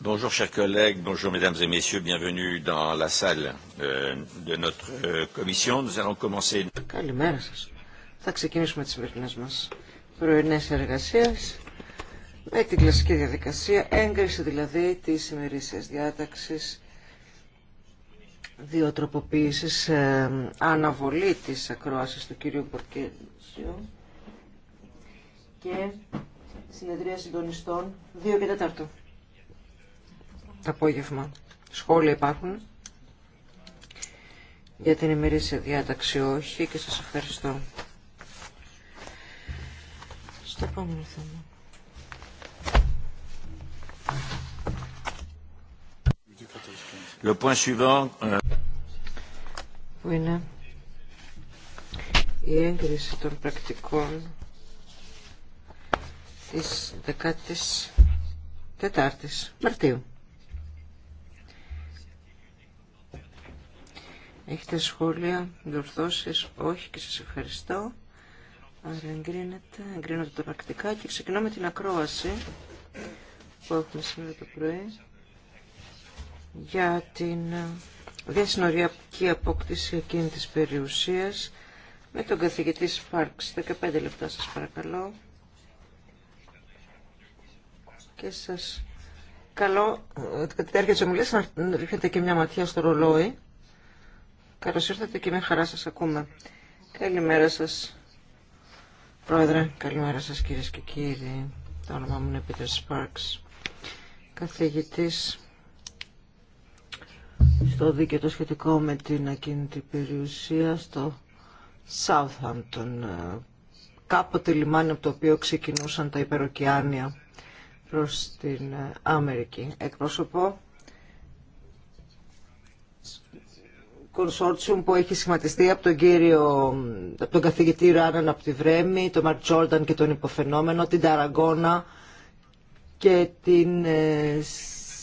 Bonjour chers collègues, bonjour mesdames et messieurs, bienvenue dans la salle euh, de notre euh, commission. Nous allons commencer. Καλημέρα σας. Θα ξεκινήσουμε τις σημερινές μας πρωινές εργασίες με την κλασική διαδικασία, έγκριση δηλαδή της ημερήσιας διάταξης, διοτροποποίησης, ε, αναβολή της ακρόασης του κύριου Μπορκέντζιου και συνεδρία συντονιστών 2 και 4 απόγευμα. Σχόλια υπάρχουν για την ημερήσια διάταξη όχι και σας ευχαριστώ. Στο επόμενο θέμα. Le point suivant, που είναι η έγκριση των πρακτικών της 14ης Μαρτίου. Έχετε σχόλια, διορθώσεις, όχι και σας ευχαριστώ. Άρα εγκρίνεται, εγκρίνονται τα πρακτικά και ξεκινάμε την ακρόαση που έχουμε σήμερα το πρωί για την διασυνοριακή απόκτηση εκείνη της περιουσίας με τον καθηγητή Σπάρξ. 15 λεπτά σας παρακαλώ. Και σας καλώ ε, κατά τη διάρκεια της ομιλίας να ρίχνετε και μια ματιά στο ρολόι. Καλώς ήρθατε και με χαρά σας ακούμε. Καλημέρα σας, Πρόεδρε. Καλημέρα σας, κυρίες και κύριοι. Το όνομά μου είναι Peter Sparks, καθηγητής στο δίκαιο το σχετικό με την ακίνητη περιουσία στο Southampton, ε, κάποτε λιμάνι από το οποίο ξεκινούσαν τα υπεροκειάνια προς την ε, Αμερική. Εκπρόσωπο. κονσόρτσιουμ που έχει σχηματιστεί από τον, κύριο, τον καθηγητή Ράναν από τη Βρέμη, τον Μαρτ και τον υποφαινόμενο, την Ταραγκώνα και την ε,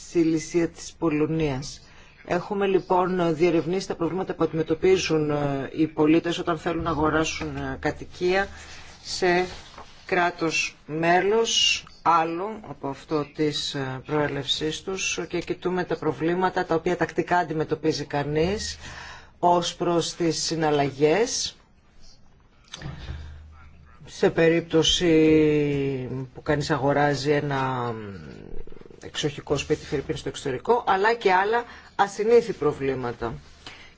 Σιλισία της Πολωνίας. Έχουμε λοιπόν διερευνήσει τα προβλήματα που αντιμετωπίζουν ε, οι πολίτες όταν θέλουν να αγοράσουν ε, κατοικία σε κράτος μέλος άλλο από αυτό της ε, προέλευσής τους και κοιτούμε τα προβλήματα τα οποία τακτικά αντιμετωπίζει κανείς ως προς τις συναλλαγές σε περίπτωση που κανείς αγοράζει ένα εξοχικό σπίτι Φιλιππίνη στο εξωτερικό, αλλά και άλλα ασυνήθη προβλήματα.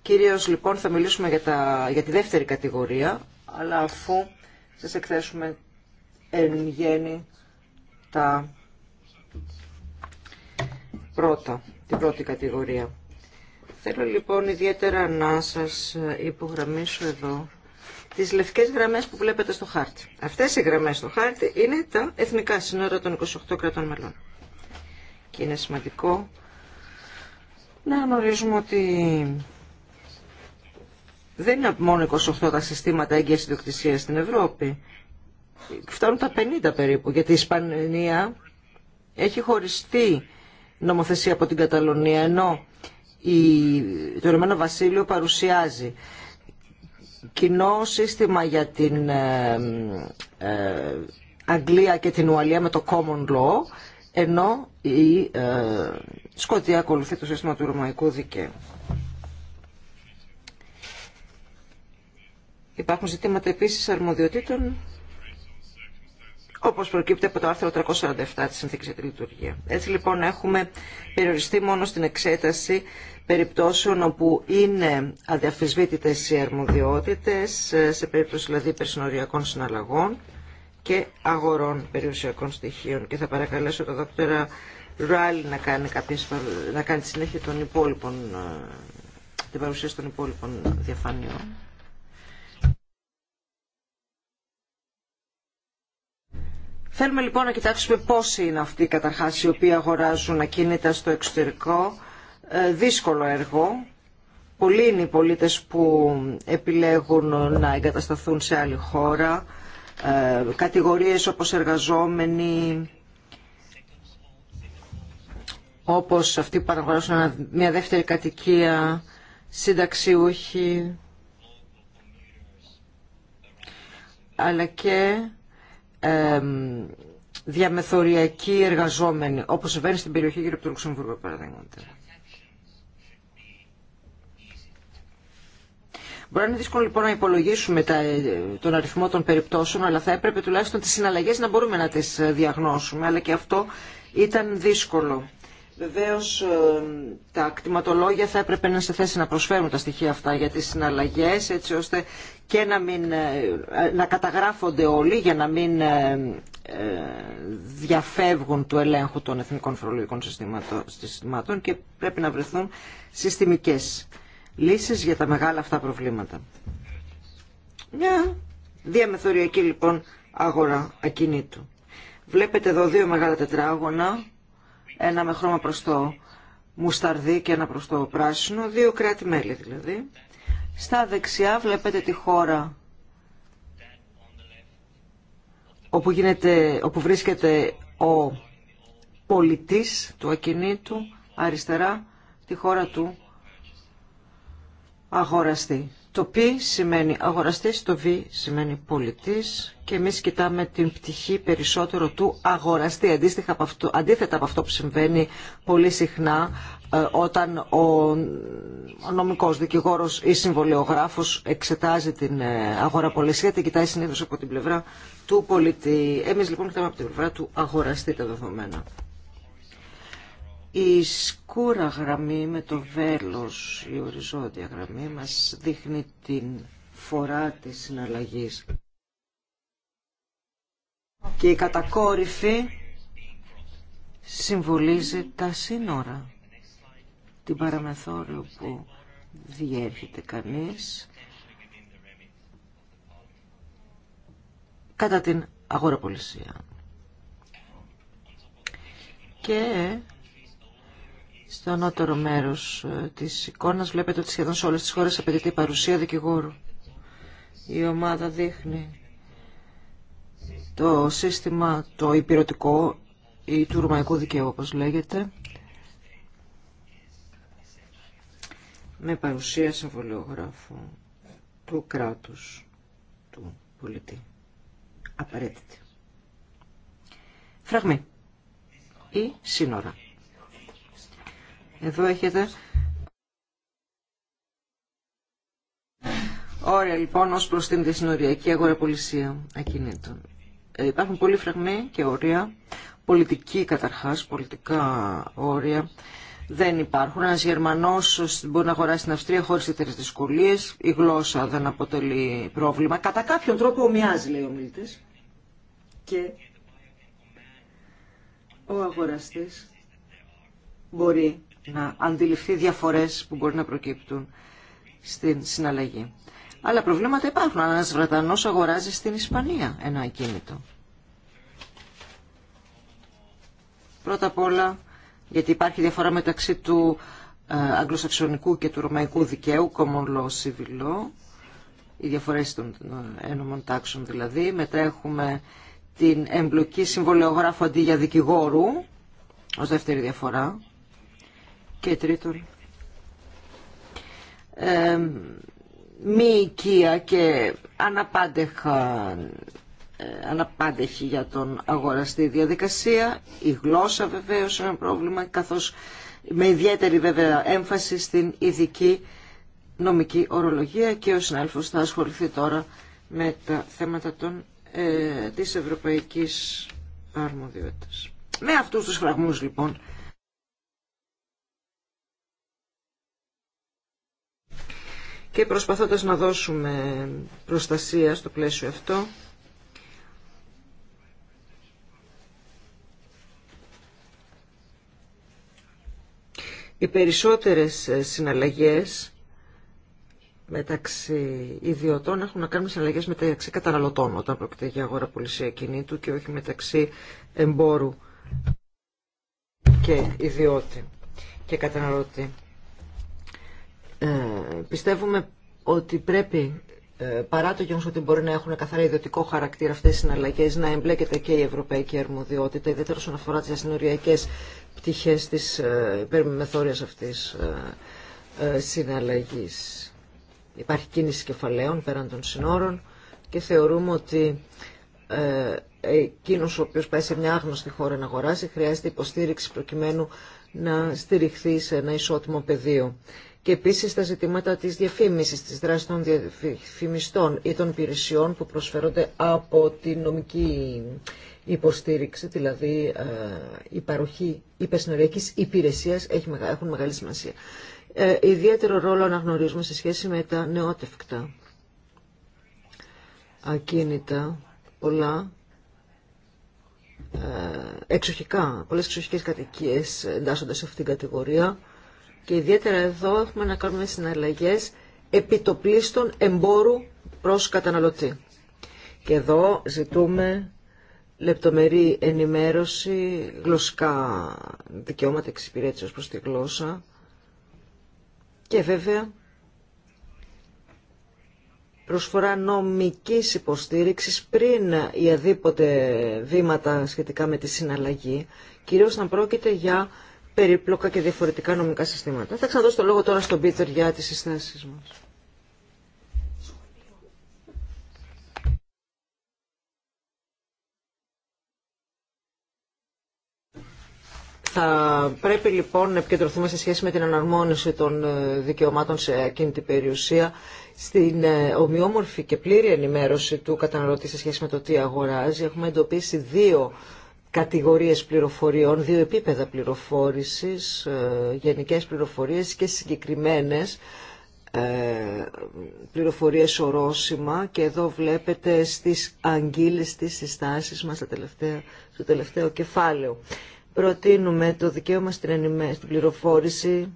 Κυρίως λοιπόν θα μιλήσουμε για, τη δεύτερη κατηγορία, αλλά αφού σας εκθέσουμε εν γέννη τα πρώτα, την πρώτη κατηγορία. Θέλω λοιπόν ιδιαίτερα να σας υπογραμμίσω εδώ τις λευκές γραμμές που βλέπετε στο χάρτη. Αυτές οι γραμμές στο χάρτη είναι τα εθνικά σύνορα των 28 κρατών μελών. Και είναι σημαντικό να γνωρίζουμε ότι δεν είναι μόνο 28 τα συστήματα έγκυας ιδιοκτησίας στην Ευρώπη. Φτάνουν τα 50 περίπου, γιατί η Ισπανία έχει χωριστεί νομοθεσία από την Καταλωνία, ενώ το Ηνωμένο Βασίλειο παρουσιάζει κοινό σύστημα για την ε, ε, Αγγλία και την Ουαλία με το Common Law, ενώ η ε, Σκοτία ακολουθεί το σύστημα του Ρωμαϊκού Δικαίου. Υπάρχουν ζητήματα επίσης αρμοδιοτήτων όπως προκύπτει από το άρθρο 347 της Συνθήκης για τη Λειτουργία. Έτσι λοιπόν έχουμε περιοριστεί μόνο στην εξέταση περιπτώσεων όπου είναι αδιαφυσβήτητε οι αρμοδιότητε, ε, σε περίπτωση δηλαδή υπερσυνοριακών συναλλαγών και αγορών περιουσιακών στοιχείων. Και θα παρακαλέσω τον δόκτωρα Ράλι να κάνει, να κάνει τη συνέχεια ε, την παρουσίαση των υπόλοιπων διαφανειών. Θέλουμε λοιπόν να κοιτάξουμε πόσοι είναι αυτοί καταρχάς οι οποίοι αγοράζουν ακίνητα στο εξωτερικό. Ε, δύσκολο έργο. Πολλοί είναι οι πολίτες που επιλέγουν να εγκατασταθούν σε άλλη χώρα. Ε, κατηγορίες όπως εργαζόμενοι, όπως αυτοί που παραγωγούν μια δεύτερη κατοικία, συνταξιούχοι, αλλά και διαμεθοριακοί εργαζόμενοι, όπως συμβαίνει στην περιοχή γύρω από το Λουξεμβούργο, παραδείγματος. Μπορεί να είναι δύσκολο λοιπόν να υπολογίσουμε τα, ε, τον αριθμό των περιπτώσεων, αλλά θα έπρεπε τουλάχιστον τις συναλλαγές να μπορούμε να τις ε, διαγνώσουμε, αλλά και αυτό ήταν δύσκολο. Βεβαίω, ε, τα κτηματολόγια θα έπρεπε να είναι σε θέση να προσφέρουν τα στοιχεία αυτά για τι συναλλαγές έτσι ώστε και να, μην, ε, να καταγράφονται όλοι για να μην ε, διαφεύγουν του ελέγχου των εθνικών φορολογικών συστημάτων και πρέπει να βρεθούν συστημικές λύσεις για τα μεγάλα αυτά προβλήματα. Μια διαμεθοριακή λοιπόν αγορά ακινήτου. Βλέπετε εδώ δύο μεγάλα τετράγωνα ένα με χρώμα προς το μουσταρδί και ένα προς το πράσινο, δύο κράτη-μέλη δηλαδή. Στα δεξιά βλέπετε τη χώρα όπου, όπου βρίσκεται ο πολιτής του ακινήτου, αριστερά τη χώρα του αγοραστή. Το π σημαίνει αγοραστής, το β σημαίνει πολιτής και εμείς κοιτάμε την πτυχή περισσότερο του αγοραστή, από αυτό, αντίθετα από αυτό που συμβαίνει πολύ συχνά ε, όταν ο, ο νομικός δικηγόρος ή συμβολιογράφος εξετάζει την ε, αγοραπολισία, την κοιτάει συνήθως από την πλευρά του πολιτή. Εμείς λοιπόν κοιτάμε από την πλευρά του αγοραστή τα δεδομένα. Η σκούρα γραμμή με το βέλος, η οριζόντια γραμμή, μας δείχνει την φορά της συναλλαγής. Και η κατακόρυφη συμβολίζει τα σύνορα, την παραμεθόριο που διέρχεται κανείς κατά την αγοραπολισία. Και στο ανώτερο μέρος ε, της εικόνας βλέπετε ότι σχεδόν σε όλες τις χώρες απαιτείται η παρουσία δικηγόρου. Η ομάδα δείχνει το σύστημα το υπηρετικό ή του ρουμαϊκού δικαίου όπως λέγεται με παρουσία συμβολιογράφου του κράτους του πολιτή. Απαραίτητη. Φραγμή ή σύνορα. Εδώ έχετε Ωραία λοιπόν ως προς την διασυνοριακή αγοραπολισία ακινήτων. Ε, υπάρχουν πολλοί φραγμοί και όρια, πολιτική καταρχάς, πολιτικά όρια. Δεν υπάρχουν. Ένα Γερμανό μπορεί να αγοράσει στην Αυστρία χωρί ιδιαίτερε δυσκολίε. Η γλώσσα δεν αποτελεί πρόβλημα. Κατά κάποιον τρόπο ομοιάζει, λέει ο μιλητή. Και ο αγοραστή μπορεί να αντιληφθεί διαφορές που μπορεί να προκύπτουν στην συναλλαγή. Αλλά προβλήματα υπάρχουν. Αν ένας Βρετανός αγοράζει στην Ισπανία ένα ακίνητο. Πρώτα απ' όλα, γιατί υπάρχει διαφορά μεταξύ του ε, αγγλοσαξονικού και του ρωμαϊκού δικαίου, common law, civil law, οι διαφορές των ένωμων τάξεων δηλαδή. Μετά έχουμε την εμπλοκή συμβολεογράφου αντί για δικηγόρου, ως δεύτερη διαφορά. Και τρίτον, ε, μη οικία και αναπάντεχα ε, αναπάντεχη για τον αγοραστή διαδικασία. Η γλώσσα βεβαίως είναι ένα πρόβλημα, καθώς με ιδιαίτερη βέβαια έμφαση στην ειδική νομική ορολογία και ο συνάδελφος θα ασχοληθεί τώρα με τα θέματα των, ε, της ευρωπαϊκής αρμοδιότητας. Με αυτούς τους φραγμούς λοιπόν και προσπαθώντας να δώσουμε προστασία στο πλαίσιο αυτό οι περισσότερες ε, συναλλαγές μεταξύ ιδιωτών έχουν να κάνουν συναλλαγές μεταξύ καταναλωτών όταν πρόκειται για αγορά κοινή του και όχι μεταξύ εμπόρου και ιδιώτη και καταναλωτή πιστεύουμε ότι πρέπει ε, παρά το γεγονό ότι μπορεί να έχουν καθαρά ιδιωτικό χαρακτήρα αυτέ οι συναλλαγέ, να εμπλέκεται και η ευρωπαϊκή αρμοδιότητα, ιδιαίτερα όσον αφορά τι ασυνοριακέ πτυχέ τη ε, υπερμεθόρια αυτή ε, συναλλαγή. Υπάρχει κίνηση κεφαλαίων πέραν των συνόρων και θεωρούμε ότι εκείνο ο οποίο πάει σε μια άγνωστη χώρα να αγοράσει χρειάζεται υποστήριξη προκειμένου να στηριχθεί σε ένα ισότιμο πεδίο και επίση τα ζητήματα τη διαφήμιση, τη δράση των διαφημιστών ή των υπηρεσιών που προσφέρονται από τη νομική υποστήριξη, δηλαδή ε, η παροχή υπεσυνοριακη υπηρεσια έχουν μεγάλη σημασία. Ε, ιδιαίτερο ρόλο αναγνωρίζουμε σε σχέση με τα νεότευκτα ακίνητα, πολλά ε, εξοχικά, πολλές εξοχικές κατοικίες εντάσσονται σε αυτήν την κατηγορία και ιδιαίτερα εδώ έχουμε να κάνουμε συναλλαγές επιτοπλίστων εμπόρου προς καταναλωτή. Και εδώ ζητούμε λεπτομερή ενημέρωση, γλωσσικά δικαιώματα εξυπηρέτησης προς τη γλώσσα και βέβαια προσφορά νομικής υποστήριξης πριν οι αδίποτε βήματα σχετικά με τη συναλλαγή, κυρίως να πρόκειται για περίπλοκα και διαφορετικά νομικά συστήματα. Θα ξαναδώσω το λόγο τώρα στον Πίτερ για τις συστάσεις μας. Θα πρέπει λοιπόν να επικεντρωθούμε σε σχέση με την αναρμόνιση των ε, δικαιωμάτων σε εκείνη την περιουσία, στην ε, ομοιόμορφη και πλήρη ενημέρωση του καταναλωτή σε σχέση με το τι αγοράζει. Έχουμε εντοπίσει δύο κατηγορίες πληροφοριών, δύο επίπεδα πληροφόρησης, ε, γενικές πληροφορίες και συγκεκριμένες ε, πληροφορίες ορόσημα και εδώ βλέπετε στις αγγίλες της συστάσεις μας στο τελευταίο, στο τελευταίο κεφάλαιο. Προτείνουμε το δικαίωμα στην, ενημέ, στην πληροφόρηση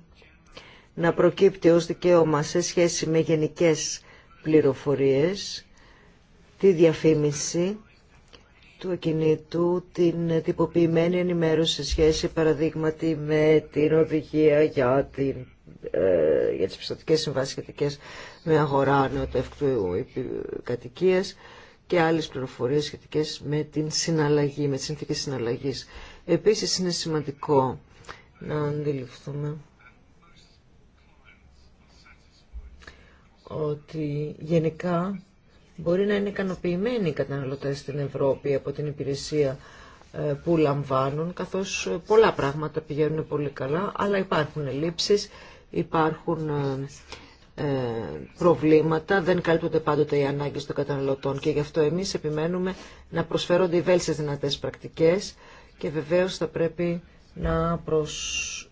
να προκύπτει ως δικαίωμα σε σχέση με γενικές πληροφορίες, τη διαφήμιση, του ακινήτου την τυποποιημένη ενημέρωση σε σχέση παραδείγματι με την οδηγία για, την, ε, για τις πιστοτικές συμβάσεις σχετικές με αγορά νεοτεύκτου κατοικίας και άλλες πληροφορίες σχετικές με την συναλλαγή, με τις συνθήκες συναλλαγής. Επίσης είναι σημαντικό να αντιληφθούμε ότι γενικά Μπορεί να είναι ικανοποιημένοι οι καταναλωτές στην Ευρώπη από την υπηρεσία ε, που λαμβάνουν, καθώς ε, πολλά πράγματα πηγαίνουν πολύ καλά, αλλά υπάρχουν ελλείψεις, υπάρχουν ε, προβλήματα, δεν καλύπτονται πάντοτε οι ανάγκες των καταναλωτών και γι' αυτό εμείς επιμένουμε να προσφέρονται οι βέλσες δυνατές πρακτικές και βεβαίως θα πρέπει να προσφέρουμε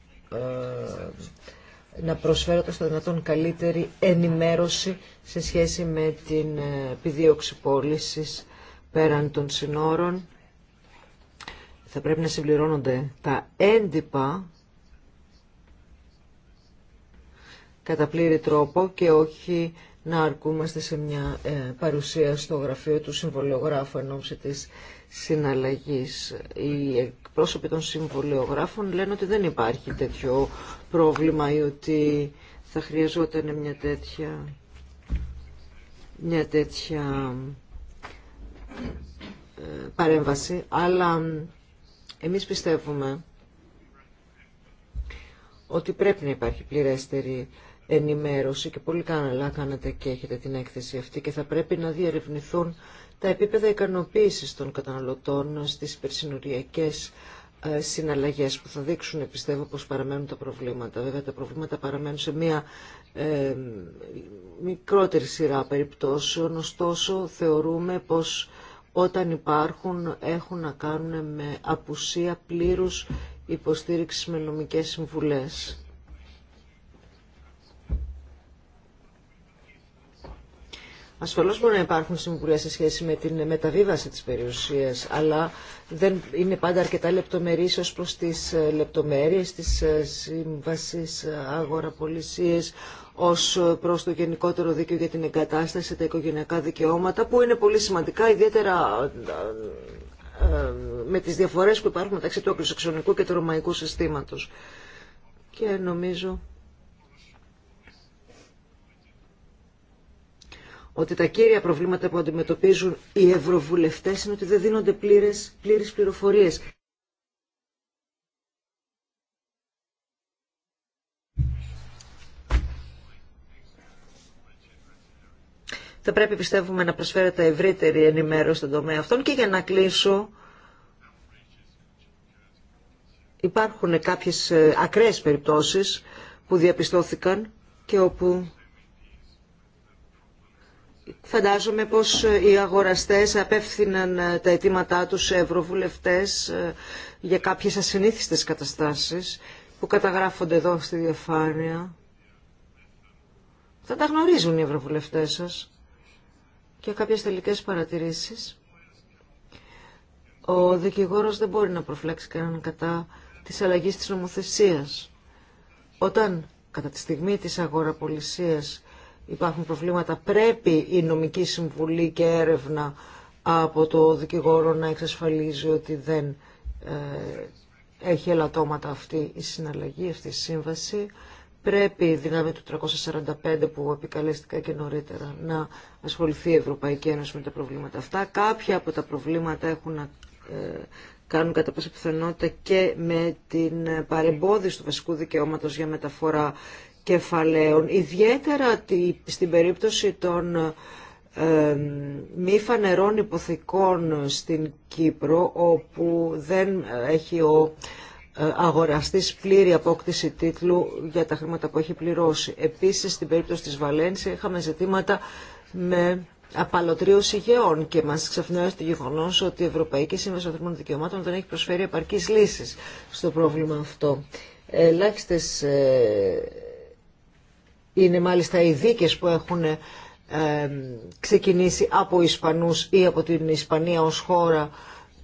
να προσφέρονται στο δυνατόν καλύτερη ενημέρωση σε σχέση με την ε, επιδίωξη πώληση πέραν των συνόρων. Θα πρέπει να συμπληρώνονται τα έντυπα κατά πλήρη τρόπο και όχι να αρκούμαστε σε μια ε, παρουσία στο γραφείο του συμβολογράφου εν ώψη της συναλλαγής. Η εκπρόσωποι των συμβολιογράφων λένε ότι δεν υπάρχει τέτοιο πρόβλημα ή ότι θα χρειαζόταν μια τέτοια, μια τέτοια ε, παρέμβαση. Αλλά εμείς πιστεύουμε ότι πρέπει να υπάρχει πληρέστερη ενημέρωση και πολύ καλά κάνετε και έχετε την έκθεση αυτή και θα πρέπει να διερευνηθούν τα επίπεδα ικανοποίησης των καταναλωτών στις περσινοριακές ε, συναλλαγές που θα δείξουν πιστεύω πως παραμένουν τα προβλήματα. Βέβαια τα προβλήματα παραμένουν σε μια ε, μικρότερη σειρά περιπτώσεων, ωστόσο θεωρούμε πως όταν υπάρχουν έχουν να κάνουν με απουσία πλήρους υποστήριξης με νομικές συμβουλές. Ασφαλώς μπορεί να υπάρχουν συμβουλέ σε σχέση με την μεταβίβαση τη περιουσία, αλλά δεν είναι πάντα αρκετά λεπτομερής ω προς τις ε, λεπτομέρειε τη ε, σύμβαση ε, αγοραπολισίε ω προς το γενικότερο δίκαιο για την εγκατάσταση, τα οικογενειακά δικαιώματα, που είναι πολύ σημαντικά, ιδιαίτερα με τις διαφορές που υπάρχουν μεταξύ του αγγλοσαξονικού και του ρωμαϊκού συστήματος. Και νομίζω ότι τα κύρια προβλήματα που αντιμετωπίζουν οι ευρωβουλευτές είναι ότι δεν δίνονται πλήρες, πληροφορίε. πληροφορίες. Θα πρέπει πιστεύουμε να προσφέρεται ευρύτερη ενημέρωση στον τομέα αυτών και για να κλείσω υπάρχουν κάποιες ε, ακραίες περιπτώσεις που διαπιστώθηκαν και όπου Φαντάζομαι πως ε, οι αγοραστές απέφθηναν ε, τα αιτήματά τους σε ευρωβουλευτές ε, για κάποιες ασυνήθιστες καταστάσεις που καταγράφονται εδώ στη διαφάνεια. Θα τα γνωρίζουν οι ευρωβουλευτές σας. Και κάποιες τελικές παρατηρήσεις. Ο δικηγόρος δεν μπορεί να προφλέξει κανέναν κατά της αλλαγής της νομοθεσίας. Όταν κατά τη στιγμή της αγοραπολισίας υπάρχουν προβλήματα, πρέπει η νομική συμβουλή και έρευνα από το δικηγόρο να εξασφαλίζει ότι δεν ε, έχει ελαττώματα αυτή η συναλλαγή, αυτή η σύμβαση. Πρέπει η δυνάμη του 345 που επικαλέστηκα και νωρίτερα να ασχοληθεί η Ευρωπαϊκή Ένωση με τα προβλήματα αυτά. Κάποια από τα προβλήματα έχουν να ε, κάνουν κατά πάσα πιθανότητα και με την παρεμπόδιση του βασικού δικαιώματος για μεταφορά κεφαλαίων, ιδιαίτερα στην περίπτωση των μη φανερών υποθηκών στην Κύπρο, όπου δεν έχει ο ε, αγοραστής πλήρη απόκτηση τίτλου για τα χρήματα που έχει πληρώσει. Επίσης, στην περίπτωση της Βαλένσια είχαμε ζητήματα με απαλωτρίωση γεών και μας ξαφνιάζει το γεγονό ότι η Ευρωπαϊκή Σύμβαση Ανθρωπίνων Δικαιωμάτων δεν έχει προσφέρει επαρκείς λύσεις στο πρόβλημα αυτό. Ελάχιστες ε, είναι μάλιστα οι δίκες που έχουν ε, ξεκινήσει από Ισπανούς ή από την Ισπανία ως χώρα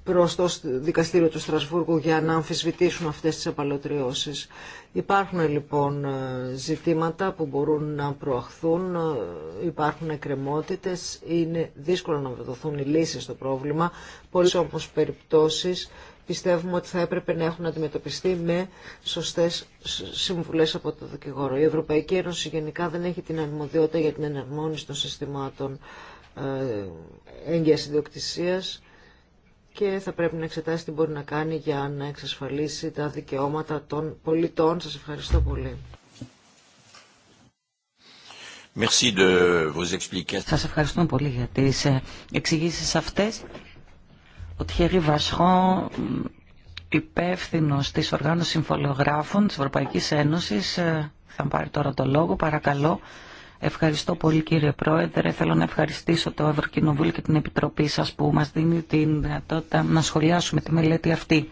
προς το δικαστήριο του Στρασβούργου για να αμφισβητήσουν αυτές τις απαλωτριώσεις. Υπάρχουν λοιπόν ε, ζητήματα που μπορούν να προαχθούν, ε, υπάρχουν εκκρεμότητες, είναι δύσκολο να δοθούν οι λύσεις στο πρόβλημα. Πολλές όπως περιπτώσεις πιστεύουμε ότι θα έπρεπε να έχουν αντιμετωπιστεί με σωστές συμβουλές από το δικηγόρο. Η Ευρωπαϊκή Ένωση γενικά δεν έχει την αρμοδιότητα για την εναρμόνιση των συστημάτων ε, έγκυας ιδιοκτησίας και θα πρέπει να εξετάσει τι μπορεί να κάνει για να εξασφαλίσει τα δικαιώματα των πολιτών. Σας ευχαριστώ πολύ. Merci Σας ευχαριστώ πολύ για τις ε, εξηγήσεις αυτές ο Τιερι Βασχό, υπεύθυνο τη Οργάνωση Συμφωλιογράφων τη Ευρωπαϊκή Ένωση, ε, θα πάρει τώρα το λόγο. Παρακαλώ. Ευχαριστώ πολύ κύριε Πρόεδρε. Θέλω να ευχαριστήσω το Ευρωκοινοβούλιο και την Επιτροπή σας που μας δίνει την δυνατότητα να σχολιάσουμε τη μελέτη αυτή.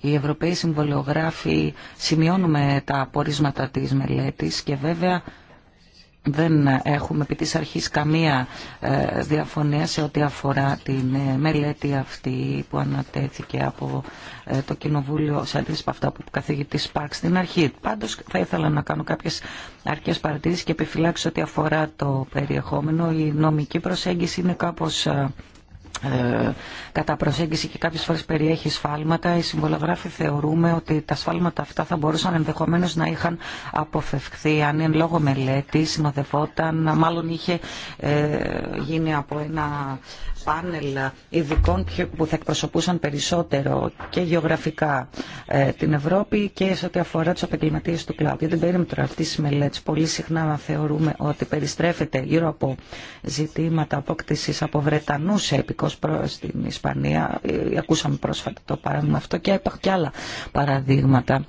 Οι Ευρωπαίοι Συμβολιογράφοι σημειώνουμε τα απορίσματα της μελέτης και βέβαια δεν έχουμε επί της αρχής καμία ε, διαφωνία σε ό,τι αφορά την ε, μελέτη αυτή που ανατέθηκε από ε, το Κοινοβούλιο σε αντίθεση από αυτά που ο καθηγητής Σπάρξ στην αρχή. Πάντως θα ήθελα να κάνω κάποιες αρχές παρατηρήσεις και επιφυλάξω ό,τι αφορά το περιεχόμενο. Η νομική προσέγγιση είναι κάπως ε, κατά προσέγγιση και κάποιες φορές περιέχει σφάλματα. Οι συμβολογράφοι θεωρούμε ότι τα σφάλματα αυτά θα μπορούσαν ενδεχομένως να είχαν αποφευχθεί αν εν λόγω μελέτη συνοδευόταν, μάλλον είχε ε, γίνει από ένα πάνελ ειδικών που θα εκπροσωπούσαν περισσότερο και γεωγραφικά ε, την Ευρώπη και σε ό,τι αφορά του επαγγελματίες του κλάδου. Δεν την περίμετρο αυτή τη μελέτη, πολύ συχνά θεωρούμε ότι περιστρέφεται γύρω από ζητήματα απόκτηση από Βρετανού έπικο προ την Ισπανία. Ε, ακούσαμε πρόσφατα το παράδειγμα αυτό και υπάρχουν και άλλα παραδείγματα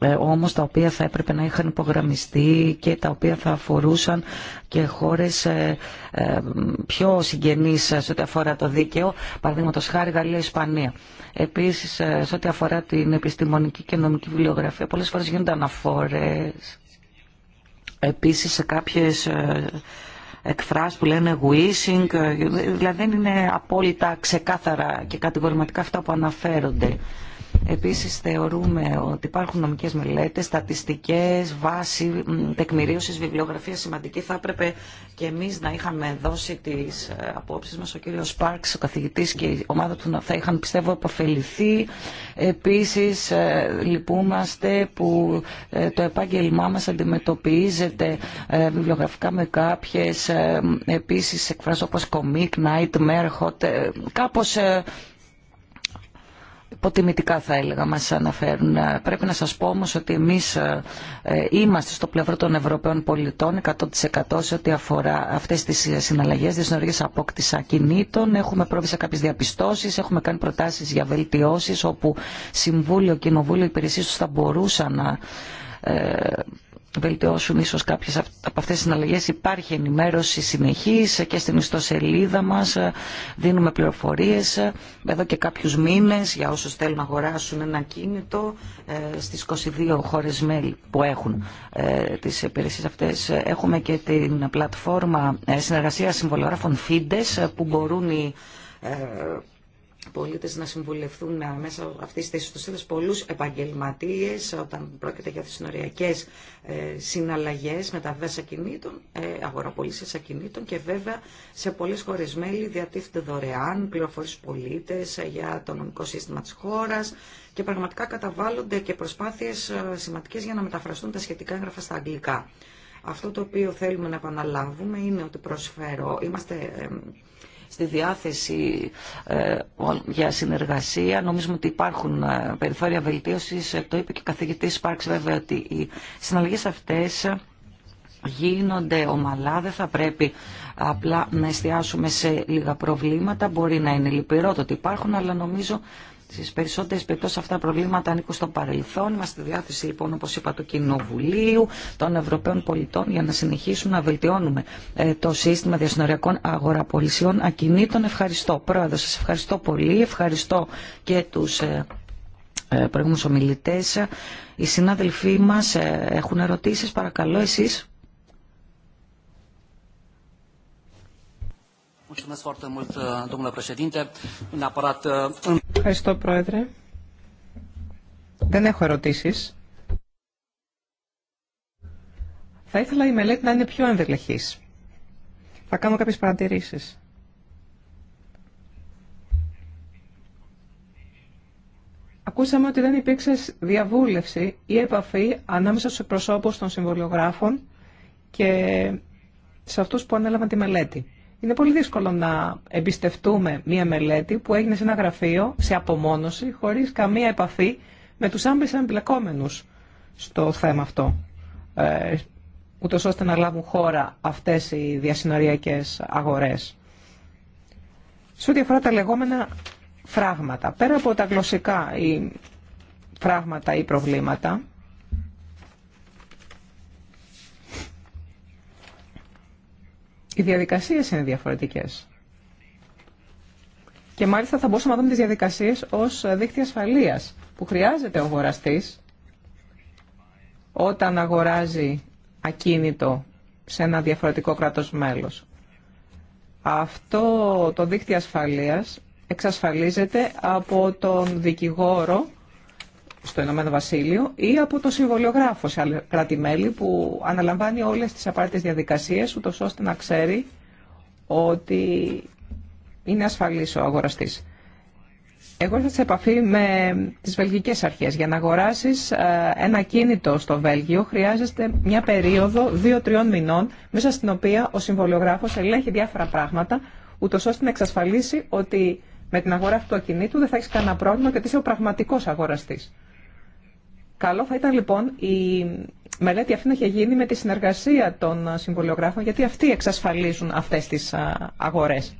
ε, όμως τα οποία θα έπρεπε να είχαν υπογραμμιστεί και τα οποία θα αφορούσαν και χώρες ε, ε, πιο συγγενείς σε ό,τι αφορά το δίκαιο, παραδείγματος χάρη Γαλλία, Ισπανία. Επίσης, σε ό,τι αφορά την επιστημονική και νομική βιβλιογραφία, πολλές φορές γίνονται αναφορές. Επίσης, σε κάποιες εκφράσεις που λένε wishing, δηλαδή δεν είναι απόλυτα ξεκάθαρα και κατηγορηματικά αυτά που αναφέρονται. Επίσης θεωρούμε ότι υπάρχουν νομικές μελέτες, στατιστικές, βάση, τεκμηρίωσης, βιβλιογραφία σημαντική. Θα έπρεπε και εμείς να είχαμε δώσει τις ε, απόψεις μας. Ο κύριος Σπάρξ, ο καθηγητής και η ομάδα του θα είχαν πιστεύω επωφεληθεί. Επίσης ε, λυπούμαστε που ε, το επάγγελμά μας αντιμετωπίζεται βιβλιογραφικά με κάποιες επίσης εκφράσεις όπως comic, nightmare, hot, κάπως υποτιμητικά θα έλεγα μας αναφέρουν. Ε, πρέπει να σας πω όμως ότι εμείς ε, ε, είμαστε στο πλευρό των Ευρωπαίων πολιτών 100% σε ό,τι αφορά αυτές τις συναλλαγές, τις συνεργές απόκτησα κινήτων. Έχουμε πρόβει σε κάποιες διαπιστώσεις, έχουμε κάνει προτάσεις για βελτιώσεις όπου Συμβούλιο, Κοινοβούλιο, υπηρεσίες τους θα μπορούσαν να βελτιώσουν ίσως κάποιες από αυτές τις συναλλαγές. Υπάρχει ενημέρωση συνεχής και στην ιστοσελίδα μας δίνουμε πληροφορίες εδώ και κάποιους μήνες για όσους θέλουν να αγοράσουν ένα κίνητο ε, στις 22 χώρες μέλη που έχουν ε, τις υπηρεσίες αυτές. Έχουμε και την πλατφόρμα ε, συνεργασία συμβολογράφων Φίντες που μπορούν οι πολίτες να συμβουλευτούν μέσα αυτής της θέση του πολλούς επαγγελματίες όταν πρόκειται για τις ε, συναλλαγές κινήτων, ακινήτων, ε, αγοραπολίσεις ακινήτων και βέβαια σε πολλές χώρες μέλη διατίθεται δωρεάν πληροφορίες πολίτες ε, για το νομικό σύστημα της χώρας και πραγματικά καταβάλλονται και προσπάθειες ε, σημαντικές για να μεταφραστούν τα σχετικά έγγραφα στα αγγλικά. Αυτό το οποίο θέλουμε να επαναλάβουμε είναι ότι προσφέρω, είμαστε στη διάθεση ε, για συνεργασία. Νομίζουμε ότι υπάρχουν ε, περιθώρια βελτίωσης. Ε, το είπε και ο καθηγητή Σπάρξ βέβαια ότι οι συναλλαγές αυτές γίνονται ομαλά, δεν θα πρέπει απλά να εστιάσουμε σε λίγα προβλήματα. Μπορεί να είναι λυπηρό το ότι υπάρχουν, αλλά νομίζω Στι περισσότερε περιπτώσει αυτά τα προβλήματα ανήκουν στο παρελθόν. Είμαστε στη διάθεση λοιπόν, όπω είπα, του Κοινοβουλίου, των Ευρωπαίων πολιτών για να συνεχίσουμε να βελτιώνουμε ε, το σύστημα διασυνοριακών αγοραπολισιών ακινήτων. Ευχαριστώ, Πρόεδρο. Σα ευχαριστώ πολύ. Ευχαριστώ και του ε, ε, προηγούμενου ομιλητέ. Οι συνάδελφοί μα έχουν ερωτήσει. Παρακαλώ, εσεί. Uh, uh, Ευχαριστώ, Πρόεδρε. Δεν έχω ερωτήσει. Θα ήθελα η μελέτη να είναι πιο ενδελεχή. Θα κάνω κάποιε παρατηρήσει. Ακούσαμε ότι δεν υπήρξε διαβούλευση ή επαφή ανάμεσα στους προσώπους των συμβολιογράφων και σε αυτούς που ανέλαβαν τη μελέτη. Είναι πολύ δύσκολο να εμπιστευτούμε μία μελέτη που έγινε σε ένα γραφείο, σε απομόνωση, χωρίς καμία επαφή με τους άμεσα εμπλεκόμενου στο θέμα αυτό, ε, ούτως ώστε να λάβουν χώρα αυτές οι διασυναριακές αγορές. Σε ό,τι αφορά τα λεγόμενα φράγματα, πέρα από τα γλωσσικά ή φράγματα ή προβλήματα, οι διαδικασίε είναι διαφορετικέ. Και μάλιστα θα μπορούσαμε να δούμε τις διαδικασίες ως δίκτυα ασφαλείας που χρειάζεται ο αγοραστής όταν αγοράζει ακίνητο σε ένα διαφορετικό κράτος μέλος. Αυτό το δίκτυο ασφαλείας εξασφαλίζεται από τον δικηγόρο στο Ηνωμένο Βασίλειο ή από το συμβολιογράφο σε άλλα κράτη-μέλη που αναλαμβάνει όλε τι απαραίτητε διαδικασίε, ούτω ώστε να ξέρει ότι είναι ασφαλή ο αγοραστής. Εγώ ήρθα σε επαφή με τι βελγικέ αρχέ Για να αγοράσεις ε, ένα κίνητο στο Βέλγιο χρειάζεστε μια περιοδο δυο δύο-τριών μηνών μέσα στην οποία ο συμβολιογράφος ελέγχει διάφορα πράγματα ούτω ώστε να εξασφαλίσει ότι με την αγορά αυτού του ακινήτου δεν θα έχει κανένα πρόβλημα και ότι είσαι ο πραγματικό αγοραστή. Καλό θα ήταν λοιπόν η μελέτη αυτή να έχει γίνει με τη συνεργασία των συμβολιογράφων, γιατί αυτοί εξασφαλίζουν αυτές τις αγορές.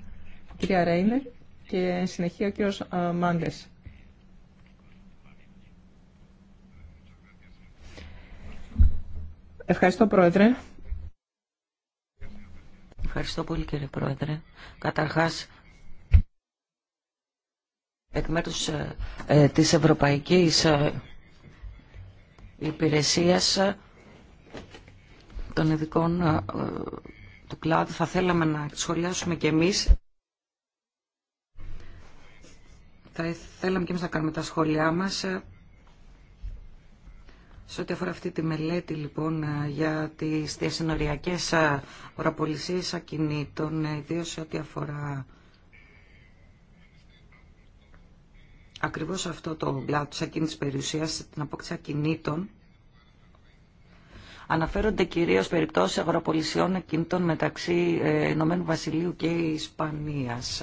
Κυρία Ρέινερ και συνεχεία ο κύριος Μάντες. Ευχαριστώ, Πρόεδρε. Ευχαριστώ πολύ, κύριε Πρόεδρε. Καταρχάς, εκ μέρους ε, ε της Ευρωπαϊκής ε, υπηρεσίας των ειδικών ε, του κλάδου. Θα θέλαμε να σχολιάσουμε και εμείς. Θα θέλαμε και εμείς να κάνουμε τα σχόλιά μας. Σε ό,τι αφορά αυτή τη μελέτη λοιπόν ε, για τις διασυνοριακές οραπολισίες ε, ακινήτων, ιδίως σε ό,τι αφορά ακριβώς αυτό το πλάτο της ακίνητης περιουσίας, την αποκτήση ακινήτων, αναφέρονται κυρίως περιπτώσεις αγροπολισιών ακινήτων μεταξύ ε, Ηνωμένου Βασιλείου και Ισπανίας.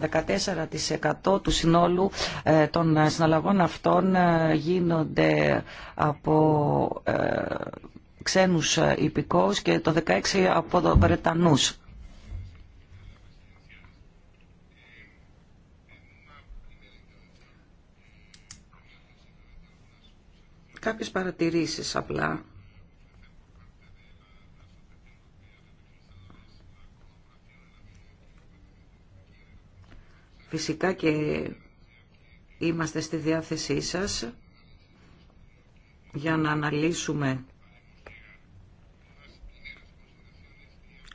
14% ε, του συνόλου ε, των συναλλαγών αυτών γίνονται από ξένους υπηκόους και το 16% από Βρετανούς. Κάποιες παρατηρήσεις απλά. Φυσικά και είμαστε στη διάθεσή σας για να αναλύσουμε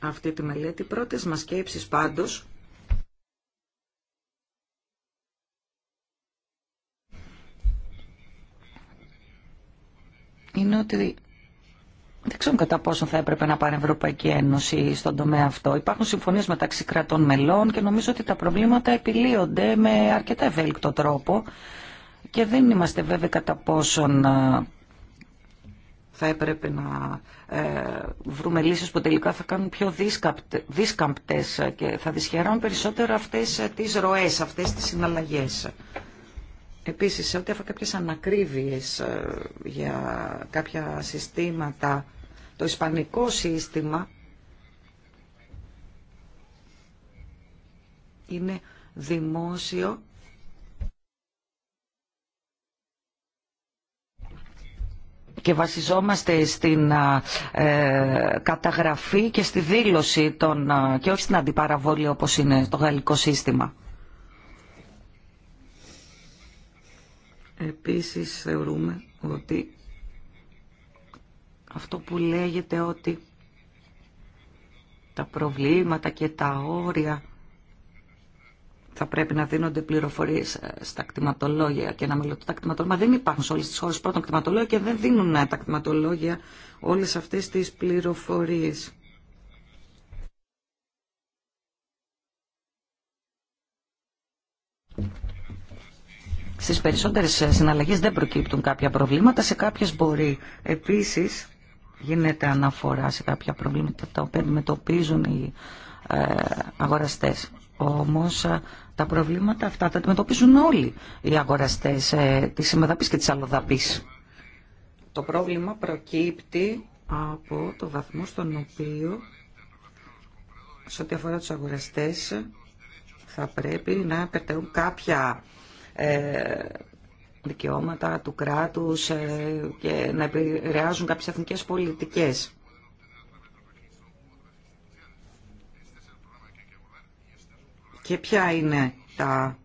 αυτή τη μελέτη. Πρώτες μας σκέψεις πάντως είναι ότι δεν ξέρω κατά πόσο θα έπρεπε να πάρει η Ευρωπαϊκή Ένωση στον τομέα αυτό. Υπάρχουν συμφωνίε μεταξύ κρατών μελών και νομίζω ότι τα προβλήματα επιλύονται με αρκετά ευέλικτο τρόπο και δεν είμαστε βέβαιοι κατά πόσον ε, θα έπρεπε να ε, βρούμε λύσεις που τελικά θα κάνουν πιο δίσκαμπτες και θα δυσχεράνουν περισσότερο αυτές ε, τις ροές, αυτές τις συναλλαγές. Επίσης, σε ό,τι αφορά κάποιες ανακρίβειες ε, για κάποια συστήματα, το ισπανικό σύστημα είναι δημόσιο και βασιζόμαστε στην ε, ε, καταγραφή και στη δήλωση των, και όχι στην αντιπαραβόλη όπως είναι το γαλλικό σύστημα. Επίσης θεωρούμε ότι αυτό που λέγεται ότι τα προβλήματα και τα όρια θα πρέπει να δίνονται πληροφορίες στα κτηματολόγια και να μελετούν τα κτηματολόγια. δεν υπάρχουν σε όλε τι χώρε πρώτον κτηματολόγια και δεν δίνουν τα κτηματολόγια όλες αυτές τις πληροφορίες. Στις περισσότερες συναλλαγές δεν προκύπτουν κάποια προβλήματα, σε κάποιες μπορεί. Επίσης, γίνεται αναφορά σε κάποια προβλήματα τα οποία αντιμετωπίζουν οι ε, αγοραστές. Όμως ε, τα προβλήματα αυτά τα αντιμετωπίζουν όλοι οι αγοραστές ε, της ημεδαπής και της αλλοδαπής. Το πρόβλημα προκύπτει από το βαθμό στον οποίο σε ό,τι αφορά τους αγοραστές θα πρέπει να περτερούν κάποια ε, δικαιώματα του κράτους ε, και να επηρεάζουν κάποιες εθνικές πολιτικές. Και ποια είναι τα...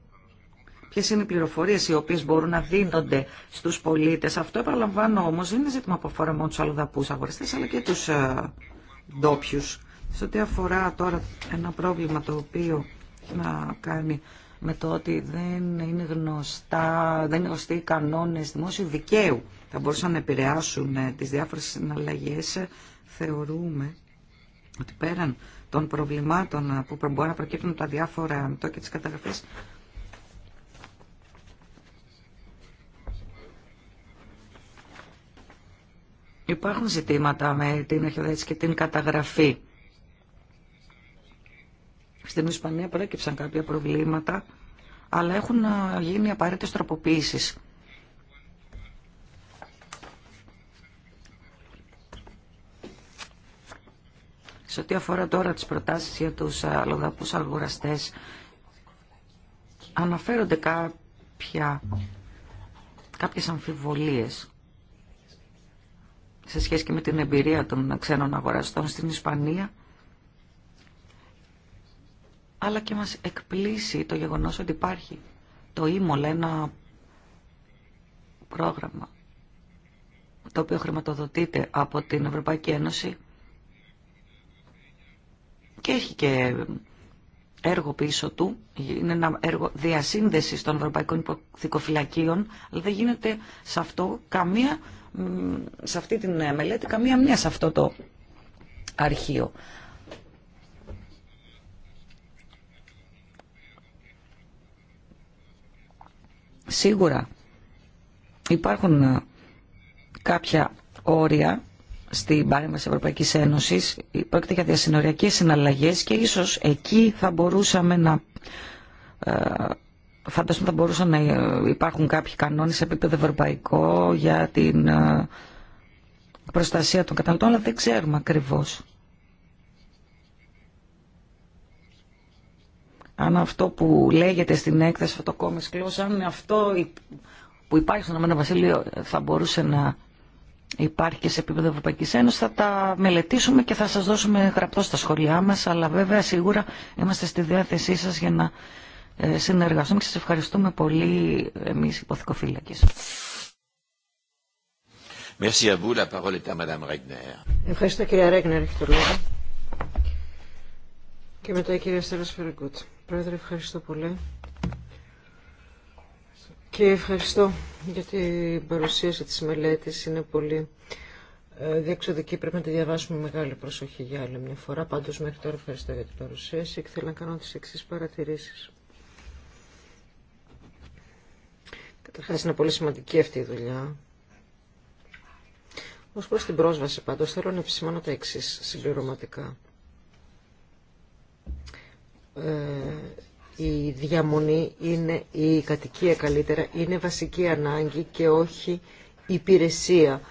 Ποιες είναι οι πληροφορίες οι οποίες μπορούν να δίνονται στους πολίτες. Αυτό επαναλαμβάνω όμως δεν είναι ζήτημα που αφορά μόνο τους αλλοδαπούς αγοραστές αλλά και τους ε, ντόπιου. Σε ό,τι αφορά τώρα ένα πρόβλημα το οποίο έχει να κάνει με το ότι δεν είναι γνωστά, δεν είναι γνωστοί οι κανόνες δημόσιου δικαίου θα μπορούσαν να επηρεάσουν ε, τις διάφορες συναλλαγές, θεωρούμε ότι πέραν των προβλημάτων ε, που μπορεί να προκύπτουν τα διάφορα τόκια της καταγραφής, Υπάρχουν ζητήματα με την αρχαιοδότηση και την καταγραφή στην Ισπανία πρόκειψαν κάποια προβλήματα, αλλά έχουν ε, γίνει απαραίτητε τροποποίησεις. Σε ό,τι αφορά τώρα τις προτάσεις για τους ε, αλλοδαπούς αγοραστές, αναφέρονται κάποια, κάποιες αμφιβολίες σε σχέση και με την εμπειρία των ξένων αγοραστών στην Ισπανία αλλά και μας εκπλήσει το γεγονός ότι υπάρχει το Ήμολα, ένα πρόγραμμα το οποίο χρηματοδοτείται από την Ευρωπαϊκή Ένωση και έχει και έργο πίσω του, είναι ένα έργο διασύνδεσης των Ευρωπαϊκών Υποθυκοφυλακίων, αλλά δεν γίνεται σε αυτό καμία, σε αυτή την μελέτη, καμία μία σε αυτό το αρχείο. Σίγουρα υπάρχουν ε, κάποια όρια στην παρέμβαση Ευρωπαϊκής Ένωσης. Πρόκειται για διασυνοριακές συναλλαγές και ίσως εκεί θα μπορούσαμε να... Ε, Φαντάζομαι θα μπορούσαν να ε, υπάρχουν κάποιοι κανόνες σε επίπεδο ευρωπαϊκό για την προστασία των καταναλωτών, αλλά δεν ξέρουμε ακριβώς. αν αυτό που λέγεται στην έκθεση φωτοκόμες κλώσ, αν αυτό που υπάρχει στον Ηνωμένο Βασίλειο θα μπορούσε να υπάρχει και σε επίπεδο Ευρωπαϊκή Ένωση, θα τα μελετήσουμε και θα σας δώσουμε γραπτό στα σχόλιά μας, αλλά βέβαια σίγουρα είμαστε στη διάθεσή σας για να ε, συνεργαστούμε και σας ευχαριστούμε πολύ εμείς οι υποθηκοφύλακες. Merci à vous. La parole est à Madame Regner. Ευχαριστώ κυρία Ρέγνερ, και μετά η κυρία Στέλλα Σφυραγκούτ. Πρόεδρε, ευχαριστώ πολύ. Και ευχαριστώ για την παρουσίαση της μελέτης. Είναι πολύ ε, διεξοδική. Πρέπει να τη διαβάσουμε μεγάλη προσοχή για άλλη μια φορά. Πάντως μέχρι τώρα ευχαριστώ για την παρουσίαση και θέλω να κάνω τις εξή παρατηρήσεις. Καταρχάς είναι πολύ σημαντική αυτή η δουλειά. Ως προς την πρόσβαση πάντως θέλω να επισημάνω τα εξή συμπληρωματικά. Ε, η διαμονή είναι η κατοικία καλύτερα είναι βασική ανάγκη και όχι υπηρεσία.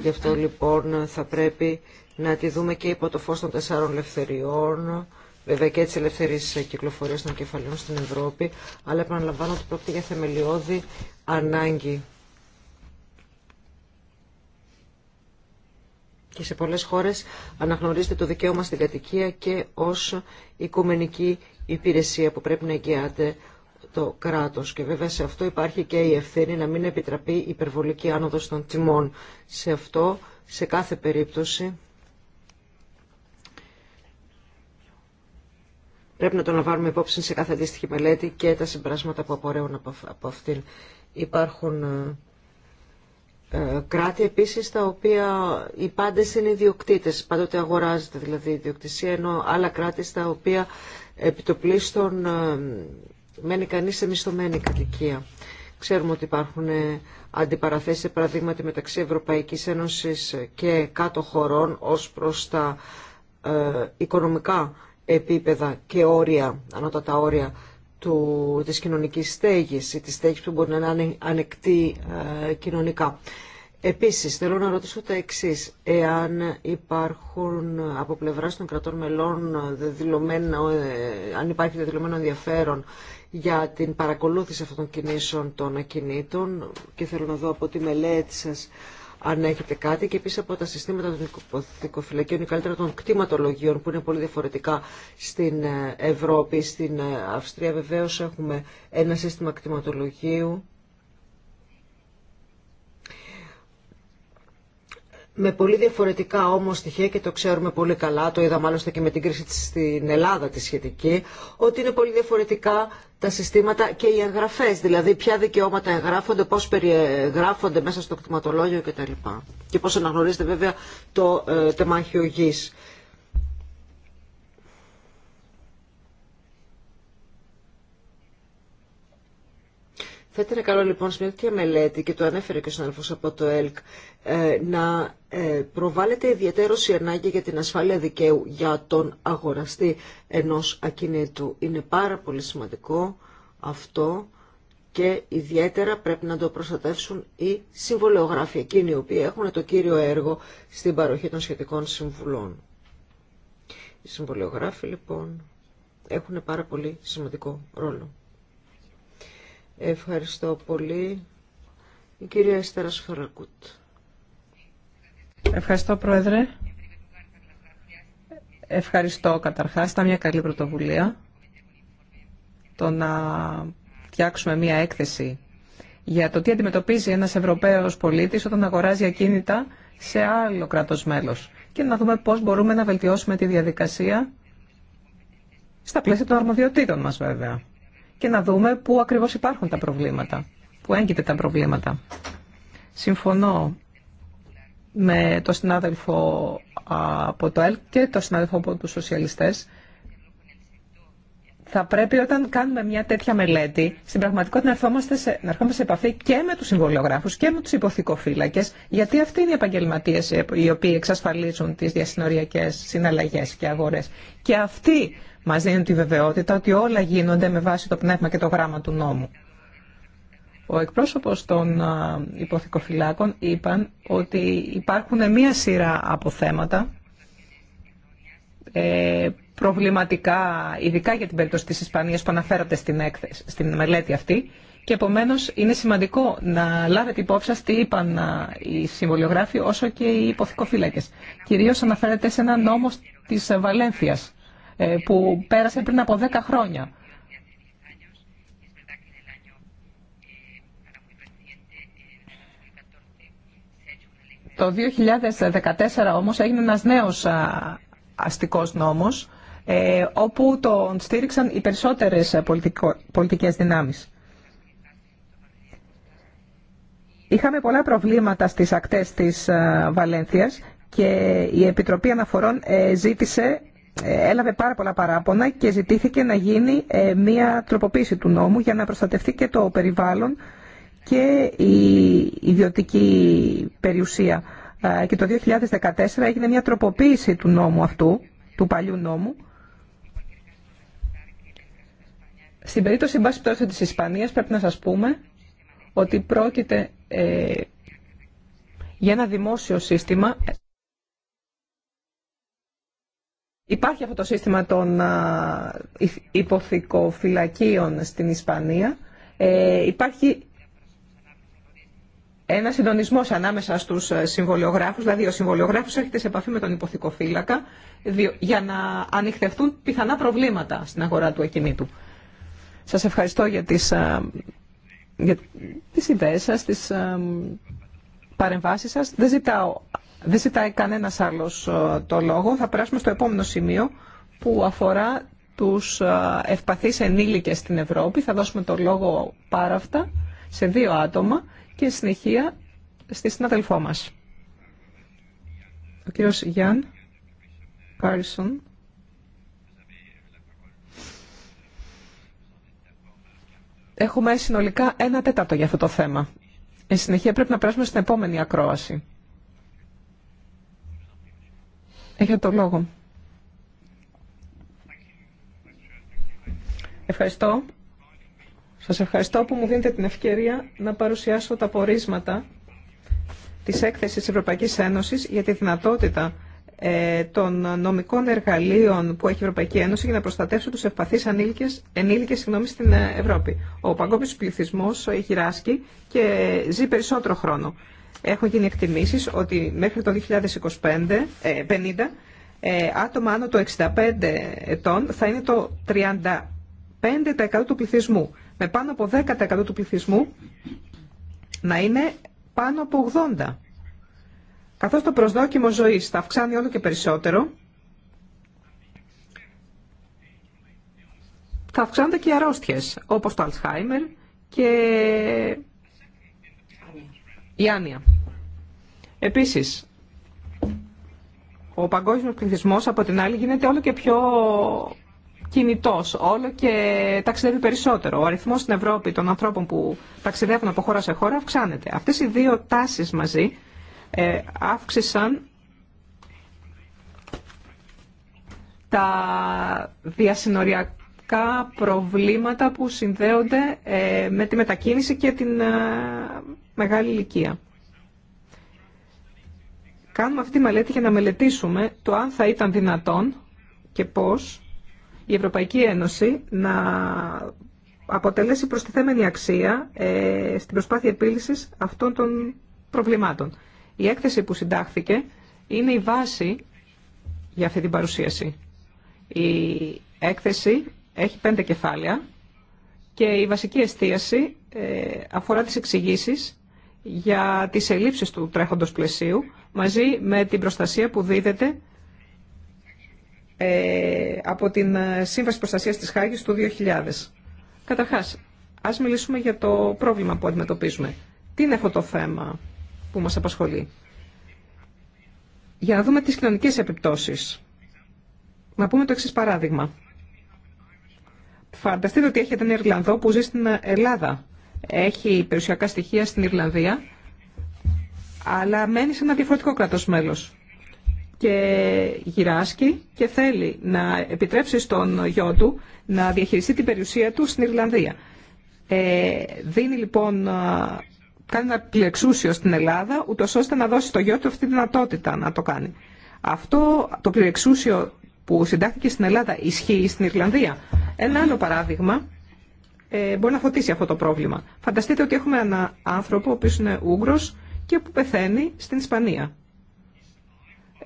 Γι' αυτό λοιπόν θα πρέπει να τη δούμε και υπό το φως των τεσσάρων ελευθεριών, βέβαια και της ελευθερής κυκλοφορίας των κεφαλιών στην Ευρώπη, αλλά επαναλαμβάνω ότι πρόκειται για θεμελιώδη ανάγκη. και σε πολλές χώρες αναγνωρίζεται το δικαίωμα στην κατοικία και ως οικουμενική υπηρεσία που πρέπει να εγγυάται το κράτος. Και βέβαια σε αυτό υπάρχει και η ευθύνη να μην επιτραπεί υπερβολική άνοδος των τιμών. Σε αυτό, σε κάθε περίπτωση, πρέπει να το λαμβάνουμε υπόψη σε κάθε αντίστοιχη μελέτη και τα συμπράσματα που απορρέουν από αυτήν. Υπάρχουν ε, ε, κράτη επίσης τα οποία οι πάντες είναι ιδιοκτήτες, πάντοτε αγοράζεται δηλαδή η ιδιοκτησία, ενώ άλλα κράτη στα οποία επιτοπλίστων ε, μένει κανείς σε μισθωμένη κατοικία. Ξέρουμε ότι υπάρχουν ε, αντιπαραθέσεις παραδείγματι μεταξύ Ευρωπαϊκής Ένωσης και κάτω χωρών ως προς τα οικονομικά επίπεδα και όρια, ανώτατα όρια του, της κοινωνικής στέγης ή της στέγης που μπορεί να είναι ανεκτή ε, κοινωνικά. Επίσης, θέλω να ρωτήσω τα εξή, Εάν υπάρχουν από πλευράς των κρατών μελών, ε, αν υπάρχει δεδηλωμένο ενδιαφέρον για την παρακολούθηση αυτών των κινήσεων των ακινήτων και θέλω να δω από τη μελέτη σας αν έχετε κάτι και επίση από τα συστήματα των οικοφυλακίων ή καλύτερα των κτηματολογίων που είναι πολύ διαφορετικά στην ε, Ευρώπη. Στην ε, Αυστρία βεβαίως έχουμε ένα σύστημα κτηματολογίου με πολύ διαφορετικά όμως στοιχεία και το ξέρουμε πολύ καλά, το είδα μάλιστα και με την κρίση στην Ελλάδα τη σχετική, ότι είναι πολύ διαφορετικά τα συστήματα και οι εγγραφέ, δηλαδή ποια δικαιώματα εγγράφονται, πώς περιγράφονται μέσα στο κτηματολόγιο κτλ. Και πώς αναγνωρίζεται βέβαια το ε, τεμάχιο γης. Θα ήταν καλό λοιπόν σε μια τέτοια μελέτη και το ανέφερε και ο συνάδελφος από το ΕΛΚ ε, να ε, προβάλλεται ιδιαίτερο η ανάγκη για την ασφάλεια δικαίου για τον αγοραστή ενός ακινήτου. Είναι πάρα πολύ σημαντικό αυτό και ιδιαίτερα πρέπει να το προστατεύσουν οι συμβολεογράφοι, εκείνοι οι οποίοι έχουν το κύριο έργο στην παροχή των σχετικών συμβουλών. Οι συμβολεογράφοι λοιπόν έχουν πάρα πολύ σημαντικό ρόλο. Ευχαριστώ πολύ. Η κυρία Εστέρα Σφαρακούτ. Ευχαριστώ, Πρόεδρε. Ευχαριστώ, καταρχάς. Ήταν μια καλή πρωτοβουλία το να φτιάξουμε μια έκθεση για το τι αντιμετωπίζει ένας Ευρωπαίος πολίτης όταν αγοράζει ακίνητα σε άλλο κράτος μέλος και να δούμε πώς μπορούμε να βελτιώσουμε τη διαδικασία στα πλαίσια των αρμοδιοτήτων μας βέβαια και να δούμε πού ακριβώς υπάρχουν τα προβλήματα, πού έγκυται τα προβλήματα. Συμφωνώ με το συνάδελφο από το ΕΛΚ και το συνάδελφο από τους σοσιαλιστές θα πρέπει όταν κάνουμε μια τέτοια μελέτη, στην πραγματικότητα να ερχόμαστε σε, να επαφή και με τους συμβολιογράφους και με τους υποθηκοφύλακες, γιατί αυτοί είναι οι επαγγελματίες οι οποίοι εξασφαλίζουν τις διασυνοριακές συναλλαγές και αγορές. Και αυτοί μας δίνουν τη βεβαιότητα ότι όλα γίνονται με βάση το πνεύμα και το γράμμα του νόμου. Ο εκπρόσωπος των υποθηκοφυλάκων είπαν ότι υπάρχουν μία σειρά από θέματα ε, προβληματικά, ειδικά για την περίπτωση της Ισπανίας που αναφέρατε στην, έκθεση, στην μελέτη αυτή και επομένως είναι σημαντικό να λάβετε υπόψη σας τι είπαν οι συμβολιογράφοι όσο και οι υποθηκοφύλακες. Κυρίως αναφέρεται σε ένα νόμο της Βαλένθιας ε, που πέρασε πριν από 10 χρόνια Το 2014 όμως έγινε ένας νέος αστικός νόμος ε, όπου τον στήριξαν οι περισσότερες ε, πολιτικές δυνάμεις. Είχαμε πολλά προβλήματα στις ακτές της ε, Βαλένθιας και η Επιτροπή Αναφορών ζήτησε, έλαβε πάρα πολλά παράπονα και ζητήθηκε να γίνει μία τροποποίηση του νόμου για να προστατευτεί και το περιβάλλον και η ιδιωτική περιουσία. Ε, και το 2014 έγινε μια τροποποίηση του νόμου αυτού, του παλιού νόμου. Στην περίπτωση μπάση πτώση της Ισπανίας πρέπει να σας πούμε ότι πρόκειται ε, για ένα δημόσιο σύστημα. Υπάρχει αυτό το σύστημα των υποθηκοφυλακίων στην Ισπανία. Ε, υπάρχει ένα συντονισμό ανάμεσα στου ε, συμβολιογράφου, δηλαδή ο συμβολιογράφο έρχεται σε επαφή με τον υποθηκοφύλακα για να ανοιχτευτούν πιθανά προβλήματα στην αγορά του ακινήτου. Σα ευχαριστώ για τι ε, για τις ιδέες σας, τις ε, σας. Δεν, δεν ζητάει κανένα άλλο το λόγο. Θα περάσουμε στο επόμενο σημείο που αφορά τους ευπαθείς ενήλικες στην Ευρώπη. Θα δώσουμε το λόγο πάραυτα σε δύο άτομα και συνεχεία στη συναδελφό μας. Ο κύριος Γιάν Κάρισον. Έχουμε συνολικά ένα τέταρτο για αυτό το θέμα. Εν συνεχεία πρέπει να περάσουμε στην επόμενη ακρόαση. Έχετε το λόγο. Ευχαριστώ. Σας ευχαριστώ που μου δίνετε την ευκαιρία να παρουσιάσω τα πορίσματα της έκθεσης της Ευρωπαϊκής Ένωσης για τη δυνατότητα ε, των νομικών εργαλείων που έχει η Ευρωπαϊκή Ένωση για να προστατεύσει τους ευπαθείς ανήλικες, ενήλικες συγγνώμη, στην ε, Ευρώπη. Ο παγκόσμιος ε, έχει ράσκει και ζει περισσότερο χρόνο. Έχουν γίνει εκτιμήσεις ότι μέχρι το 2025, 50, άτομα άνω των 65 ετών θα είναι το 35% του πληθυσμού με πάνω από 10% του πληθυσμού να είναι πάνω από 80. Καθώς το προσδόκιμο ζωής θα αυξάνει όλο και περισσότερο, θα αυξάνονται και οι αρρώστιες, όπως το Αλτσχάιμερ και η άνοια. Επίσης, ο παγκόσμιος πληθυσμός από την άλλη γίνεται όλο και πιο κινητός όλο και ταξιδεύει περισσότερο. Ο αριθμός στην Ευρώπη των ανθρώπων που ταξιδεύουν από χώρα σε χώρα αυξάνεται. Αυτές οι δύο τάσεις μαζί ε, αύξησαν τα διασυνοριακά προβλήματα που συνδέονται ε, με τη μετακίνηση και την ε, μεγάλη ηλικία. Κάνουμε αυτή τη μελέτη για να μελετήσουμε το αν θα ήταν δυνατόν και πώς η Ευρωπαϊκή Ένωση να αποτελέσει προστιθέμενη αξία ε, στην προσπάθεια επίλυσης αυτών των προβλημάτων. Η έκθεση που συντάχθηκε είναι η βάση για αυτή την παρουσίαση. Η έκθεση έχει πέντε κεφάλαια και η βασική εστίαση ε, αφορά τις εξηγήσει για τις ελλείψεις του τρέχοντος πλαισίου μαζί με την προστασία που δίδεται ε, από την ε, Σύμβαση Προστασίας της Χάγης του 2000. Καταρχάς, ας μιλήσουμε για το πρόβλημα που αντιμετωπίζουμε. Τι είναι αυτό το θέμα που μας απασχολεί. Για να δούμε τις κοινωνικές επιπτώσεις. Να πούμε το εξή παράδειγμα. Φανταστείτε ότι έχετε έναν Ιρλανδό που ζει στην Ελλάδα. Έχει περιουσιακά στοιχεία στην Ιρλανδία, αλλά μένει σε ένα διαφορετικό κράτος μέλος και γυράσκει και θέλει να επιτρέψει στον γιο του να διαχειριστεί την περιουσία του στην Ιρλανδία. Ε, δίνει λοιπόν, κάνει ένα πλεξούσιο στην Ελλάδα, ούτω ώστε να δώσει στο γιο του αυτή τη δυνατότητα να το κάνει. Αυτό το πλεξούσιο που συντάχθηκε στην Ελλάδα ισχύει στην Ιρλανδία. Ένα άλλο παράδειγμα ε, μπορεί να φωτίσει αυτό το πρόβλημα. Φανταστείτε ότι έχουμε έναν άνθρωπο ο οποίος είναι Ούγγρος και που πεθαίνει στην Ισπανία.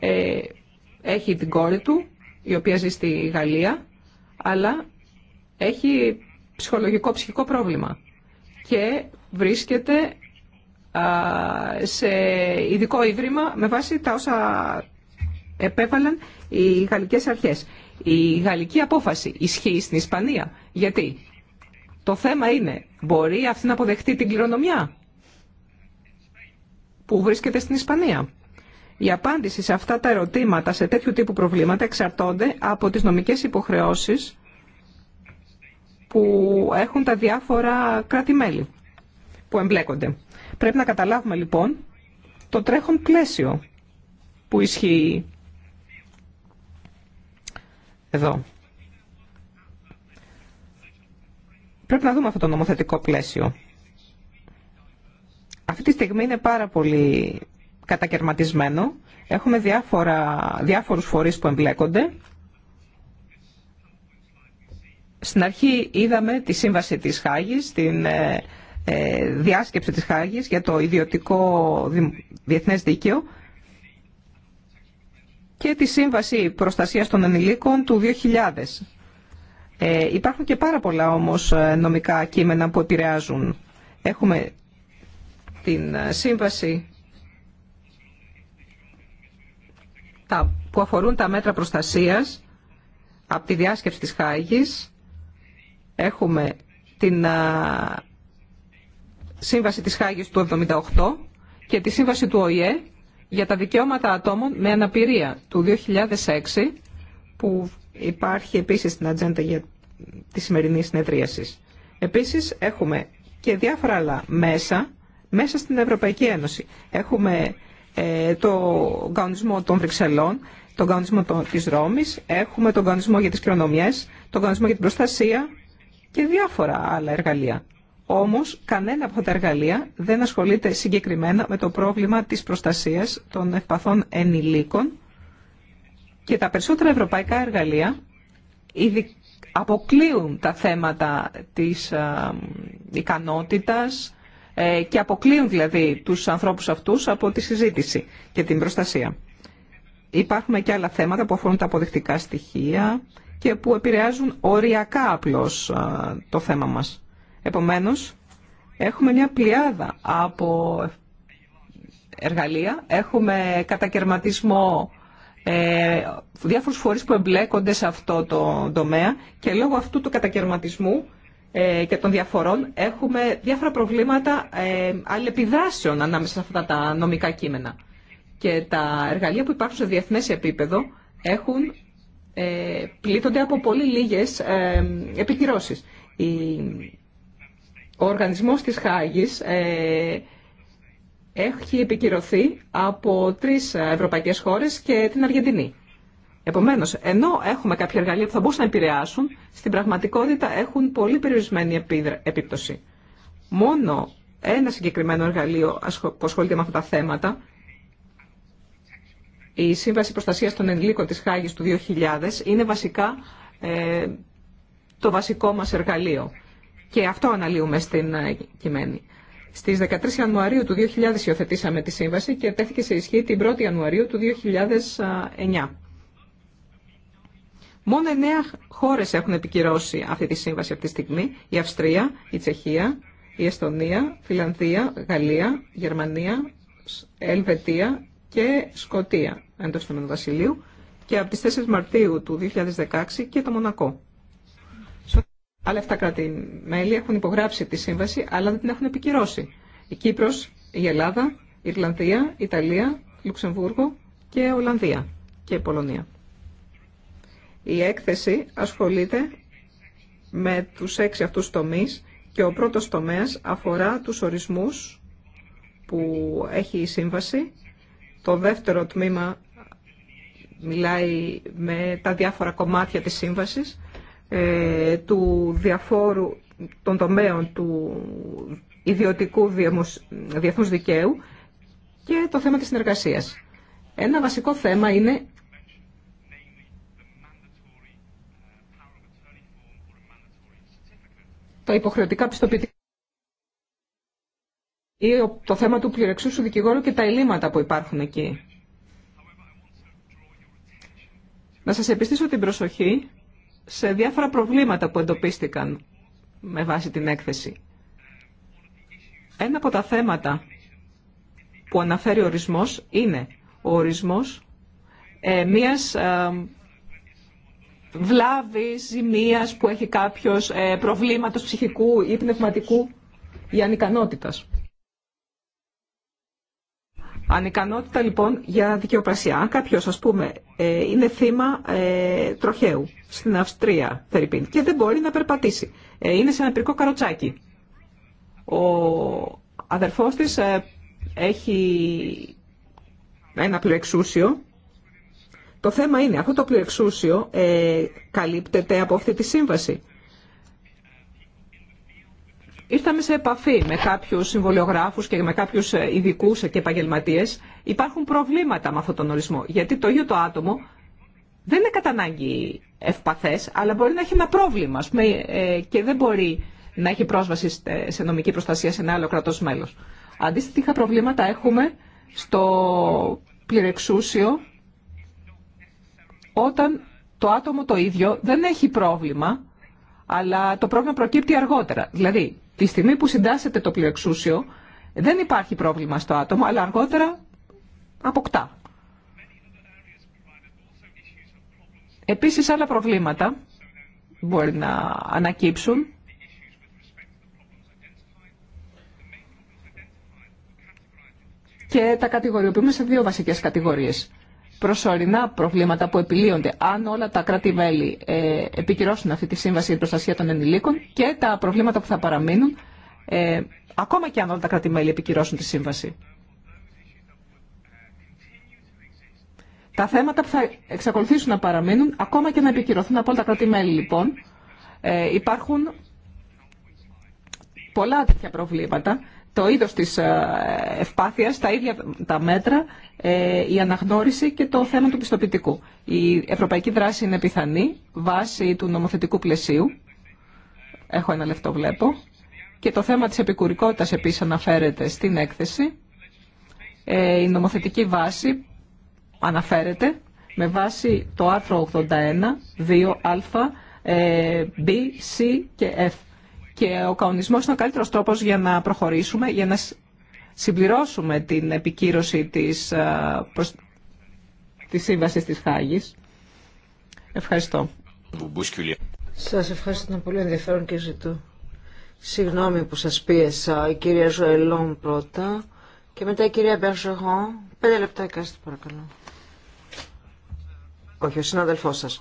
Ε, έχει την κόρη του, η οποία ζει στη Γαλλία, αλλά έχει ψυχολογικό ψυχικό πρόβλημα και βρίσκεται σε ειδικό ίδρυμα με βάση τα όσα επέβαλαν οι γαλλικές αρχές. Η γαλλική απόφαση ισχύει στην Ισπανία. Γιατί? Το θέμα είναι, μπορεί αυτή να αποδεχτεί την κληρονομιά που βρίσκεται στην Ισπανία. Η απάντηση σε αυτά τα ερωτήματα, σε τέτοιου τύπου προβλήματα, εξαρτώνται από τις νομικές υποχρεώσεις που έχουν τα διάφορα κράτη-μέλη που εμπλέκονται. Πρέπει να καταλάβουμε λοιπόν το τρέχον πλαίσιο που ισχύει εδώ. Πρέπει να δούμε αυτό το νομοθετικό πλαίσιο. Αυτή τη στιγμή είναι πάρα πολύ κατακαιρματισμένο. Έχουμε διάφορα, διάφορους φορείς που εμπλέκονται. Στην αρχή είδαμε τη σύμβαση της Χάγης, την ε, ε, διάσκεψη της Χάγης για το ιδιωτικό διεθνές δίκαιο και τη Σύμβαση Προστασίας των Ενηλίκων του 2000. Ε, υπάρχουν και πάρα πολλά όμως νομικά κείμενα που επηρεάζουν. Έχουμε την Σύμβαση που αφορούν τα μέτρα προστασίας από τη διάσκεψη της Χάγης. Έχουμε την Σύμβαση της Χάγης του 1978 και τη Σύμβαση του ΟΗΕ για τα δικαιώματα ατόμων με αναπηρία του 2006 που υπάρχει επίσης στην ατζέντα για τη σημερινή συνεδρίαση. Επίσης έχουμε και διάφορα άλλα μέσα μέσα στην Ευρωπαϊκή Ένωση. Έχουμε ε, το κανονισμό των Βρυξελών, τον κανονισμό της Ρώμης, έχουμε τον κανονισμό για τις κληρονομιές, τον κανονισμό για την προστασία και διάφορα άλλα εργαλεία. Όμως, κανένα από αυτά τα εργαλεία δεν ασχολείται συγκεκριμένα με το πρόβλημα της προστασίας των ευπαθών ενηλίκων και τα περισσότερα ευρωπαϊκά εργαλεία αποκλείουν τα θέματα της ικανότητας, ε, και αποκλείουν δηλαδή τους ανθρώπους αυτούς από τη συζήτηση και την προστασία. Υπάρχουν και άλλα θέματα που αφορούν τα αποδεικτικά στοιχεία και που επηρεάζουν οριακά απλώς το θέμα μας. Επομένως, έχουμε μια πλειάδα από εργαλεία, έχουμε κατακαιρματισμό ε, διάφορους που εμπλέκονται σε αυτό το τομέα και λόγω αυτού του κατακαιρματισμού ε, και των διαφορών έχουμε διάφορα προβλήματα ε, αλληλεπιδράσεων ανάμεσα σε αυτά τα νομικά κείμενα. Και τα εργαλεία που υπάρχουν σε διεθνέ επίπεδο έχουν ε, πλήττονται από πολύ λίγες επικυρώσεις. Ο οργανισμός της Χάγης έχει επικυρωθεί από τρεις ευρωπαϊκές χώρες και την Αργεντινή. Επομένως, ενώ έχουμε κάποια εργαλεία που θα μπορούσαν να επηρεάσουν, στην πραγματικότητα έχουν πολύ περιορισμένη επίπτωση. Μόνο ένα συγκεκριμένο εργαλείο που ασχολείται με αυτά τα θέματα, η Σύμβαση Προστασίας των Ενηλίκων της Χάγης του 2000, είναι βασικά ε, το βασικό μας εργαλείο. Και αυτό αναλύουμε στην ε, κειμένη. Στις 13 Ιανουαρίου του 2000 υιοθετήσαμε τη Σύμβαση και τέθηκε σε ισχύ την 1η Ιανουαρίου του 2009. Μόνο εννέα χώρε έχουν επικυρώσει αυτή τη σύμβαση αυτή τη στιγμή. Η Αυστρία, η Τσεχία, η Εστονία, Φιλανδία, Γαλλία, Γερμανία, Ελβετία και Σκοτία εντό του Βασιλείου και από τι 4 Μαρτίου του 2016 και το Μονακό. Άλλα αυτά κράτη-μέλη έχουν υπογράψει τη σύμβαση, αλλά δεν την έχουν επικυρώσει. Η Κύπρος, η Ελλάδα, η Ιρλανδία, η Ιταλία, Λουξεμβούργο και Ολλανδία και η Πολωνία. Η έκθεση ασχολείται με τους έξι αυτούς τομείς και ο πρώτος τομέας αφορά τους ορισμούς που έχει η σύμβαση. Το δεύτερο τμήμα μιλάει με τα διάφορα κομμάτια της σύμβασης, ε, του διαφόρου των τομέων του ιδιωτικού διεθνούς δικαίου και το θέμα της συνεργασίας. Ένα βασικό θέμα είναι τα υποχρεωτικά πιστοποιητικά ή το θέμα του πληρεξούσου δικηγόρου και τα ελλείμματα που υπάρχουν εκεί. Να σας επιστήσω την προσοχή σε διάφορα προβλήματα που εντοπίστηκαν με βάση την έκθεση. Ένα από τα θέματα που αναφέρει ο ορισμός είναι ο ορισμός ε, μιας ε, βλάβη, ζημία που έχει κάποιο, ε, προβλήματο ψυχικού ή πνευματικού ή ανικανότητα. Ανικανότητα λοιπόν για δικαιοπρασία. Αν κάποιο, α πούμε, ε, είναι θύμα ε, τροχαίου στην Αυστρία, και δεν μπορεί να περπατήσει, ε, είναι σε ένα πυρικό καροτσάκι. Ο αδερφός της έχει ένα πλειοεξούσιο το θέμα είναι, αυτό το πληρεξούσιο ε, καλύπτεται από αυτή τη σύμβαση. Ήρθαμε σε επαφή με κάποιου συμβολιογράφου και με κάποιου ε, ειδικού και επαγγελματίε. Υπάρχουν προβλήματα με αυτόν τον ορισμό. Γιατί το ίδιο το άτομο δεν είναι κατά ανάγκη ευπαθέ, αλλά μπορεί να έχει ένα πρόβλημα πούμε, ε, και δεν μπορεί να έχει πρόσβαση σε νομική προστασία σε ένα άλλο κρατό μέλο. Αντίστοιχα προβλήματα έχουμε στο πληρεξούσιο όταν το άτομο το ίδιο δεν έχει πρόβλημα, αλλά το πρόβλημα προκύπτει αργότερα. Δηλαδή, τη στιγμή που συντάσσεται το πλειοεξούσιο, δεν υπάρχει πρόβλημα στο άτομο, αλλά αργότερα αποκτά. Επίσης, άλλα προβλήματα μπορεί να ανακύψουν. Και τα κατηγοριοποιούμε σε δύο βασικές κατηγορίες προσωρινά προβλήματα που επιλύονται αν όλα τα κράτη-μέλη ε, επικυρώσουν αυτή τη σύμβαση για προστασία των ενηλίκων και τα προβλήματα που θα παραμείνουν ε, ακόμα και αν όλα τα κράτη-μέλη επικυρώσουν τη σύμβαση. Τα θέματα που θα εξακολουθήσουν να παραμείνουν ακόμα και να επικυρωθούν από όλα τα κράτη-μέλη λοιπόν ε, υπάρχουν πολλά τέτοια προβλήματα το είδος της ε, ευπάθειας, τα ίδια τα μέτρα, ε, η αναγνώριση και το θέμα του πιστοποιητικού. Η ευρωπαϊκή δράση είναι πιθανή βάσει του νομοθετικού πλαισίου. Έχω ένα λεπτό βλέπω. Και το θέμα της επικουρικότητας επίσης αναφέρεται στην έκθεση. Ε, η νομοθετική βάση αναφέρεται με βάση το άρθρο 81, 2α, B, C και F. Και ο κανονισμός είναι ο καλύτερος τρόπος για να προχωρήσουμε, για να συμπληρώσουμε την επικύρωση της, ε, της σύμβασης της Χάγης. Ευχαριστώ. Σας ευχαριστώ πολύ ενδιαφέρον και ζητώ. Συγγνώμη που σας πίεσα, η κυρία Ζωελόν πρώτα και μετά η κυρία Μπερζογόν. Πέντε λεπτά εκάστε παρακαλώ. Όχι, ο συνάδελφός σας.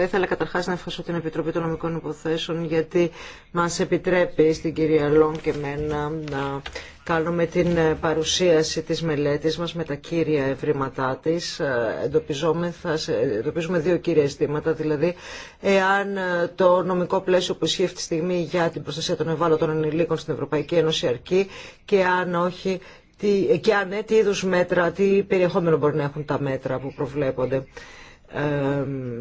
Θα ήθελα καταρχάς να ευχαριστώ την Επιτροπή των Νομικών Υποθέσεων γιατί μας επιτρέπει στην κυρία Λόν και εμένα να κάνουμε την παρουσίαση της μελέτης μας με τα κύρια ευρήματά της. Εντοπίζουμε, δύο κύρια αισθήματα, δηλαδή εάν το νομικό πλαίσιο που ισχύει αυτή τη στιγμή για την προστασία των ευάλωτων ενηλίκων στην Ευρωπαϊκή Ένωση αρκεί και αν όχι τι, και αν ναι, τι είδους μέτρα, τι περιεχόμενο μπορεί να έχουν τα μέτρα που προβλέπονται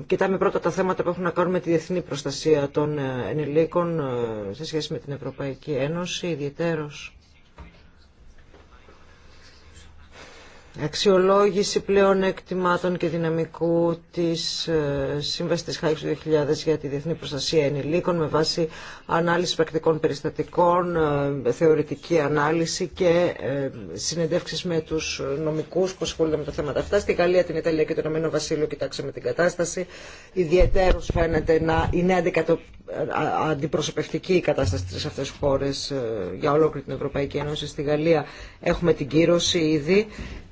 κοιτάμε πρώτα τα θέματα που έχουν να κάνουν με τη διεθνή προστασία των ε, ενηλίκων ε, σε σχέση με την Ευρωπαϊκή Ένωση, ιδιαίτερος αξιολόγηση πλέον εκτιμάτων και δυναμικού της ε, Σύμβασης της ΧΑΙΚΣ του 2000 για τη Διεθνή Προστασία Ενηλίκων με βάση ανάλυση πρακτικών περιστατικών, ε, θεωρητική ανάλυση και ε, συνεντεύξεις με τους νομικούς που ασχολούνται με τα θέματα αυτά. Στη Γαλλία, την Ιταλία και το Ηνωμένο Βασίλειο κοιτάξαμε την κατάσταση. Ιδιαίτερος φαίνεται να είναι αντιπροσωπευτική η κατάσταση στις αυτές χώρες για ολόκληρη την Ευρωπαϊκή Ένωση. Στη Γαλλία έχουμε την κύρωση ήδη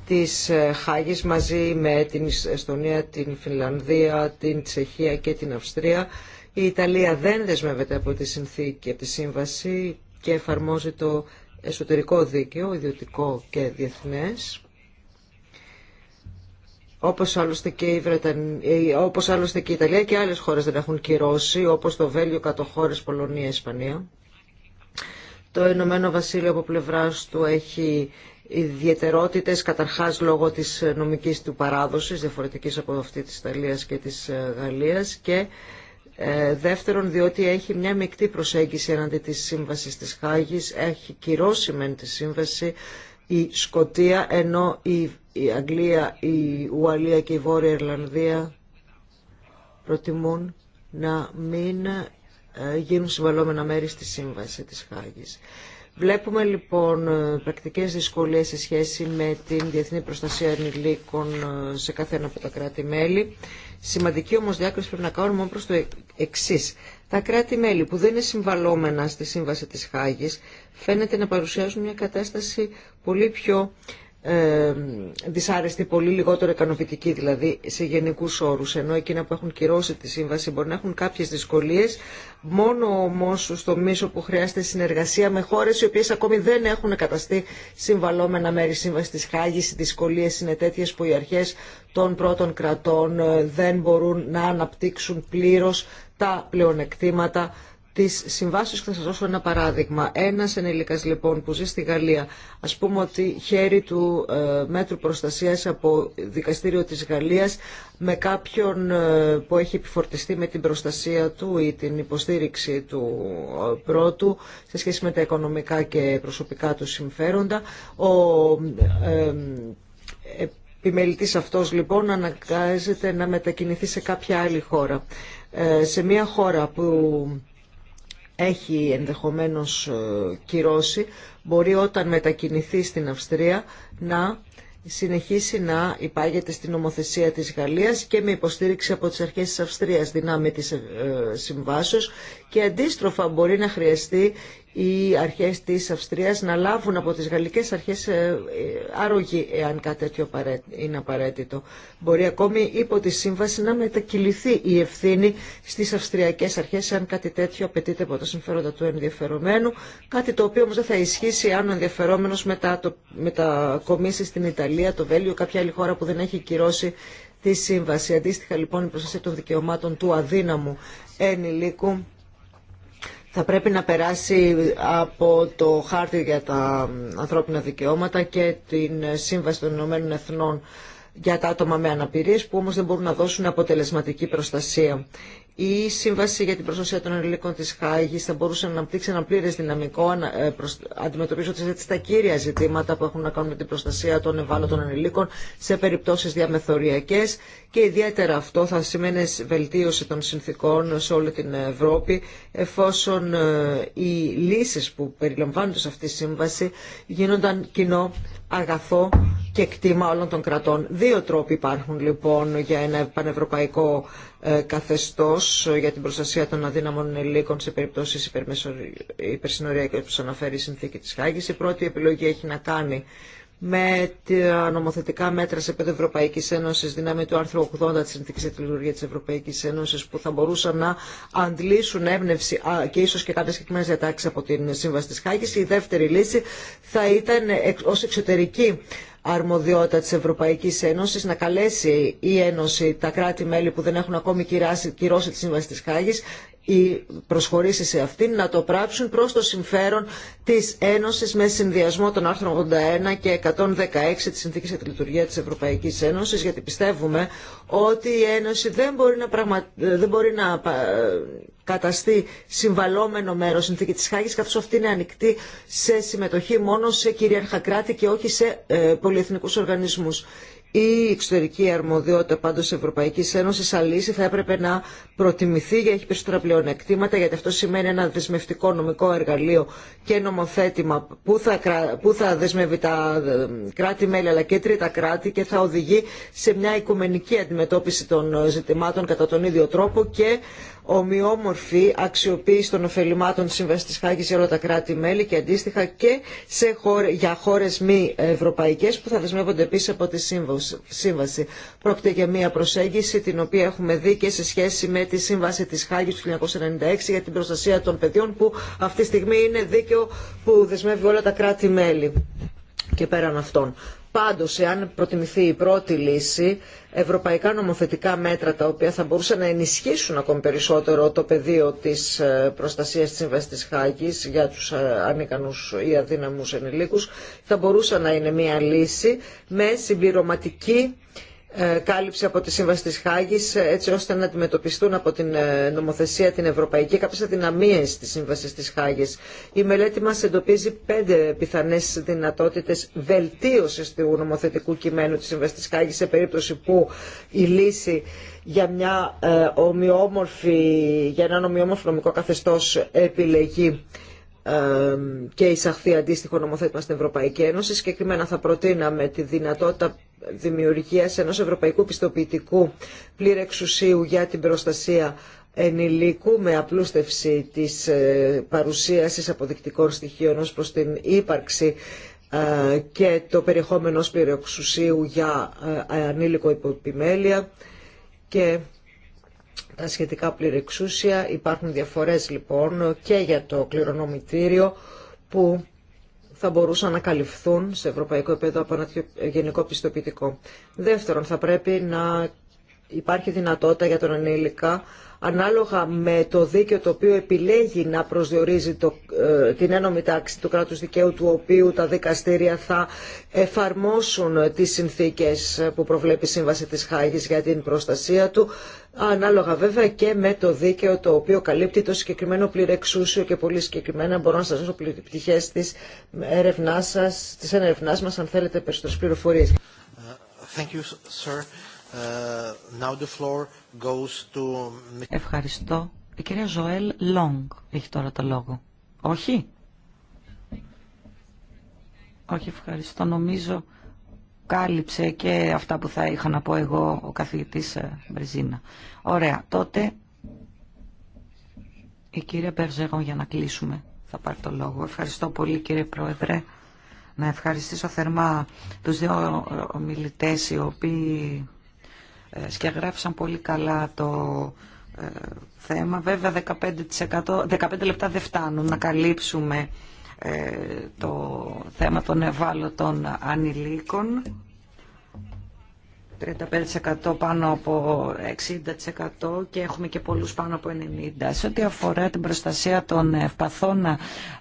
της ε, Χάγης μαζί με την Εστονία, την Φινλανδία, την Τσεχία και την Αυστρία. Η Ιταλία δεν δεσμεύεται από τη συνθήκη, από τη σύμβαση και εφαρμόζει το εσωτερικό δίκαιο, ιδιωτικό και διεθνές. Όπως άλλωστε, και η όπως άλλωστε και η Ιταλία και άλλες χώρες δεν έχουν κυρώσει, όπως το Βέλγιο, κατοχώρες, Πολωνία, Ισπανία. Το Ηνωμένο Βασίλειο από πλευρά του έχει ιδιαιτερότητες καταρχάς λόγω της νομικής του παράδοσης διαφορετικής από αυτή της Ιταλίας και της ε, Γαλλίας και ε, δεύτερον διότι έχει μια μεικτή προσέγγιση εναντί της Σύμβασης της Χάγης έχει κυρώσει μεν τη Σύμβαση η Σκοτία ενώ η, Αγγλία, η Ουαλία και η Βόρεια Ιρλανδία προτιμούν να μην ε, γίνουν συμβαλόμενα μέρη στη Σύμβαση της Χάγης. Βλέπουμε λοιπόν ε, πρακτικές δυσκολίες σε σχέση με την διεθνή προστασία ενηλίκων ε, σε καθένα από τα κράτη-μέλη. Σημαντική όμως διάκριση πρέπει να κάνουμε μόνο προς το εξή. Τα κράτη-μέλη που δεν είναι συμβαλόμενα στη Σύμβαση της Χάγης φαίνεται να παρουσιάζουν μια κατάσταση πολύ πιο δυσάρεστη, πολύ λιγότερο ικανοποιητική δηλαδή σε γενικού όρου. Ενώ εκείνα που έχουν κυρώσει τη σύμβαση μπορεί να έχουν κάποιε δυσκολίε, μόνο όμω στο μίσο που χρειάζεται συνεργασία με χώρε οι οποίε ακόμη δεν έχουν καταστεί συμβαλόμενα μέρη σύμβαση τη Χάγη. Οι δυσκολίε είναι τέτοιε που οι αρχέ των πρώτων κρατών ε, δεν μπορούν να αναπτύξουν πλήρω τα πλεονεκτήματα τις συμβάσεις θα σας δώσω ένα παράδειγμα. Ένας ενήλικας λοιπόν που ζει στη Γαλλία, ας πούμε ότι χέρι του ε, μέτρου προστασίας από δικαστήριο της Γαλλίας με κάποιον ε, που έχει επιφορτιστεί με την προστασία του ή την υποστήριξη του ε, πρώτου σε σχέση με τα οικονομικά και προσωπικά του συμφέροντα. Ο επιμελητής αυτός λοιπόν αναγκάζεται να μετακινηθεί σε κάποια άλλη χώρα. Σε μια χώρα που έχει ενδεχομένως ε, κυρώσει, μπορεί όταν μετακινηθεί στην Αυστρία να συνεχίσει να υπάγεται στην νομοθεσία της Γαλλίας και με υποστήριξη από τις αρχές της Αυστρίας δυνάμει της ε, συμβάσεως και αντίστροφα μπορεί να χρειαστεί οι αρχές της Αυστρίας να λάβουν από τις γαλλικές αρχές αρρωγή ε, ε, εάν κάτι τέτοιο είναι απαραίτητο. Μπορεί ακόμη υπό τη σύμβαση να μετακυληθεί η ευθύνη στις αυστριακές αρχές εάν κάτι τέτοιο απαιτείται από τα συμφέροντα του ενδιαφερομένου, κάτι το οποίο όμως δεν θα ισχύσει αν ο ενδιαφερόμενος μετά το, μετακομίσει στην Ιταλία, το Βέλιο, κάποια άλλη χώρα που δεν έχει κυρώσει τη σύμβαση. Αντίστοιχα λοιπόν η προστασία των δικαιωμάτων του αδύναμου ενηλίκου θα πρέπει να περάσει από το χάρτη για τα ανθρώπινα δικαιώματα και την Σύμβαση των Ηνωμένων Εθνών για τα άτομα με αναπηρίες που όμως δεν μπορούν να δώσουν αποτελεσματική προστασία. Η Σύμβαση για την Προστασία των Ελληνικών τη Χάγη θα μπορούσε να αναπτύξει ένα πλήρε δυναμικό ε, αντιμετωπίζοντας έτσι τα κύρια ζητήματα που έχουν να κάνουν με την προστασία των ευάλωτων ενηλίκων σε περιπτώσεις διαμεθοριακές και ιδιαίτερα αυτό θα σημαίνει βελτίωση των συνθήκων σε όλη την Ευρώπη εφόσον ε, οι λύσει που περιλαμβάνονται σε αυτή τη σύμβαση γίνονταν κοινό αγαθό και κτήμα όλων των κρατών. Δύο τρόποι υπάρχουν λοιπόν για ένα πανευρωπαϊκό ε, καθεστώς ε, για την προστασία των αδύναμων ελίκων σε περιπτώσεις υπερσυνοριακές που αναφέρει η συνθήκη της Χάγης. Η πρώτη επιλογή έχει να κάνει με τα νομοθετικά μέτρα σε επίπεδο Ευρωπαϊκή Ένωση, δυνάμει του άρθρου 80 τη Συνθήκη για τη Λειτουργία τη Ευρωπαϊκή Ένωση, που θα μπορούσαν να αντλήσουν έμπνευση και ίσω και κάποιε συγκεκριμένε διατάξει από την Σύμβαση τη Χάγη. Η δεύτερη λύση θα ήταν ε, ω εξωτερική αρμοδιότητα της Ευρωπαϊκής Ένωσης να καλέσει η Ένωση τα κράτη-μέλη που δεν έχουν ακόμη κυράσει, κυρώσει τη Σύμβαση της Χάγης ή προσχωρήσει σε αυτήν να το πράξουν προς το συμφέρον της Ένωσης με συνδυασμό των άρθρων 81 και 116 της Συνθήκης για τη Λειτουργία της Ευρωπαϊκής Ένωσης γιατί πιστεύουμε ότι η Ένωση δεν μπορεί να, πραγμα... δεν μπορεί να ε, καταστεί συμβαλόμενο μέρο συνθήκη τη Χάγη, καθώ αυτή είναι ανοιχτή σε συμμετοχή μόνο σε κυρίαρχα κράτη και όχι σε ε, πολυεθνικού οργανισμού. Η εξωτερική αρμοδιότητα πάντω τη Ευρωπαϊκή Ένωση αλύση θα έπρεπε να προτιμηθεί για έχει περισσότερα πλεονεκτήματα, γιατί αυτό σημαίνει ένα δεσμευτικό νομικό εργαλείο και νομοθέτημα που θα, που θα δεσμεύει τα ε, κράτη-μέλη αλλά και τρίτα κράτη και θα οδηγεί σε μια οικουμενική αντιμετώπιση των ε, ζητημάτων κατά τον ίδιο τρόπο και ομοιόμορφη αξιοποίηση των ωφελημάτων της Σύμβασης της Χάγης για όλα τα κράτη-μέλη και αντίστοιχα και σε για χώρες μη ευρωπαϊκές που θα δεσμεύονται επίσης από τη Σύμβαση. Πρόκειται για μια προσέγγιση την οποία έχουμε δει και σε σχέση με τη Σύμβαση της Χάγης του 1996 για την προστασία των παιδιών που αυτή τη στιγμή είναι δίκαιο που δεσμεύει όλα τα κράτη-μέλη και πέραν αυτών. Πάντω, εάν προτιμηθεί η πρώτη λύση, ευρωπαϊκά νομοθετικά μέτρα τα οποία θα μπορούσαν να ενισχύσουν ακόμη περισσότερο το πεδίο της ε, προστασίας της Σύμβαση της Χάγη για τους ε, ανίκανους ή αδύναμους ενηλίκους, θα μπορούσαν να είναι μια λύση με συμπληρωματική ε, κάλυψη από τη Σύμβαση της Χάγης ε, έτσι ώστε να αντιμετωπιστούν από την ε, νομοθεσία την ευρωπαϊκή κάποιες αδυναμίες της Σύμβασης της Χάγης. Η μελέτη μας εντοπίζει πέντε πιθανές δυνατότητες βελτίωσης του νομοθετικού κειμένου της Σύμβασης της Χάγης σε περίπτωση που η λύση για, μια, ομοιόμορφη, για έναν ομοιόμορφο νομικό καθεστώς επιλεγεί και εισαχθεί αντίστοιχο νομοθέτημα στην Ευρωπαϊκή Ένωση. Συγκεκριμένα θα προτείναμε τη δυνατότητα δημιουργίας ενός ευρωπαϊκού πιστοποιητικού πλήρε εξουσίου για την προστασία ενηλίκου με απλούστευση της ε, παρουσίασης αποδεικτικών στοιχείων ως προς την ύπαρξη ε, και το περιεχόμενο ως εξουσίου για ε, ανήλικο υποπημέλεια. και σχετικά πληρεξούσια. Υπάρχουν διαφορές λοιπόν και για το κληρονομητήριο που θα μπορούσαν να καλυφθούν σε ευρωπαϊκό επίπεδο από ένα γενικό πιστοποιητικό. Δεύτερον, θα πρέπει να υπάρχει δυνατότητα για τον ανήλικα ανάλογα με το δίκαιο το οποίο επιλέγει να προσδιορίζει ε, την ένωμη τάξη του κράτους δικαίου του οποίου τα δικαστήρια θα εφαρμόσουν τις συνθήκες που προβλέπει η Σύμβαση της Χάγης για την προστασία του ανάλογα βέβαια και με το δίκαιο το οποίο καλύπτει το συγκεκριμένο πληρεξούσιο και πολύ συγκεκριμένα μπορώ να σας δώσω πτυχές της ερευνάς, σας, μας αν θέλετε περισσότερες πληροφορίες. Ευχαριστώ. Η κυρία Ζωέλ Λόγκ έχει τώρα το λόγο. Όχι. Όχι, ευχαριστώ. Νομίζω κάλυψε και αυτά που θα είχα να πω εγώ ο καθηγητής ε, Μπριζίνα. Ωραία, τότε η κυρία Περζέγον για να κλείσουμε θα πάρει το λόγο. Ευχαριστώ πολύ κύριε Πρόεδρε. Να ευχαριστήσω θερμά τους δύο ε, ομιλητές οι οποίοι ε, σκιαγράφησαν πολύ καλά το θέμα. Βέβαια 15%, 15 λεπτά δεν φτάνουν να καλύψουμε ε, το θέμα των ευάλωτων ανηλίκων. 35% πάνω από 60% και έχουμε και πολλούς πάνω από 90%. Σε ό,τι αφορά την προστασία των ευπαθών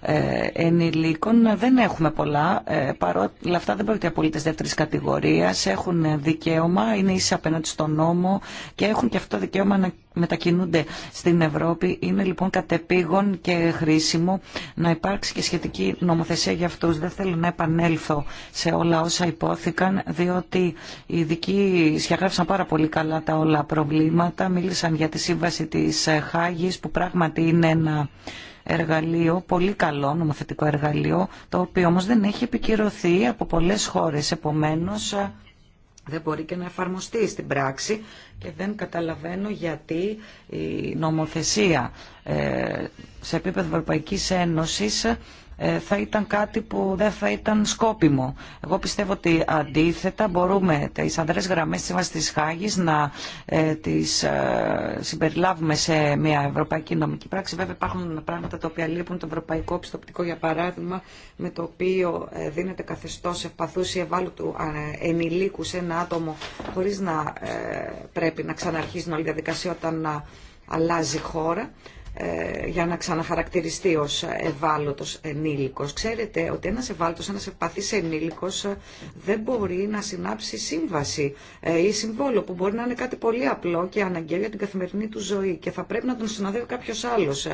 ε, ενηλίκων δεν έχουμε πολλά. Ε, Παρόλα αυτά δεν πρόκειται για πολίτες δεύτερης κατηγορίας. Έχουν δικαίωμα, είναι ίσα απέναντι στον νόμο και έχουν και αυτό δικαίωμα να μετακινούνται στην Ευρώπη. Είναι λοιπόν κατεπήγον και χρήσιμο να υπάρξει και σχετική νομοθεσία για αυτούς. Δεν θέλω να επανέλθω σε όλα όσα υπόθηκαν, διότι οι ειδικοί σχεγράφησαν πάρα πολύ καλά τα όλα προβλήματα. Μίλησαν για τη σύμβαση της Χάγης, που πράγματι είναι ένα εργαλείο, πολύ καλό νομοθετικό εργαλείο, το οποίο όμως δεν έχει επικυρωθεί από πολλές χώρες. Επομένως, δεν μπορεί και να εφαρμοστεί στην πράξη και δεν καταλαβαίνω γιατί η νομοθεσία ε, σε επίπεδο Ευρωπαϊκής Ένωσης ε, θα ήταν κάτι που δεν θα ήταν σκόπιμο. Εγώ πιστεύω ότι αντίθετα μπορούμε τι ανδρές γραμμές της μας Χάγης να ε, τις ε, συμπεριλάβουμε σε μια ευρωπαϊκή νομική πράξη. Βέβαια υπάρχουν πράγματα τα οποία λείπουν το ευρωπαϊκό πιστοπτικό για παράδειγμα με το οποίο δίνεται καθεστώς ευπαθού ή ευάλωτου ενηλίκου σε ένα άτομο χωρίς να πρέπει να ξαναρχίσει όλη διαδικασία όταν αλλάζει χώρα. Ε, για να ξαναχαρακτηριστεί ως ευάλωτος ενήλικος. Ξέρετε ότι ένας ευάλωτος, ένας ευπαθής ενήλικος ε, δεν μπορεί να συνάψει σύμβαση ε, ή συμβόλο που μπορεί να είναι κάτι πολύ απλό και αναγκαίο για την καθημερινή του ζωή και θα πρέπει να τον συναντεύει κάποιος άλλος,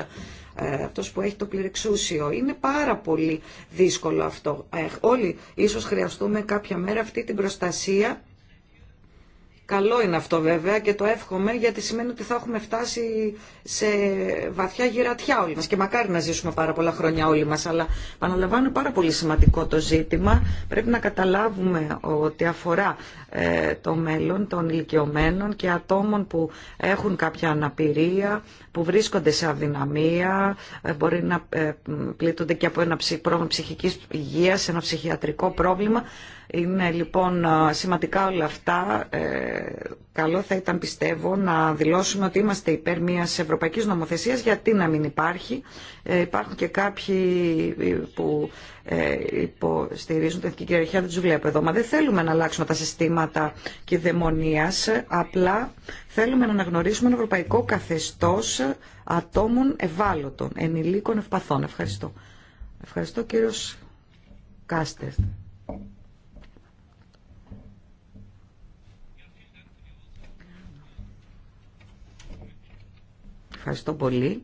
αυτός που έχει το πληρεξούσιο. Είναι πάρα πολύ δύσκολο αυτό. Όλοι ίσως χρειαστούμε κάποια μέρα αυτή την προστασία Καλό είναι αυτό βέβαια και το εύχομαι γιατί σημαίνει ότι θα έχουμε φτάσει σε βαθιά γυρατιά όλοι μας και μακάρι να ζήσουμε πάρα πολλά χρόνια όλοι μας αλλά παραλαμβάνω πάρα πολύ σημαντικό το ζήτημα πρέπει να καταλάβουμε ότι αφορά ε, το μέλλον των ηλικιωμένων και ατόμων που έχουν κάποια αναπηρία, που βρίσκονται σε αδυναμία, ε, μπορεί να ε, πλήττονται και από ένα πρόβλημα ψυχικής υγείας, ένα ψυχιατρικό πρόβλημα είναι λοιπόν σημαντικά όλα αυτά. Ε, καλό θα ήταν πιστεύω να δηλώσουμε ότι είμαστε υπέρ μιας ευρωπαϊκής νομοθεσίας. Γιατί να μην υπάρχει. Ε, υπάρχουν και κάποιοι ε, που υποστηρίζουν την εθνική κυριαρχία, δεν τους βλέπω εδώ. Μα δεν θέλουμε να αλλάξουμε τα συστήματα και Απλά θέλουμε να αναγνωρίσουμε ένα ευρωπαϊκό καθεστώς ατόμων ευάλωτων, ενηλίκων ευπαθών. Ευχαριστώ. Ευχαριστώ κύριος Κάστερ. Ευχαριστώ πολύ.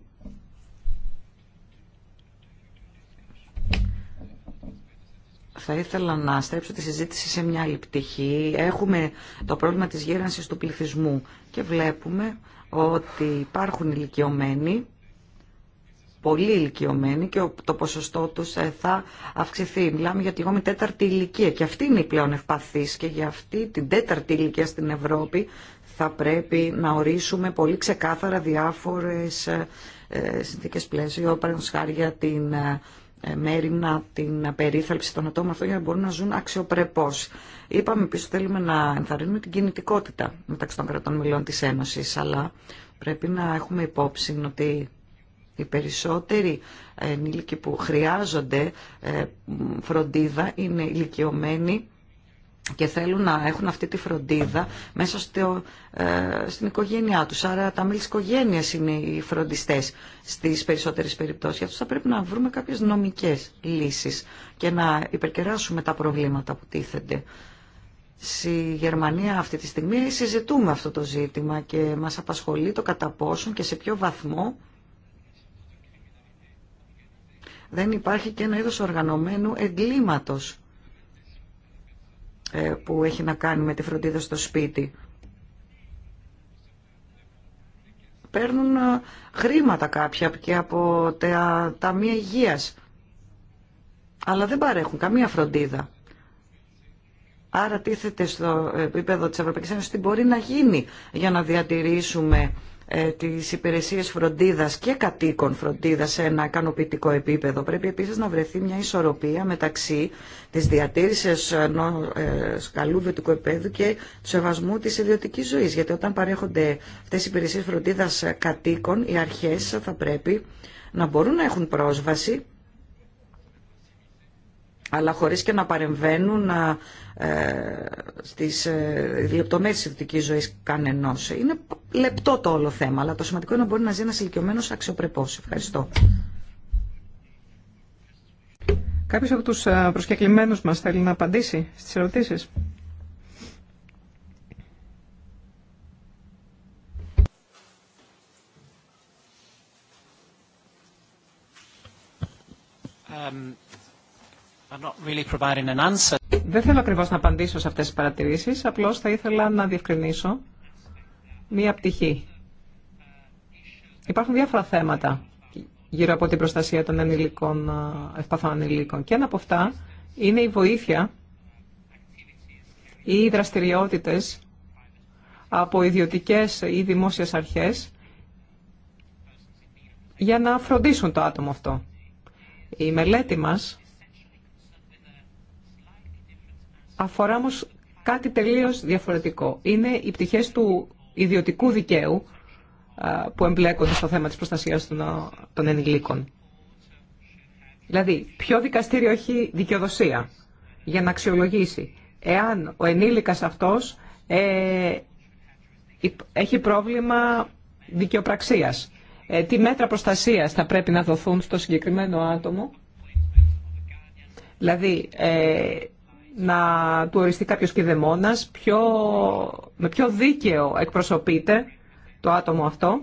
Θα ήθελα να στρέψω τη συζήτηση σε μια άλλη πτυχή. Έχουμε το πρόβλημα της γέρανσης του πληθυσμού και βλέπουμε ότι υπάρχουν ηλικιωμένοι, πολύ ηλικιωμένοι και το ποσοστό τους ε, θα αυξηθεί. Μιλάμε για τη λεγόμενη τέταρτη ηλικία και αυτή είναι η πλέον ευπαθής και για αυτή την τέταρτη ηλικία στην Ευρώπη θα πρέπει να ορίσουμε πολύ ξεκάθαρα διάφορες ε, συνθήκες πλαίσιο, παραδείγματος χάρη για την ε, ε, μέρημνα, την περίθαλψη των ατόμων αυτών για να μπορούν να ζουν αξιοπρεπώς. Είπαμε επίσης ότι θέλουμε να ενθαρρύνουμε την κινητικότητα μεταξύ των κρατών μελών της Ένωσης, αλλά πρέπει να έχουμε υπόψη ότι οι περισσότεροι ενήλικοι που χρειάζονται φροντίδα είναι ηλικιωμένοι και θέλουν να έχουν αυτή τη φροντίδα μέσα στο, ε, στην οικογένειά τους. Άρα τα μέλη της οικογένειας είναι οι φροντιστές στις περισσότερες περιπτώσεις. αυτό θα πρέπει να βρούμε κάποιες νομικές λύσεις και να υπερκεράσουμε τα προβλήματα που τίθενται. Στη Γερμανία αυτή τη στιγμή συζητούμε αυτό το ζήτημα και μας απασχολεί το κατά πόσον και σε ποιο βαθμό δεν υπάρχει και ένα είδος οργανωμένου εγκλήματος ε, που έχει να κάνει με τη φροντίδα στο σπίτι. Παίρνουν ε, χρήματα κάποια και από τα ταμεία υγείας. Αλλά δεν παρέχουν καμία φροντίδα. Άρα τίθεται στο επίπεδο της Ευρωπαϊκής Ένωσης τι μπορεί να γίνει για να διατηρήσουμε ε, τις υπηρεσίες φροντίδας και κατοίκων φροντίδας σε ένα ικανοποιητικό επίπεδο. Πρέπει επίσης να βρεθεί μια ισορροπία μεταξύ της διατήρησης ε, καλού βιωτικού επίπεδου και του σεβασμού της ιδιωτικής ζωής. Γιατί όταν παρέχονται αυτές οι υπηρεσίες φροντίδας ε, κατοίκων, οι αρχές θα πρέπει να μπορούν να έχουν πρόσβαση αλλά χωρίς και να παρεμβαίνουν ε, στις ε, λεπτομέρειες της ιδιωτικής ζωής κανενός. Είναι λεπτό το όλο θέμα, αλλά το σημαντικό είναι να μπορεί να ζει ένας ηλικιωμένος αξιοπρεπός. Ευχαριστώ. Κάποιος από τους ε, προσκεκλημένους μας θέλει να απαντήσει στις ερωτήσεις. Um... Δεν θέλω ακριβώ να απαντήσω σε αυτές τις παρατηρήσεις, απλώς θα ήθελα να διευκρινίσω μία πτυχή. Υπάρχουν διάφορα θέματα γύρω από την προστασία των ανηλικών, ευπαθών ανηλίκων και ένα από αυτά είναι η βοήθεια ή οι δραστηριότητες από ιδιωτικές ή δημόσιες αρχές για να φροντίσουν το άτομο αυτό. Η μελέτη μας αφορά όμω κάτι τελείως διαφορετικό. Είναι οι πτυχέ του ιδιωτικού δικαίου που εμπλέκονται στο θέμα της προστασίας των ενηλίκων. Δηλαδή, ποιο δικαστήριο έχει δικαιοδοσία για να αξιολογήσει εάν ο ενήλικας αυτός ε, έχει πρόβλημα δικαιοπραξίας. Ε, τι μέτρα προστασίας θα πρέπει να δοθούν στο συγκεκριμένο άτομο. Δηλαδή, ε, να του οριστεί κάποιος και δαιμόνας, με ποιο δίκαιο εκπροσωπείται το άτομο αυτό,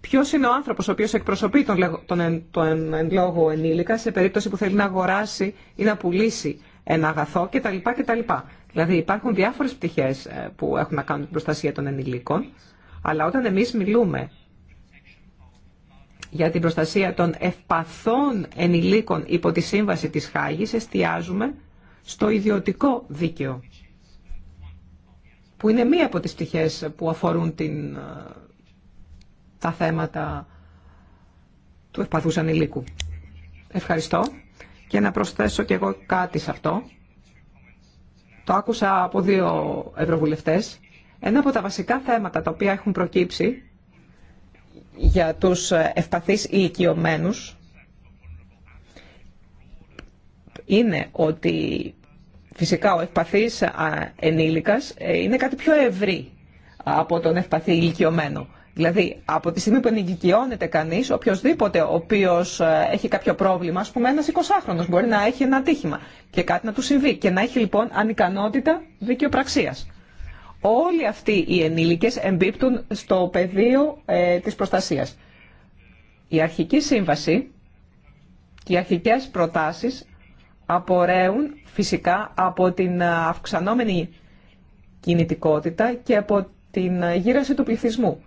Ποιο είναι ο άνθρωπος ο οποίος εκπροσωπεί τον, τον, τον εν λόγω ενήλικα σε περίπτωση που θέλει να αγοράσει ή να πουλήσει ένα αγαθό κτλ. κτλ. Δηλαδή υπάρχουν διάφορες πτυχές ε, που έχουν να κάνουν την προστασία των ενηλίκων, αλλά όταν εμείς μιλούμε για την προστασία των ευπαθών ενηλίκων υπό τη Σύμβαση της Χάγης εστιάζουμε στο ιδιωτικό δίκαιο, που είναι μία από τις πτυχές που αφορούν την, ε, τα θέματα του ευπαθούς ανηλίκου. Ευχαριστώ. Και να προσθέσω και εγώ κάτι σε αυτό. Το άκουσα από δύο ευρωβουλευτές. Ένα από τα βασικά θέματα τα οποία έχουν προκύψει για τους ευπαθείς ή είναι ότι φυσικά ο ευπαθής ενήλικας ε, είναι κάτι πιο ευρύ από τον ευπαθή ηλικιωμένο. Δηλαδή, από τη στιγμή που ενηλικιώνεται κανεί, οποιοδήποτε ο οποίο ε, έχει κάποιο πρόβλημα, α πούμε, ένα 20χρονο μπορεί να έχει ένα ατύχημα και κάτι να του συμβεί και να έχει λοιπόν ανικανότητα δικαιοπραξία. Όλοι αυτοί οι ενήλικες εμπίπτουν στο πεδίο ε, της προστασίας. Η αρχική σύμβαση και οι αρχικές προτάσεις απορρέουν φυσικά από την αυξανόμενη κινητικότητα και από την γύρωση του πληθυσμού.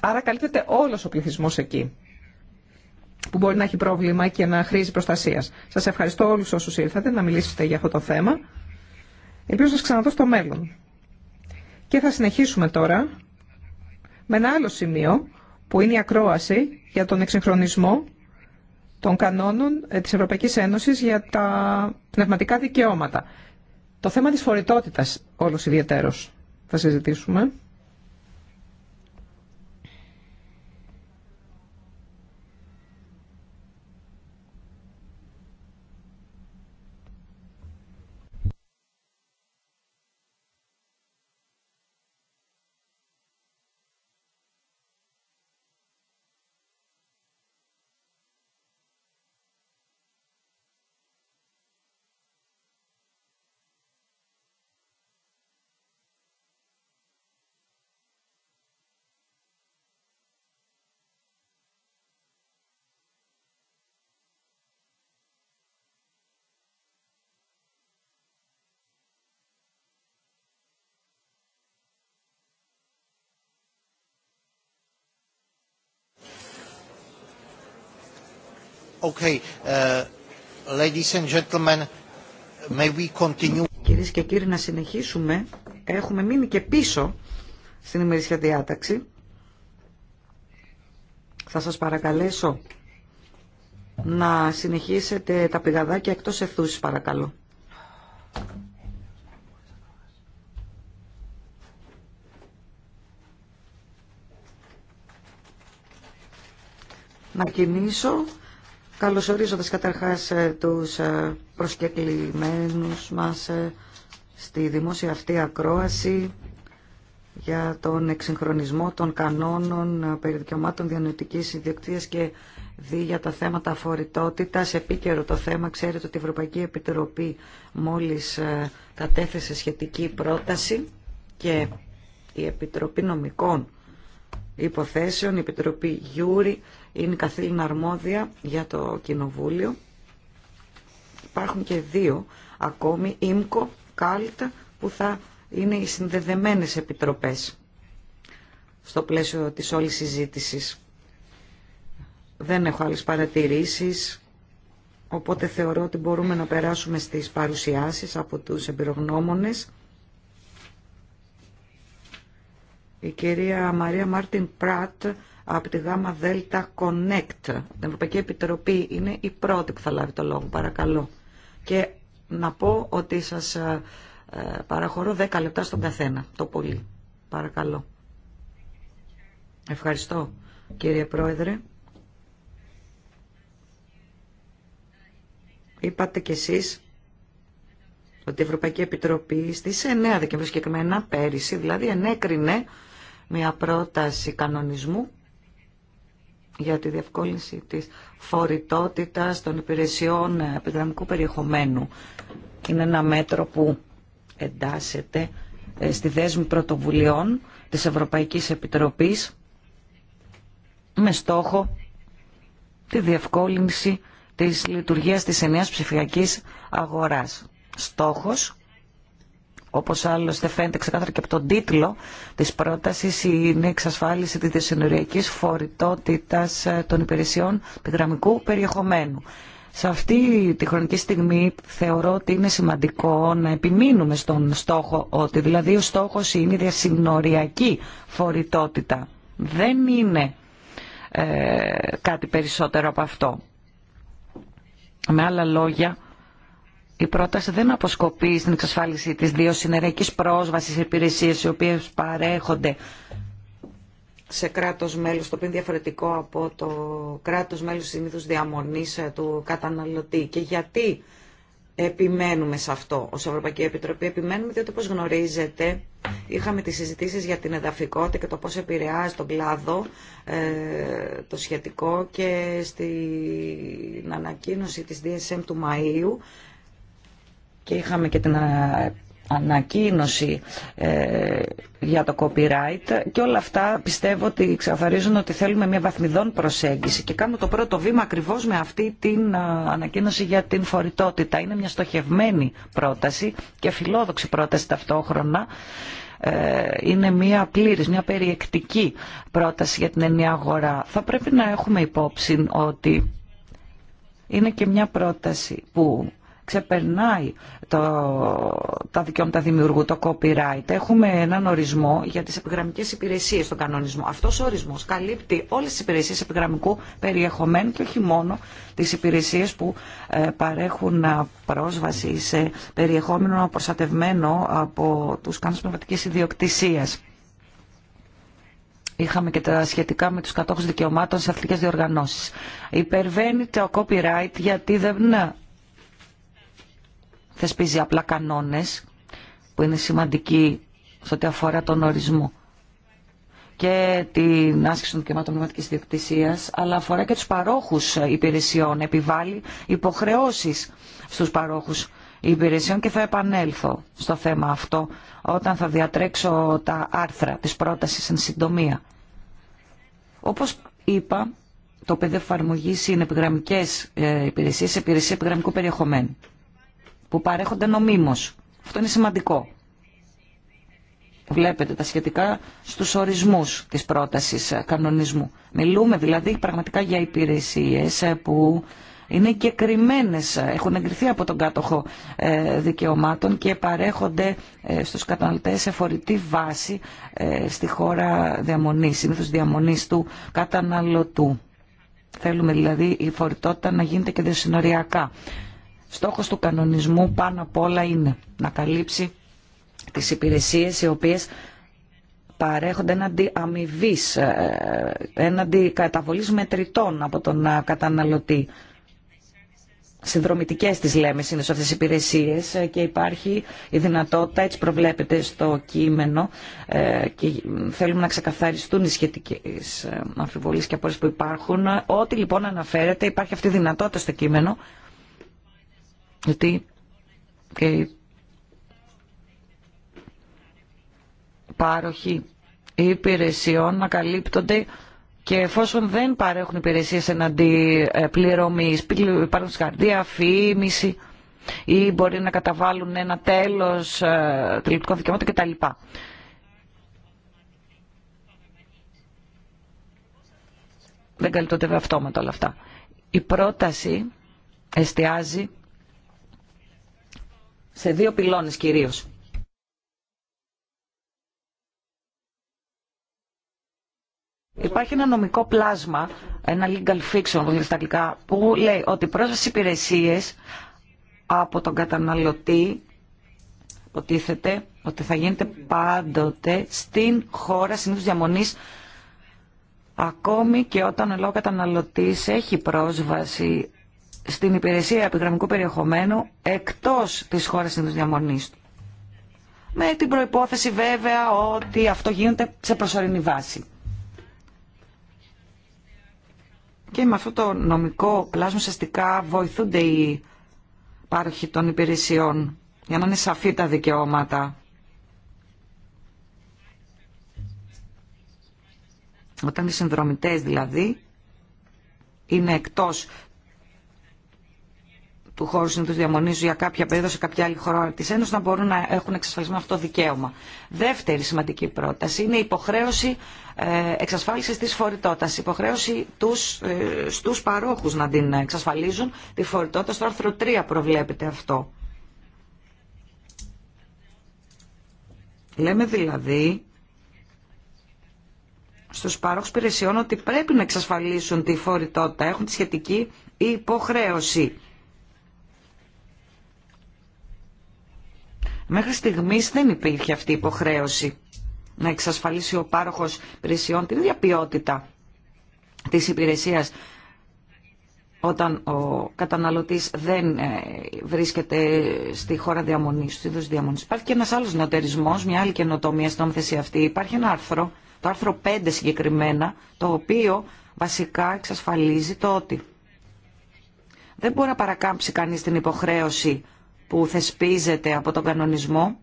Άρα καλύπτεται όλος ο πληθυσμός εκεί που μπορεί να έχει πρόβλημα και να χρήζει προστασίας. Σας ευχαριστώ όλους όσους ήρθατε να μιλήσετε για αυτό το θέμα. Ελπίζω να σας ξαναδώ στο μέλλον. Και θα συνεχίσουμε τώρα με ένα άλλο σημείο που είναι η ακρόαση για τον εξυγχρονισμό των κανόνων ε, της Ευρωπαϊκής Ένωσης για τα πνευματικά δικαιώματα. Το θέμα της φορητότητας όλος ιδιαίτερος θα συζητήσουμε. Okay, uh, Κυρίες και κύριοι, να συνεχίσουμε. Έχουμε μείνει και πίσω στην ημερήσια διάταξη. Θα σας παρακαλέσω να συνεχίσετε τα πηγαδάκια εκτός εθούσης, παρακαλώ. Να κινήσω Καλωσορίζοντας καταρχάς ε, τους ε, προσκεκλημένους μας ε, στη δημόσια αυτή ακρόαση για τον εξυγχρονισμό των κανόνων περί δικαιωμάτων διανοητικής ιδιοκτήτας και δι για τα θέματα αφορητότητας. Επίκαιρο το θέμα. Ξέρετε ότι η Ευρωπαϊκή Επιτροπή μόλις κατέθεσε σχετική πρόταση και η Επιτροπή Νομικών Υποθέσεων. Η Επιτροπή Γιούρη είναι καθήλυνα αρμόδια για το Κοινοβούλιο. Υπάρχουν και δύο ακόμη, ΙΜΚΟ, ΚΑΛΤΑ, που θα είναι οι συνδεδεμένες επιτροπές στο πλαίσιο της όλης συζήτησης. Δεν έχω άλλες παρατηρήσεις, οπότε θεωρώ ότι μπορούμε να περάσουμε στις παρουσιάσεις από τους εμπειρογνώμονες. η κυρία Μαρία Μάρτιν Πράτ από τη ΓΑΜΑ ΔΕΛΤΑ Connect. Την Ευρωπαϊκή Επιτροπή είναι η πρώτη που θα λάβει το λόγο, παρακαλώ. Και να πω ότι σας ε, παραχωρώ 10 λεπτά στον καθένα, το πολύ. Παρακαλώ. Ευχαριστώ, κύριε Πρόεδρε. Είπατε κι εσείς ότι η Ευρωπαϊκή Επιτροπή στις 9 Δεκεμβρίου συγκεκριμένα πέρυσι, δηλαδή ενέκρινε μια πρόταση κανονισμού για τη διευκόλυνση της φορητότητας των υπηρεσιών επιδραμικού περιεχομένου. Είναι ένα μέτρο που εντάσσεται ε, στη δέσμη πρωτοβουλειών της Ευρωπαϊκής Επιτροπής με στόχο τη διευκόλυνση της λειτουργίας της ενιαίας ψηφιακής αγοράς. Στόχος όπως άλλωστε φαίνεται ξεκάθαρα και από τον τίτλο τη πρότασης είναι η εξασφάλιση της διασυνοριακή φορητότητα ε, των υπηρεσιών επιγραμμικού περιεχομένου. Σε αυτή τη χρονική στιγμή θεωρώ ότι είναι σημαντικό να επιμείνουμε στον στόχο ότι δηλαδή ο στόχος είναι η διασυνοριακή φορητότητα. Δεν είναι ε, κάτι περισσότερο από αυτό. Με άλλα λόγια, η πρόταση δεν αποσκοπεί στην εξασφάλιση της δύο συνεργικής πρόσβασης υπηρεσίες οι οποίες παρέχονται σε κράτος μέλος, το οποίο είναι διαφορετικό από το κράτος μέλος συνήθως διαμονής ε, του καταναλωτή. Και γιατί επιμένουμε σε αυτό ως Ευρωπαϊκή Επιτροπή. Επιμένουμε διότι όπως γνωρίζετε είχαμε τις συζητήσεις για την εδαφικότητα και το πώς επηρεάζει τον κλάδο ε, το σχετικό και στην ανακοίνωση της DSM του Μαΐου και είχαμε και την ε, ανακοίνωση ε, για το copyright και όλα αυτά πιστεύω ότι ξεκαθαρίζουν ότι θέλουμε μια βαθμιδόν προσέγγιση και κάνουμε το πρώτο βήμα ακριβώς με αυτή την ε, ανακοίνωση για την φορητότητα. Είναι μια στοχευμένη πρόταση και φιλόδοξη πρόταση ταυτόχρονα ε, είναι μια πλήρης, μια περιεκτική πρόταση για την ενιαία αγορά. Θα πρέπει να έχουμε υπόψη ότι είναι και μια πρόταση που ξεπερνάει το, τα δικαιώματα δημιουργού, το copyright. Έχουμε έναν ορισμό για τις επιγραμμικές υπηρεσίες στον κανονισμό. Αυτός ο ορισμός καλύπτει όλες τις υπηρεσίες επιγραμμικού περιεχομένου και όχι μόνο τις υπηρεσίες που ε, παρέχουν ε, πρόσβαση σε περιεχόμενο προστατευμένο από τους κανόνες πνευματικής ιδιοκτησίας. Είχαμε και τα σχετικά με τους κατόχους δικαιωμάτων σε αθλητικές διοργανώσεις. Υπερβαίνει το copyright γιατί δεν θεσπίζει απλά κανόνες που είναι σημαντικοί σε ό,τι αφορά τον ορισμό και την άσκηση των δικαιωμάτων πνευματικής διοκτησίας, αλλά αφορά και τους παρόχους υπηρεσιών, επιβάλλει υποχρεώσεις στους παρόχους υπηρεσιών και θα επανέλθω στο θέμα αυτό όταν θα διατρέξω τα άρθρα της πρότασης εν συντομία. Όπως είπα, το πεδίο εφαρμογή είναι επιγραμμικές ε, υπηρεσίες, υπηρεσία επιγραμμικού περιεχομένου που παρέχονται νομίμως. Αυτό είναι σημαντικό. Βλέπετε τα σχετικά στους ορισμούς της πρότασης ε, κανονισμού. Μιλούμε δηλαδή πραγματικά για υπηρεσίες ε, που είναι κεκριμένες, ε, έχουν εγκριθεί από τον κάτοχο δικαιωμάτων και παρέχονται στους καταναλωτές σε φορητή βάση στη χώρα διαμονής, συνήθως διαμονής του καταναλωτού. Θέλουμε δηλαδή η φορητότητα να γίνεται και διασυνοριακά. Στόχος του κανονισμού πάνω απ' όλα είναι να καλύψει τις υπηρεσίες οι οποίες παρέχονται έναντι αμοιβή, ε, έναντι καταβολής μετρητών από τον ε, καταναλωτή. Συνδρομητικές τις λέμε είναι σε αυτές τις υπηρεσίες ε, και υπάρχει η δυνατότητα, έτσι προβλέπεται στο κείμενο και θέλουμε να ξεκαθαριστούν οι σχετικές αμφιβολίες και απόρριες που υπάρχουν. Ό,τι λοιπόν αναφέρεται υπάρχει αυτή η δυνατότητα στο κείμενο γιατί και οι πάροχοι υπηρεσιών να καλύπτονται και εφόσον δεν παρέχουν υπηρεσίες εναντί ε, πληρωμής, υπάρχουν σκαρδία, φήμηση ή μπορεί να καταβάλουν ένα τέλος ε, τηλεοπτικών δικαιωμάτων κτλ. Δεν καλύπτονται αυτόματα όλα αυτά. Η πρόταση εστιάζει σε δύο πυλώνες κυρίως. Υπάρχει ένα νομικό πλάσμα, ένα legal fiction που λέει που λέει ότι πρόσβαση υπηρεσίες από τον καταναλωτή υποτίθεται ότι θα γίνεται πάντοτε στην χώρα συνήθως διαμονής ακόμη και όταν ο καταναλωτή καταναλωτής έχει πρόσβαση στην υπηρεσία επιγραμμικού περιεχομένου εκτός της χώρας της διαμονής του. Με την προϋπόθεση βέβαια ότι αυτό γίνεται σε προσωρινή βάση. Και με αυτό το νομικό πλάσμα ουσιαστικά βοηθούνται οι πάροχοι των υπηρεσιών για να είναι σαφή τα δικαιώματα. Όταν οι συνδρομητές δηλαδή είναι εκτός του χώρου συνήθω διαμονίζουν για κάποια περίοδο σε κάποια άλλη χώρα τη Ένωση να μπορούν να έχουν εξασφαλισμένο αυτό το δικαίωμα. Δεύτερη σημαντική πρόταση είναι η υποχρέωση ε, εξασφάλιση τη φορητότητα. Η υποχρέωση τους, ε, στου παρόχου να την εξασφαλίζουν τη φορητότητα. Στο άρθρο 3 προβλέπεται αυτό. Λέμε δηλαδή στους παρόχους υπηρεσιών ότι πρέπει να εξασφαλίσουν τη φορητότητα, έχουν τη σχετική υποχρέωση. Μέχρι στιγμή δεν υπήρχε αυτή η υποχρέωση να εξασφαλίσει ο πάροχος υπηρεσιών την ίδια ποιότητα της υπηρεσίας όταν ο καταναλωτής δεν ε, βρίσκεται στη χώρα διαμονής, στο είδος διαμονής. Υπάρχει και ένας άλλος νοτερισμός, μια άλλη καινοτομία στην όμθεση αυτή. Υπάρχει ένα άρθρο, το άρθρο 5 συγκεκριμένα, το οποίο βασικά εξασφαλίζει το ότι δεν μπορεί να παρακάμψει κανείς την υποχρέωση που θεσπίζεται από τον κανονισμό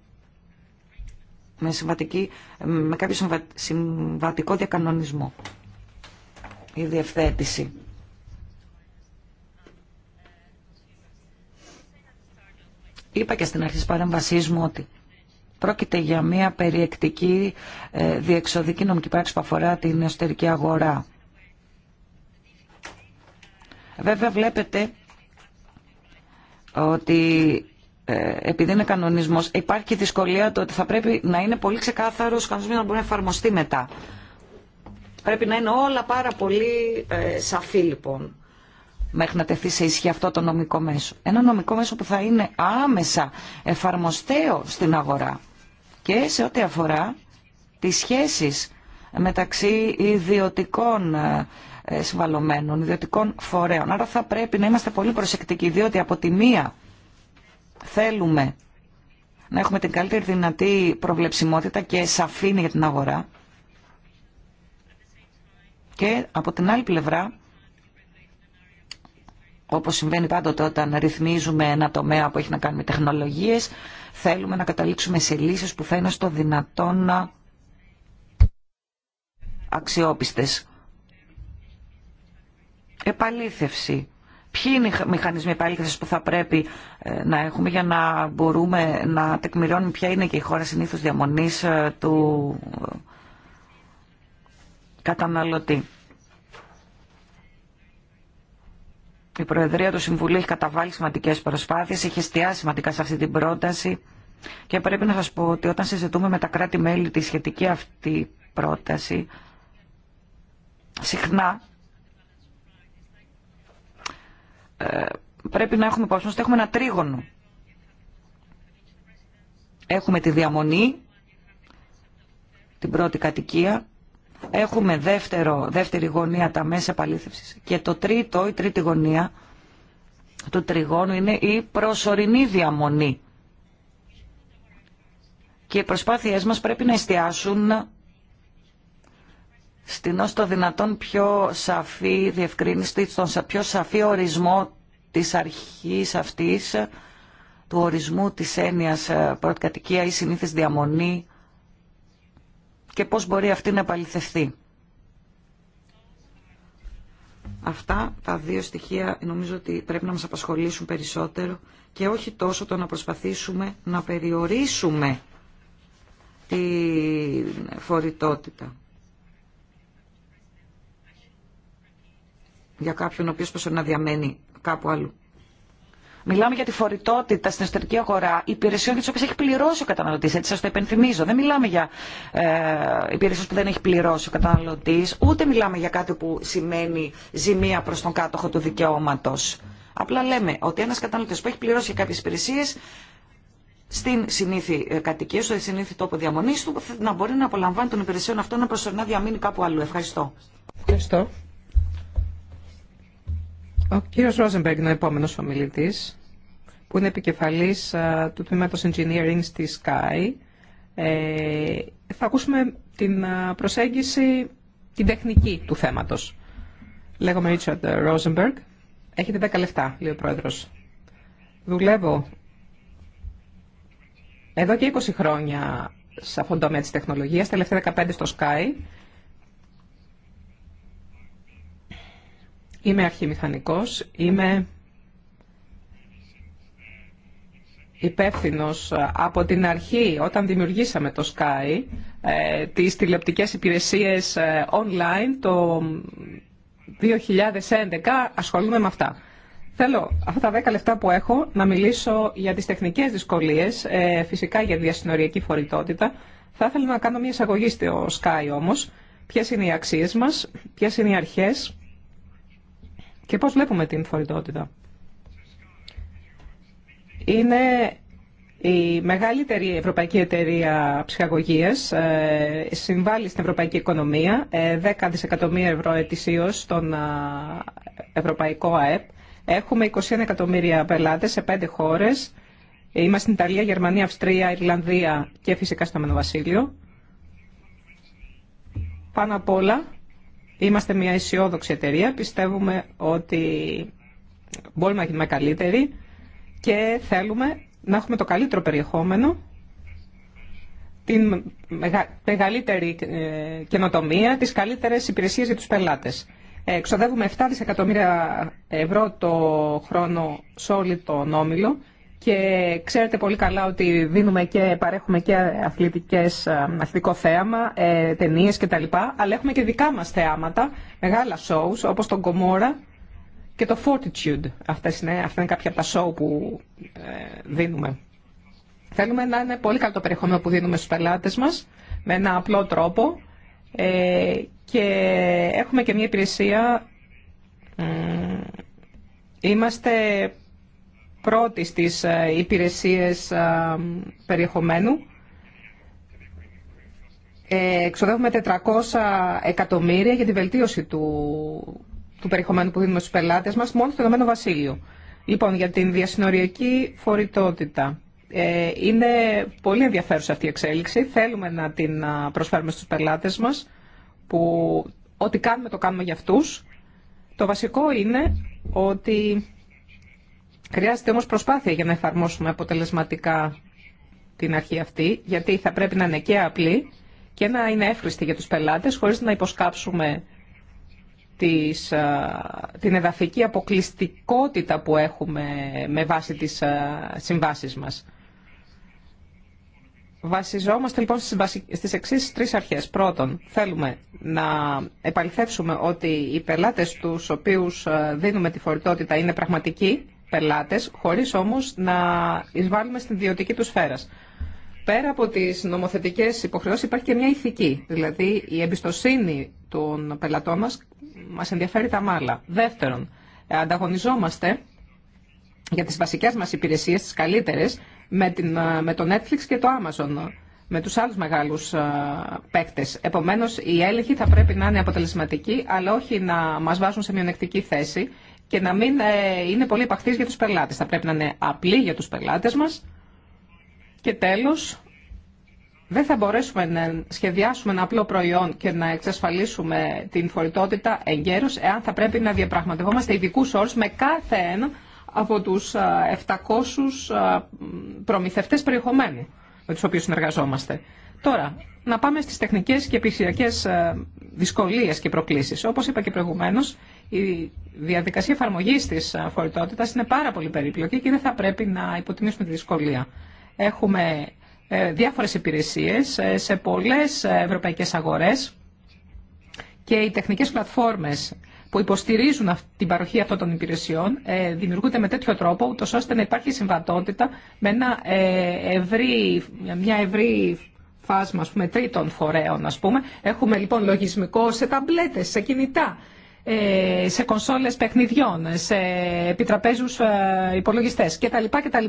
με, συμβατική, με κάποιο συμβατικό διακανονισμό η διευθέτηση. Είπα και στην αρχή της παρέμβασής μου ότι πρόκειται για μια περιεκτική ε, διεξοδική νομική πράξη που αφορά την εσωτερική αγορά. Βέβαια βλέπετε ότι ε, επειδή είναι κανονισμός, υπάρχει και η δυσκολία το ότι θα πρέπει να είναι πολύ ξεκάθαρος ο κανονισμό να μπορεί να εφαρμοστεί μετά. Πρέπει να είναι όλα πάρα πολύ ε, σαφή λοιπόν μέχρι να τεθεί σε ισχύ αυτό το νομικό μέσο. Ένα νομικό μέσο που θα είναι άμεσα εφαρμοστέο στην αγορά και σε ό,τι αφορά τις σχέσεις μεταξύ ιδιωτικών ε, συμβαλωμένων, ιδιωτικών φορέων. Άρα θα πρέπει να είμαστε πολύ προσεκτικοί, διότι από τη μία Θέλουμε να έχουμε την καλύτερη δυνατή προβλεψιμότητα και σαφήνεια για την αγορά. Και από την άλλη πλευρά, όπως συμβαίνει πάντοτε όταν ρυθμίζουμε ένα τομέα που έχει να κάνει με τεχνολογίες, θέλουμε να καταλήξουμε σε λύσεις που θα είναι στο δυνατόν αξιόπιστες. Επαλήθευση ποιοι είναι οι μηχανισμοί επαλήθευση που θα πρέπει ε, να έχουμε για να μπορούμε να τεκμηριώνουμε ποια είναι και η χώρα συνήθω διαμονή ε, του ε, καταναλωτή. Η Προεδρία του Συμβουλίου έχει καταβάλει σημαντικέ προσπάθειε, έχει εστιάσει σημαντικά σε αυτή την πρόταση και πρέπει να σα πω ότι όταν συζητούμε με τα κράτη-μέλη τη σχετική αυτή πρόταση, συχνά ε, πρέπει να έχουμε υπόψη ότι έχουμε ένα τρίγωνο. Έχουμε τη διαμονή, την πρώτη κατοικία, έχουμε δεύτερο, δεύτερη γωνία τα μέσα επαλήθευσης και το τρίτο, η τρίτη γωνία του τριγώνου είναι η προσωρινή διαμονή. Και οι προσπάθειές μας πρέπει να εστιάσουν στην όσο το δυνατόν πιο σαφή διευκρίνηση, στον πιο σαφή ορισμό της αρχής αυτής, του ορισμού της έννοιας ε, πρώτη ή συνήθις διαμονή και πώς μπορεί αυτή να επαληθευτεί. Αυτά τα δύο στοιχεία νομίζω ότι πρέπει να μας απασχολήσουν περισσότερο και όχι τόσο το να προσπαθήσουμε να περιορίσουμε τη φορητότητα. για κάποιον ο οποίος προσωρινά διαμένει κάπου αλλού. Μιλάμε για τη φορητότητα στην εσωτερική αγορά υπηρεσιών για τι οποίε έχει πληρώσει ο καταναλωτή. Έτσι σα το υπενθυμίζω. Δεν μιλάμε για ε, υπηρεσίε που δεν έχει πληρώσει ο καταναλωτή, ούτε μιλάμε για κάτι που σημαίνει ζημία προ τον κάτοχο του δικαιώματο. Απλά λέμε ότι ένα καταναλωτή που έχει πληρώσει για κάποιε υπηρεσίε στην συνήθι ε, κατοικία του, συνήθι τόπο διαμονή του, να μπορεί να απολαμβάνει των υπηρεσιών αυτών να προσωρινά διαμείνει κάπου αλλού. Ευχαριστώ. Ευχαριστώ. Ο κύριος Ρόζενμπεργκ είναι ο επόμενος ομιλητής, που είναι επικεφαλής του τμήματος Engineering στη Sky. Ε, θα ακούσουμε την προσέγγιση, την τεχνική του θέματος. Λέγομαι Ρίτσαρντ Ρόζενμπεργκ. Έχετε 10 λεφτά, λέει ο πρόεδρος. Δουλεύω εδώ και 20 χρόνια σε αυτόν τον τομέα της τεχνολογίας, τελευταία 15 στο Sky Είμαι αρχιμηχανικός, είμαι υπεύθυνο από την αρχή όταν δημιουργήσαμε το Sky, ε, τις τηλεοπτικές υπηρεσίες ε, online το 2011 ασχολούμαι με αυτά. Θέλω αυτά τα 10 λεπτά που έχω να μιλήσω για τις τεχνικές δυσκολίες, ε, φυσικά για διασυνοριακή φορητότητα. Θα ήθελα να κάνω μια εισαγωγή στο Sky όμως, ποιες είναι οι αξίες μας, ποιες είναι οι αρχές, και πώς βλέπουμε την φορητότητα. Είναι η μεγαλύτερη ευρωπαϊκή εταιρεία ψυχαγωγίας, ε, συμβάλλει στην ευρωπαϊκή οικονομία, 10 ε, δισεκατομμύρια ευρώ ετησίως στον ευρωπαϊκό ΑΕΠ. Έχουμε 21 εκατομμύρια πελάτες σε 5 χώρες. Είμαστε στην Ιταλία, Γερμανία, Αυστρία, Ιρλανδία και φυσικά στο Μενοβασίλειο. Πάνω απ' όλα, Είμαστε μια αισιόδοξη εταιρεία, πιστεύουμε ότι μπορούμε να γίνουμε καλύτεροι και θέλουμε να έχουμε το καλύτερο περιεχόμενο, την μεγαλύτερη ε, καινοτομία, τις καλύτερες υπηρεσίες για τους πελάτες. Ε, εξοδεύουμε 7 δισεκατομμύρια ευρώ το χρόνο σε όλη τον όμιλο και ξέρετε πολύ καλά ότι δίνουμε και παρέχουμε και αθλητικές, αθλητικό θέαμα, ε, ταινίε κτλ. Αλλά έχουμε και δικά μας θέαματα, μεγάλα shows όπως τον Κομόρα και το Fortitude. Αυτές είναι, αυτά είναι κάποια από τα show που ε, δίνουμε. Θέλουμε να είναι πολύ καλό το περιεχόμενο που δίνουμε στους πελάτες μας, με ένα απλό τρόπο. Ε, και έχουμε και μια υπηρεσία, είμαστε πρώτη στις ε, υπηρεσίες ε, περιεχομένου. Ε, εξοδεύουμε 400 εκατομμύρια για τη βελτίωση του, του περιεχομένου που δίνουμε στους πελάτες μας μόνο στο Ηνωμένο Βασίλειο. Λοιπόν, για την διασυνοριακή φορητότητα. Είναι πολύ ενδιαφέρουσα αυτή η εξέλιξη. Θέλουμε να την προσφέρουμε στους πελάτες μας που ό,τι κάνουμε το κάνουμε για αυτούς. Το βασικό είναι ότι Χρειάζεται όμως προσπάθεια για να εφαρμόσουμε αποτελεσματικά την αρχή αυτή, γιατί θα πρέπει να είναι και απλή και να είναι εύχρηστη για τους πελάτες, χωρίς να υποσκάψουμε την εδαφική αποκλειστικότητα που έχουμε με βάση τις συμβάσεις μας. Βασιζόμαστε λοιπόν στις εξής τρεις αρχές. Πρώτον, θέλουμε να επαληθεύσουμε ότι οι πελάτες τους οποίους δίνουμε τη φορητότητα είναι πραγματικοί πελάτες, χωρίς όμως να εισβάλλουμε στην ιδιωτική του σφαίρα. Πέρα από τις νομοθετικές υποχρεώσεις υπάρχει και μια ηθική, δηλαδή η εμπιστοσύνη των πελατών μας μας ενδιαφέρει τα μάλλα. Δεύτερον, ανταγωνιζόμαστε για τις βασικές μας υπηρεσίες, τις καλύτερες, με, την, με το Netflix και το Amazon, με τους άλλους μεγάλους παίκτες. Επομένως, οι έλεγχοι θα πρέπει να είναι αποτελεσματικοί, αλλά όχι να μας βάζουν σε μειονεκτική θέση και να μην ε, είναι πολύ επαχθεί για τους πελάτε. Θα πρέπει να είναι απλή για τους πελάτε μας. Και τέλος, δεν θα μπορέσουμε να σχεδιάσουμε ένα απλό προϊόν και να εξασφαλίσουμε την φορητότητα εγκαίρω, εάν θα πρέπει να διαπραγματευόμαστε ειδικού όρου με κάθε ένα από τους 700 ε, ε, προμηθευτές περιεχομένου με τους οποίου συνεργαζόμαστε. Τώρα, να πάμε στις τεχνικές και επιχειριακές ε, δυσκολίες και προκλήσεις. Όπως είπα και προηγουμένως, η διαδικασία εφαρμογή της φορητότητας είναι πάρα πολύ περίπλοκη και δεν θα πρέπει να υποτιμήσουμε τη δυσκολία. Έχουμε ε, διάφορες υπηρεσίες ε, σε πολλές ευρωπαϊκές αγορές και οι τεχνικές πλατφόρμες που υποστηρίζουν την παροχή αυτών των υπηρεσιών δημιουργούνται με τέτοιο τρόπο ούτως ώστε να υπάρχει συμβατότητα με ένα ευρύ, μια ευρύ φάσμα πούμε, τρίτων φορέων. Ας πούμε. Έχουμε λοιπόν λογισμικό σε ταμπλέτες, σε κινητά, ε, σε κονσόλες παιχνιδιών, σε επιτραπέζους ε, υπολογιστές κτλ. κτλ.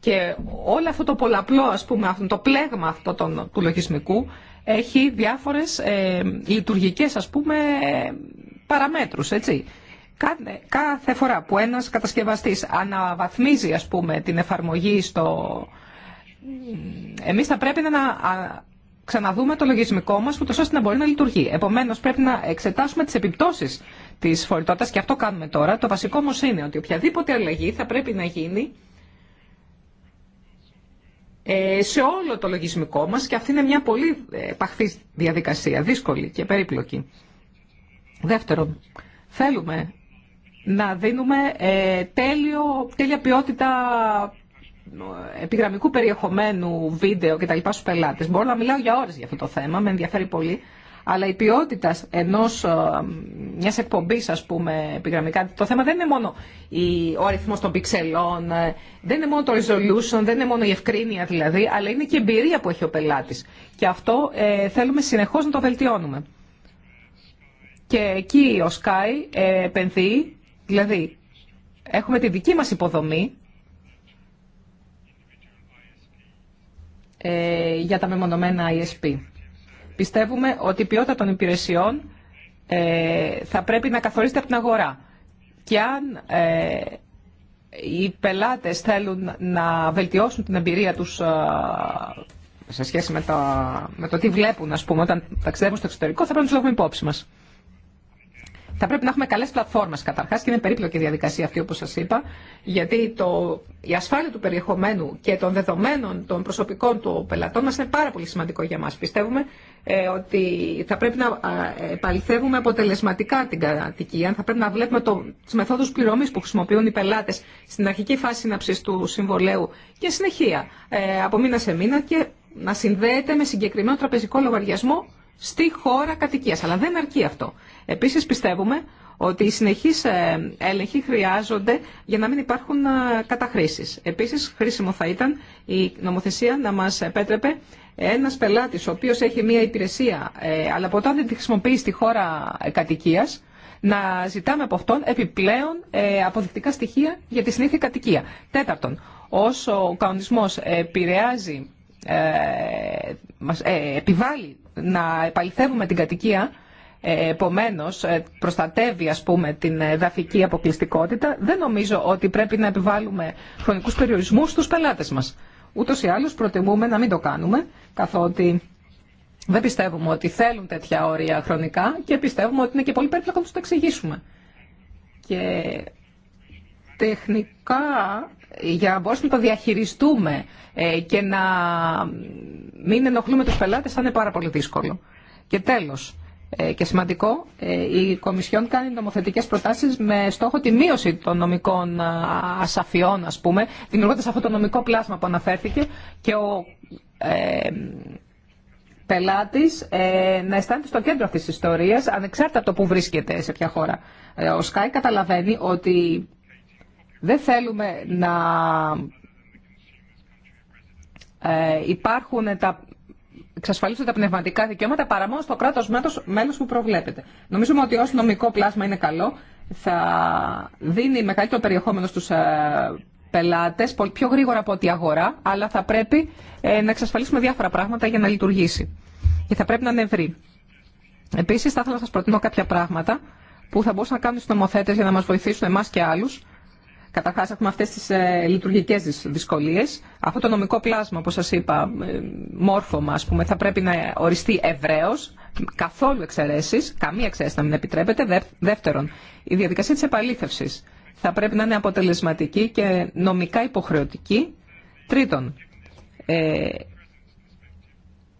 Και όλο αυτό το πολλαπλό, ας πούμε, αυτό το πλέγμα αυτό τον, του λογισμικού έχει διάφορες ε, λειτουργικές, ας πούμε, παραμέτρους, έτσι. Κάθε, φορά που ένας κατασκευαστής αναβαθμίζει, ας πούμε, την εφαρμογή στο, εμείς θα πρέπει να ξαναδούμε το λογισμικό μας, που ώστε να μπορεί να λειτουργεί. Επομένως, πρέπει να εξετάσουμε τις επιπτώσεις της φορητότητας και αυτό κάνουμε τώρα. Το βασικό όμω είναι ότι οποιαδήποτε αλλαγή θα πρέπει να γίνει ε, σε όλο το λογισμικό μας και αυτή είναι μια πολύ ε, παχθή διαδικασία, δύσκολη και περίπλοκη. Δεύτερον, θέλουμε να δίνουμε ε, τέλειο, τέλεια ποιότητα ε, επιγραμμικού περιεχομένου βίντεο κτλ. στου πελάτε. Μπορώ να μιλάω για ώρε για αυτό το θέμα, με ενδιαφέρει πολύ. Αλλά η ποιότητα ενός, ε, μιας εκπομπής, ας πούμε, επιγραμμικά, το θέμα δεν είναι μόνο ο αριθμό των πιξελών, ε, δεν είναι μόνο το resolution, δεν είναι μόνο η ευκρίνεια δηλαδή, αλλά είναι και η εμπειρία που έχει ο πελάτης. Και αυτό θέλουμε συνεχώς να το βελτιώνουμε. Και εκεί ο Sky ε, επενδύει, δηλαδή έχουμε τη δική μας υποδομή, Ε, για τα μεμονωμένα ISP. Πιστεύουμε ότι η ποιότητα των υπηρεσιών ε, θα πρέπει να καθορίζεται από την αγορά. Και αν ε, οι πελάτες θέλουν να βελτιώσουν την εμπειρία τους σε σχέση με το, με το τι βλέπουν, ας πούμε, όταν ταξιδεύουν στο εξωτερικό, θα πρέπει να τους λάβουμε υπόψη μας. Θα πρέπει να έχουμε καλέ πλατφόρμε καταρχά και είναι περίπλοκη διαδικασία αυτή όπω σα είπα, γιατί το, η ασφάλεια του περιεχομένου και των δεδομένων των προσωπικών του πελατών μα είναι πάρα πολύ σημαντικό για μα. Πιστεύουμε ε, ότι θα πρέπει να ε, επαληθεύουμε αποτελεσματικά την κατοικία, θα πρέπει να βλέπουμε τι μεθόδου πληρωμή που χρησιμοποιούν οι πελάτε στην αρχική φάση συναψή του συμβολέου και συνεχεία ε, από μήνα σε μήνα και να συνδέεται με συγκεκριμένο τραπεζικό λογαριασμό στη χώρα κατοικία, Αλλά δεν αρκεί αυτό. Επίσης πιστεύουμε ότι οι συνεχεί ε, έλεγχοι χρειάζονται για να μην υπάρχουν ε, καταχρήσεις. Επίσης, χρήσιμο θα ήταν η νομοθεσία να μας επέτρεπε ένα πελάτης ο οποίος έχει μία υπηρεσία ε, αλλά ποτέ δεν τη χρησιμοποιεί στη χώρα κατοικία να ζητάμε από αυτόν επιπλέον αποδεικτικά στοιχεία για τη συνήθεια κατοικία. Τέταρτον, όσο ο κανονισμός επηρεάζει, μας επιβάλλει να επαληθεύουμε την κατοικία, ε, επομένω ε, προστατεύει ας πούμε, την εδαφική αποκλειστικότητα, δεν νομίζω ότι πρέπει να επιβάλλουμε χρονικού περιορισμού στου πελάτε μα. Ούτω ή άλλω προτιμούμε να μην το κάνουμε, καθότι δεν πιστεύουμε ότι θέλουν τέτοια όρια χρονικά και πιστεύουμε ότι είναι και πολύ περίπλοκο να του το εξηγήσουμε. Και τεχνικά για να μπορέσουμε να το διαχειριστούμε ε, και να μην ενοχλούμε τους πελάτες θα είναι πάρα πολύ δύσκολο. Και τέλος, ε, και σημαντικό, ε, η Κομισιόν κάνει νομοθετικές προτάσεις με στόχο τη μείωση των νομικών ασαφιών, ας πούμε, δημιουργώντας αυτό το νομικό πλάσμα που αναφέρθηκε και ο ε, πελάτης ε, να αισθάνεται στο κέντρο αυτής της ιστορίας, ανεξάρτητα από το που βρίσκεται σε ποια χώρα. Ε, ο ΣΚΑΙ καταλαβαίνει ότι δεν θέλουμε να ε, υπάρχουν τα, τα πνευματικά δικαιώματα παρά μόνο στο κράτος μέλος, μέλος που προβλέπεται. Νομίζουμε ότι ως νομικό πλάσμα είναι καλό, θα δίνει μεγαλύτερο περιεχόμενο στους ε, πελάτες, πιο γρήγορα από ό,τι αγορά, αλλά θα πρέπει ε, να εξασφαλίσουμε διάφορα πράγματα για να λειτουργήσει. Και θα πρέπει να είναι ευρύ. Επίσης, θα ήθελα να σας προτείνω κάποια πράγματα που θα μπορούσαν να κάνουν οι νομοθέτες για να μας βοηθήσουν εμάς και άλλους Καταρχά έχουμε αυτές τις ε, λειτουργικές δυσκολίες. Αυτό το νομικό πλάσμα, όπως σας είπα, ε, μόρφωμα, ας πούμε, θα πρέπει να οριστεί ευρέω. καθόλου εξαιρέσει, καμία εξαίρεση να μην επιτρέπεται. Δεύτερον, η διαδικασία της επαλήθευση θα πρέπει να είναι αποτελεσματική και νομικά υποχρεωτική. Τρίτον, ε,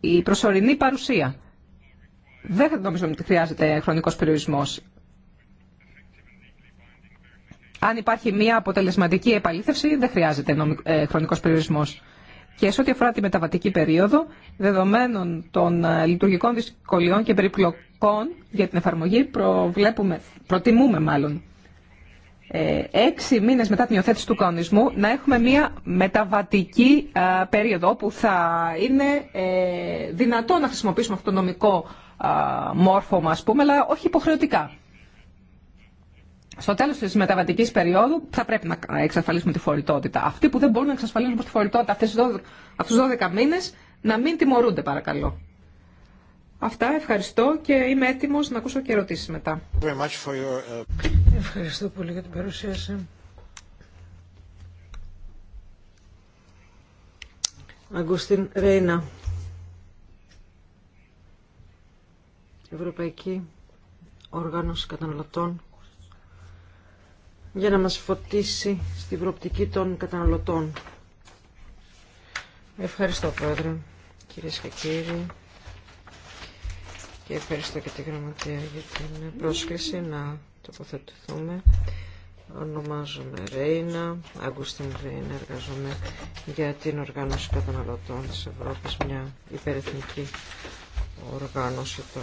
η προσωρινή παρουσία. Δεν θα νομίζω ότι χρειάζεται χρονικός περιορισμός αν υπάρχει μια αποτελεσματική επαλήθευση, δεν χρειάζεται ε, χρονικό περιορισμό. Και σε ό,τι αφορά τη μεταβατική περίοδο, δεδομένων των ε, λειτουργικών δυσκολιών και περιπλοκών για την εφαρμογή, προβλέπουμε, προτιμούμε μάλλον ε, έξι μήνες μετά την υιοθέτηση του κανονισμού να έχουμε μια μεταβατική περίοδο όπου θα είναι δυνατό να χρησιμοποιήσουμε αυτό το νομικό μόρφωμα, πούμε, αλλά όχι υποχρεωτικά στο τέλο της μεταβατικής περίοδου θα πρέπει να εξασφαλίσουμε τη φορητότητα. Αυτοί που δεν μπορούν να εξασφαλίσουν τη φορητότητα αυτές του 12 μήνες να μην τιμωρούνται παρακαλώ. Αυτά, ευχαριστώ και είμαι έτοιμος να ακούσω και ερωτήσει μετά. Uh, ευχαριστώ πολύ για την παρουσίαση. Αγκουστίν Ρέινα, Ευρωπαϊκή Οργάνωση Καταναλωτών για να μας φωτίσει στην προοπτική των καταναλωτών. Ευχαριστώ Πρόεδρε, κυρίες και κύριοι και ευχαριστώ και τη Γραμματεία για την πρόσκληση να τοποθετηθούμε. Ονομάζομαι Ρέινα, Αγκουστίν Ρέινα, εργαζομαι για την Οργάνωση Καταναλωτών της Ευρώπης, μια υπερεθνική οργάνωση των,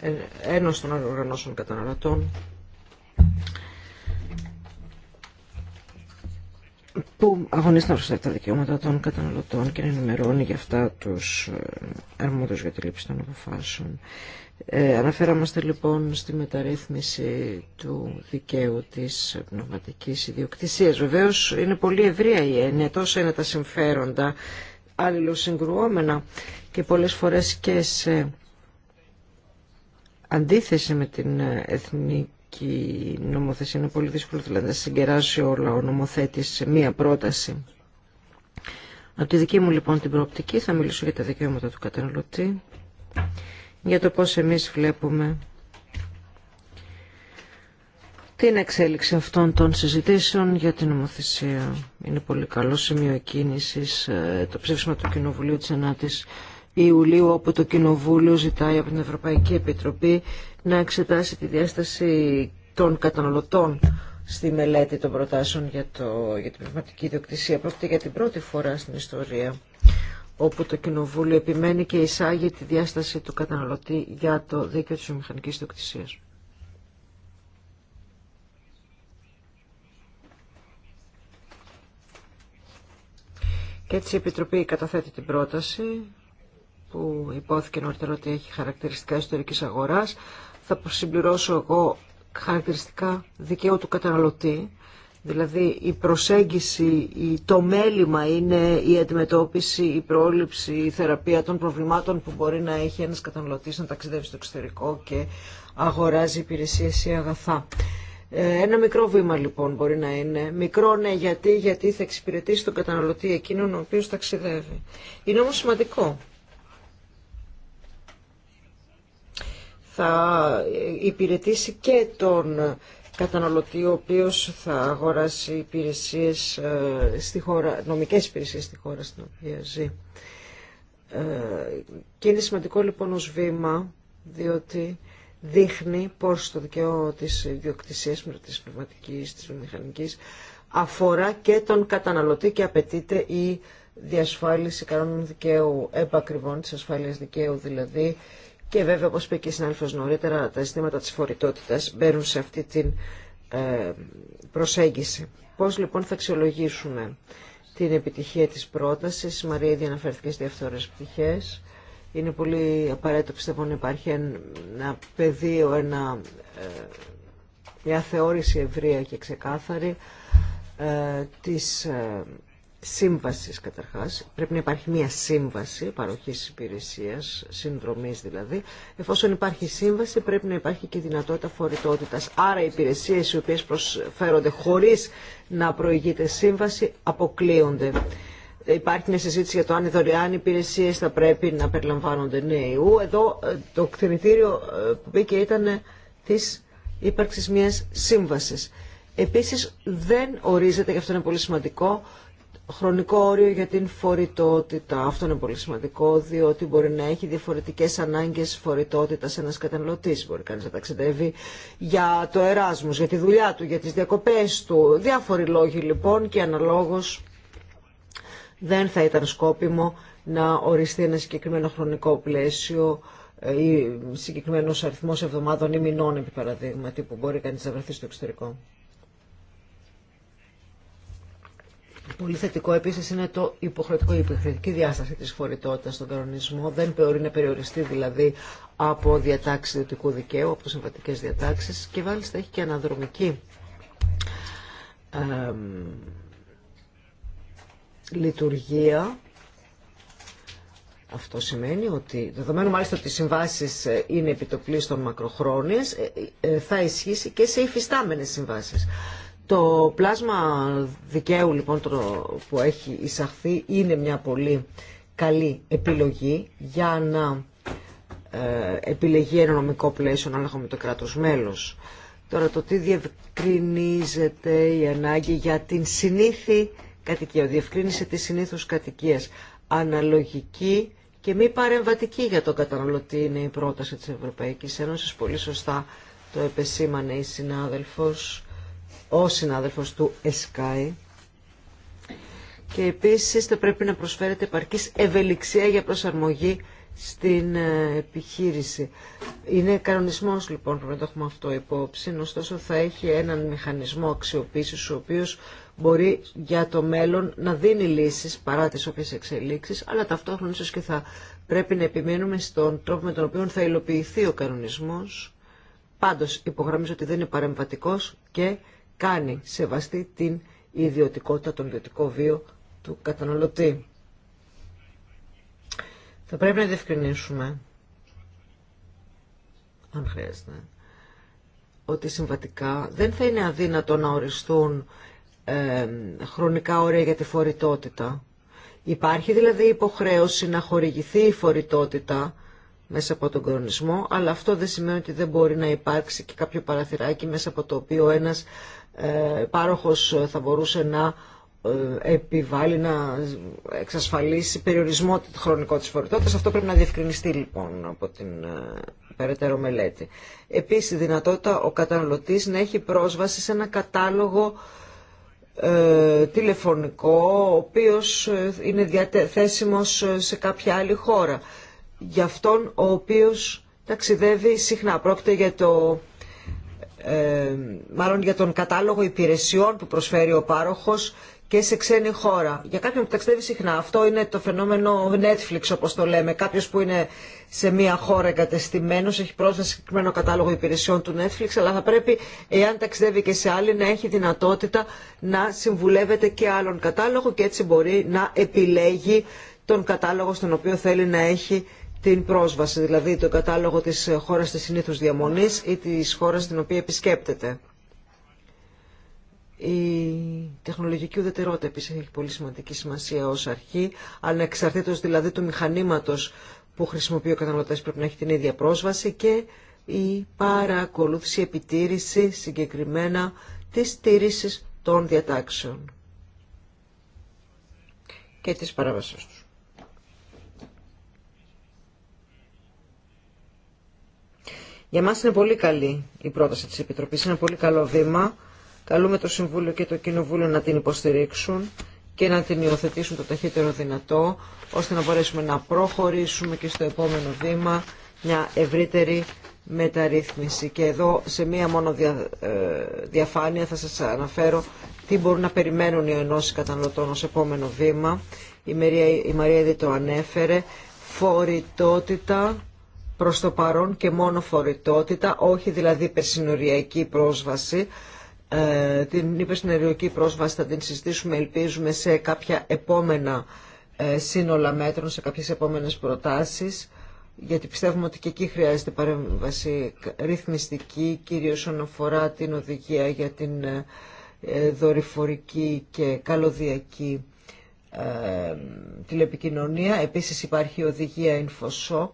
ε, ένωση των οργανώσεων καταναλωτών που αγωνίζεται να τα δικαιώματα των καταναλωτών και να ενημερώνει για αυτά τους ε, αρμόδιους για τη λήψη των αποφάσεων. Ε, αναφέραμαστε λοιπόν στη μεταρρύθμιση του δικαίου της πνευματικής ιδιοκτησίας. Βεβαίως είναι πολύ ευρία η έννοια, τόσο είναι τα συμφέροντα αλληλοσυγκρουόμενα και πολλές φορές και σε αντίθεση με την ε, εθνική η νομοθεσία είναι πολύ δύσκολο δηλαδή να συγκεράσει όλα ο νομοθέτης σε μία πρόταση. Από τη δική μου λοιπόν την προοπτική θα μιλήσω για τα δικαιώματα του καταναλωτή, για το πώς εμείς βλέπουμε την εξέλιξη αυτών των συζητήσεων για την νομοθεσία. Είναι πολύ καλό σημείο κίνησης ε, το ψήφισμα του Κοινοβουλίου της 9 Ιουλίου όπου το Κοινοβούλιο ζητάει από την Ευρωπαϊκή Επιτροπή να εξετάσει τη διάσταση των καταναλωτών στη μελέτη των προτάσεων για, το, για την πνευματική ιδιοκτησία. Πρόκειται για την πρώτη φορά στην ιστορία όπου το Κοινοβούλιο επιμένει και εισάγει τη διάσταση του καταναλωτή για το δίκαιο της μηχανικής ιδιοκτησίας. Και έτσι η Επιτροπή καταθέτει την πρόταση που υπόθηκε νωρίτερα ότι έχει χαρακτηριστικά ιστορικής αγοράς θα συμπληρώσω εγώ χαρακτηριστικά δικαίου του καταναλωτή, δηλαδή η προσέγγιση, το μέλημα είναι η αντιμετώπιση, η πρόληψη, η θεραπεία των προβλημάτων που μπορεί να έχει ένας καταναλωτής να ταξιδεύει στο εξωτερικό και αγοράζει υπηρεσίες ή αγαθά. Ε, ένα μικρό βήμα λοιπόν μπορεί να είναι. Μικρό ναι γιατί, γιατί θα εξυπηρετήσει τον καταναλωτή εκείνον ο οποίος ταξιδεύει. Είναι όμως σημαντικό θα υπηρετήσει και τον καταναλωτή ο οποίος θα αγοράσει υπηρεσίες ε, στη χώρα, νομικές υπηρεσίες στη χώρα στην οποία ζει. Ε, και είναι σημαντικό λοιπόν ως βήμα διότι δείχνει πως το δικαίωμα της ιδιοκτησίας της πνευματικής, της μηχανικής αφορά και τον καταναλωτή και απαιτείται η διασφάλιση κανόνων δικαίου επακριβών, της ασφάλειας δικαίου δηλαδή και βέβαια, όπως είπε και η συνάδελφος νωρίτερα, τα ζητήματα της φορητότητας μπαίνουν σε αυτή την ε, προσέγγιση. Πώς λοιπόν θα αξιολογήσουμε την επιτυχία της πρότασης. Η Μαρία ήδη αναφέρθηκε στις διαφθορές πτυχές. Είναι πολύ απαραίτητο πιστεύω να υπάρχει ένα πεδίο, ένα, ε, μια θεώρηση ευρεία και ξεκάθαρη ε, της Σύμβαση καταρχά. Πρέπει να υπάρχει μια σύμβαση παροχή υπηρεσία, συνδρομής δηλαδή. Εφόσον υπάρχει σύμβαση πρέπει να υπάρχει και δυνατότητα φορητότητα. Άρα οι υπηρεσίε οι οποίε προσφέρονται χωρί να προηγείται σύμβαση αποκλείονται. Υπάρχει μια συζήτηση για το αν οι δωρεάν υπηρεσίε θα πρέπει να περιλαμβάνονται νέου. Εδώ ε, το κτηνητήριο ε, που μπήκε ήταν ε, τη ύπαρξη μια σύμβαση. Επίση δεν ορίζεται, και αυτό είναι πολύ σημαντικό, χρονικό όριο για την φορητότητα. Αυτό είναι πολύ σημαντικό, διότι μπορεί να έχει διαφορετικές ανάγκες φορητότητας ένας καταναλωτή. Μπορεί κανεί να ταξιδεύει για το εράσμο, για τη δουλειά του, για τι διακοπέ του. Διάφοροι λόγοι λοιπόν και αναλόγω δεν θα ήταν σκόπιμο να οριστεί ένα συγκεκριμένο χρονικό πλαίσιο ε, ή συγκεκριμένο αριθμό εβδομάδων ή μηνών, επί παραδείγματι, που μπορεί κανεί να βρεθεί στο εξωτερικό. Πολύ θετικό επίση είναι το υποχρεωτικό, η υποχρεωτική διάσταση τη φορητότητα στον κανονισμό. Δεν μπορεί να περιοριστεί δηλαδή από διατάξει ιδιωτικού δικαίου, από συμβατικέ διατάξει και βάλιστα έχει και αναδρομική ε, λειτουργία. Αυτό σημαίνει ότι, δεδομένου μάλιστα ότι οι συμβάσει ε, είναι επιτοπλίστων μακροχρόνιε, ε, ε, θα ισχύσει και σε υφιστάμενε συμβάσει. Το πλάσμα δικαίου λοιπόν το που έχει εισαχθεί είναι μια πολύ καλή επιλογή για να ε, επιλεγεί ένα νομικό πλαίσιο ανάλογα με το κράτος μέλος. Τώρα το τι διευκρινίζεται η ανάγκη για την συνήθη κατοικία, διευκρίνηση της συνήθους κατοικίας, αναλογική και μη παρεμβατική για τον καταναλωτή είναι η πρόταση της Ευρωπαϊκής Ένωσης. Πολύ σωστά το επεσήμανε η συνάδελφος ο συνάδελφος του ΕΣΚΑΙ και επίσης θα πρέπει να προσφέρεται επαρκής ευελιξία για προσαρμογή στην ε, επιχείρηση. Είναι κανονισμός λοιπόν, πρέπει να το έχουμε αυτό υπόψη, ωστόσο θα έχει έναν μηχανισμό αξιοποίησης ο οποίος μπορεί για το μέλλον να δίνει λύσεις παρά τις όποιες εξελίξεις, αλλά ταυτόχρονα ίσως και θα πρέπει να επιμείνουμε στον τρόπο με τον οποίο θα υλοποιηθεί ο κανονισμός. Πάντως υπογραμμίζω ότι δεν είναι παρεμβατικός και κάνει σεβαστή την ιδιωτικότητα, τον ιδιωτικό βίο του καταναλωτή. Θα πρέπει να διευκρινίσουμε, αν χρειάζεται, ότι συμβατικά δεν θα είναι αδύνατο να οριστούν ε, χρονικά όρια για τη φορητότητα. Υπάρχει δηλαδή υποχρέωση να χορηγηθεί η φορητότητα μέσα από τον κορονισμό, αλλά αυτό δεν σημαίνει ότι δεν μπορεί να υπάρξει και κάποιο παραθυράκι μέσα από το οποίο ένας ε, πάροχος θα μπορούσε να ε, επιβάλλει να εξασφαλίσει περιορισμό του χρονικό της φορητότητας. Αυτό πρέπει να διευκρινιστεί λοιπόν από την ε, περαιτέρω μελέτη. Επίσης η δυνατότητα ο καταναλωτής να έχει πρόσβαση σε ένα κατάλογο ε, τηλεφωνικό ο οποίος είναι διαθέσιμος σε κάποια άλλη χώρα. Για αυτόν ο οποίος ταξιδεύει συχνά. Πρόκειται για το ε, μάλλον για τον κατάλογο υπηρεσιών που προσφέρει ο πάροχος και σε ξένη χώρα. Για κάποιον που ταξιδεύει συχνά, αυτό είναι το φαινόμενο Netflix όπως το λέμε. Κάποιος που είναι σε μια χώρα εγκατεστημένος έχει πρόσβαση σε συγκεκριμένο κατάλογο υπηρεσιών του Netflix, αλλά θα πρέπει, εάν ταξιδεύει και σε άλλη, να έχει δυνατότητα να συμβουλεύεται και άλλον κατάλογο και έτσι μπορεί να επιλέγει τον κατάλογο στον οποίο θέλει να έχει την πρόσβαση, δηλαδή το κατάλογο της χώρας της συνήθους διαμονής ή της χώρας στην οποία επισκέπτεται. Η τεχνολογική ουδετερότητα επίσης έχει πολύ σημαντική σημασία ως αρχή, ανεξαρτήτως δηλαδή του μηχανήματος που χρησιμοποιεί ο καταναλωτής πρέπει να έχει την ίδια πρόσβαση και η παρακολούθηση, επιτήρηση συγκεκριμένα της στήρησης των διατάξεων και της παράβασής τους. Για μας είναι πολύ καλή η πρόταση της Επιτροπής, είναι πολύ καλό βήμα. Καλούμε το Συμβούλιο και το Κοινοβούλιο να την υποστηρίξουν και να την υιοθετήσουν το ταχύτερο δυνατό, ώστε να μπορέσουμε να προχωρήσουμε και στο επόμενο βήμα μια ευρύτερη μεταρρύθμιση. Και εδώ σε μία μόνο ε, διαφάνεια θα σας αναφέρω τι μπορούν να περιμένουν οι ενώσεις καταναλωτών ως επόμενο βήμα. Η Μαρία, η Μαρία ήδη το ανέφερε. Φορητότητα, προς το παρόν και μόνο φορητότητα, όχι δηλαδή υπερσυνοριακή πρόσβαση. Ε, την υπερσυνοριακή πρόσβαση θα την συζητήσουμε, ελπίζουμε, σε κάποια επόμενα ε, σύνολα μέτρων, σε κάποιες επόμενες προτάσεις, γιατί πιστεύουμε ότι και εκεί χρειάζεται παρέμβαση ρυθμιστική, κυρίως όσον αφορά την οδηγία για την ε, ε δορυφορική και καλωδιακή τηλεπικοινωνία. Επίσης υπάρχει οδηγία InfoShock,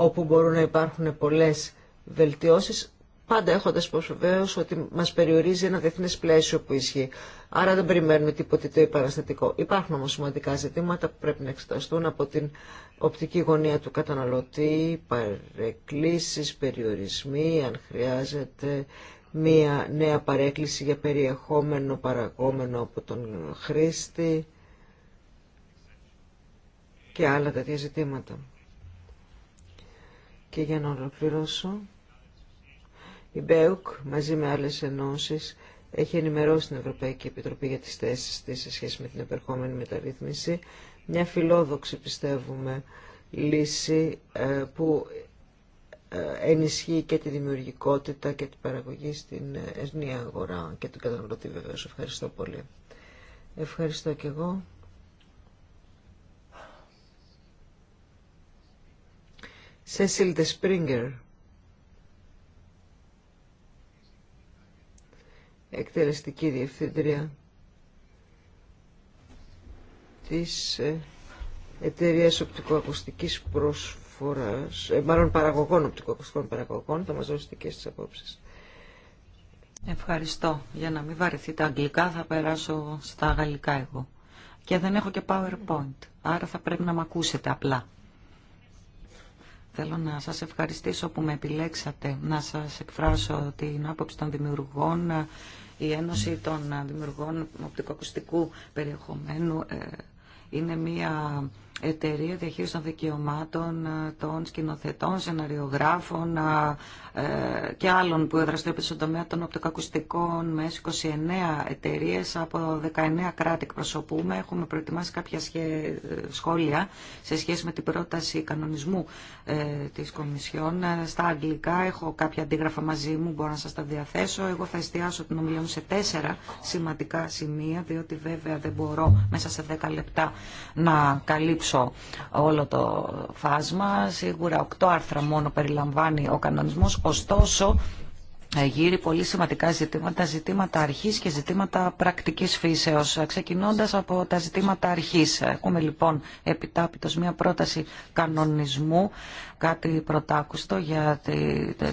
όπου μπορούν να υπάρχουν πολλές βελτιώσεις, πάντα έχοντας πως βεβαίως ότι μας περιορίζει ένα διεθνές πλαίσιο που ισχύει. Άρα δεν περιμένουμε τίποτε το υπαραστατικό. Υπάρχουν όμως σημαντικά ζητήματα που πρέπει να εξεταστούν από την οπτική γωνία του καταναλωτή, παρεκκλήσεις, περιορισμοί, αν χρειάζεται μία νέα παρέκκληση για περιεχόμενο παραγόμενο από τον χρήστη και άλλα τέτοια ζητήματα. Και για να ολοκληρώσω, η ΜΠΕΟΚ μαζί με άλλες ενώσεις έχει ενημερώσει την Ευρωπαϊκή Επιτροπή για τις θέσεις της σε σχέση με την επερχόμενη μεταρρύθμιση. Μια φιλόδοξη, πιστεύουμε, λύση ε, που ε, ενισχύει και τη δημιουργικότητα και την παραγωγή στην ερνή αγορά και τον καταναλωτή βεβαίως. Ευχαριστώ πολύ. Ευχαριστώ και εγώ. Σέσιλ Σπρίγκερ Εκτελεστική Διευθύντρια της ε, εταιρείας οπτικοακουστικής προσφοράς, ε, μάλλον παραγωγών οπτικοακουστικών παραγωγών, θα μας δώσετε και στις απόψεις. Ευχαριστώ. Για να μην βαρεθεί τα αγγλικά θα περάσω στα γαλλικά εγώ. Και δεν έχω και PowerPoint, άρα θα πρέπει να μ' ακούσετε απλά. Θέλω να σας ευχαριστήσω που με επιλέξατε να σας εκφράσω την άποψη των δημιουργών. Η Ένωση των Δημιουργών Οπτικοακουστικού Περιεχομένου ε, είναι μία εταιρεία διαχείριση των δικαιωμάτων ε, των σκηνοθετών, σεναριογράφων ε, ε, και άλλων που δραστηριοποιούνται στον τομέα των οπτικακουστικών με 29 εταιρείε από 19 κράτη εκπροσωπούμε. Έχουμε προετοιμάσει κάποια σχόλια σε σχέση με την πρόταση κανονισμού της Κομισιόν. Στα αγγλικά έχω κάποια αντίγραφα μαζί μου, μπορώ να σας τα διαθέσω. Εγώ θα εστιάσω την ομιλία μου σε τέσσερα σημαντικά σημεία, διότι βέβαια δεν μπορώ μέσα σε 10 λεπτά να καλύψω όλο το φάσμα. Σίγουρα οκτώ άρθρα μόνο περιλαμβάνει ο κανονισμός, ωστόσο ε, γύρει πολύ σημαντικά ζητήματα, ζητήματα αρχής και ζητήματα πρακτικής φύσεως. Ε, ξεκινώντας από τα ζητήματα αρχής, ε, έχουμε λοιπόν επιτάπητος μια πρόταση κανονισμού, κάτι πρωτάκουστο για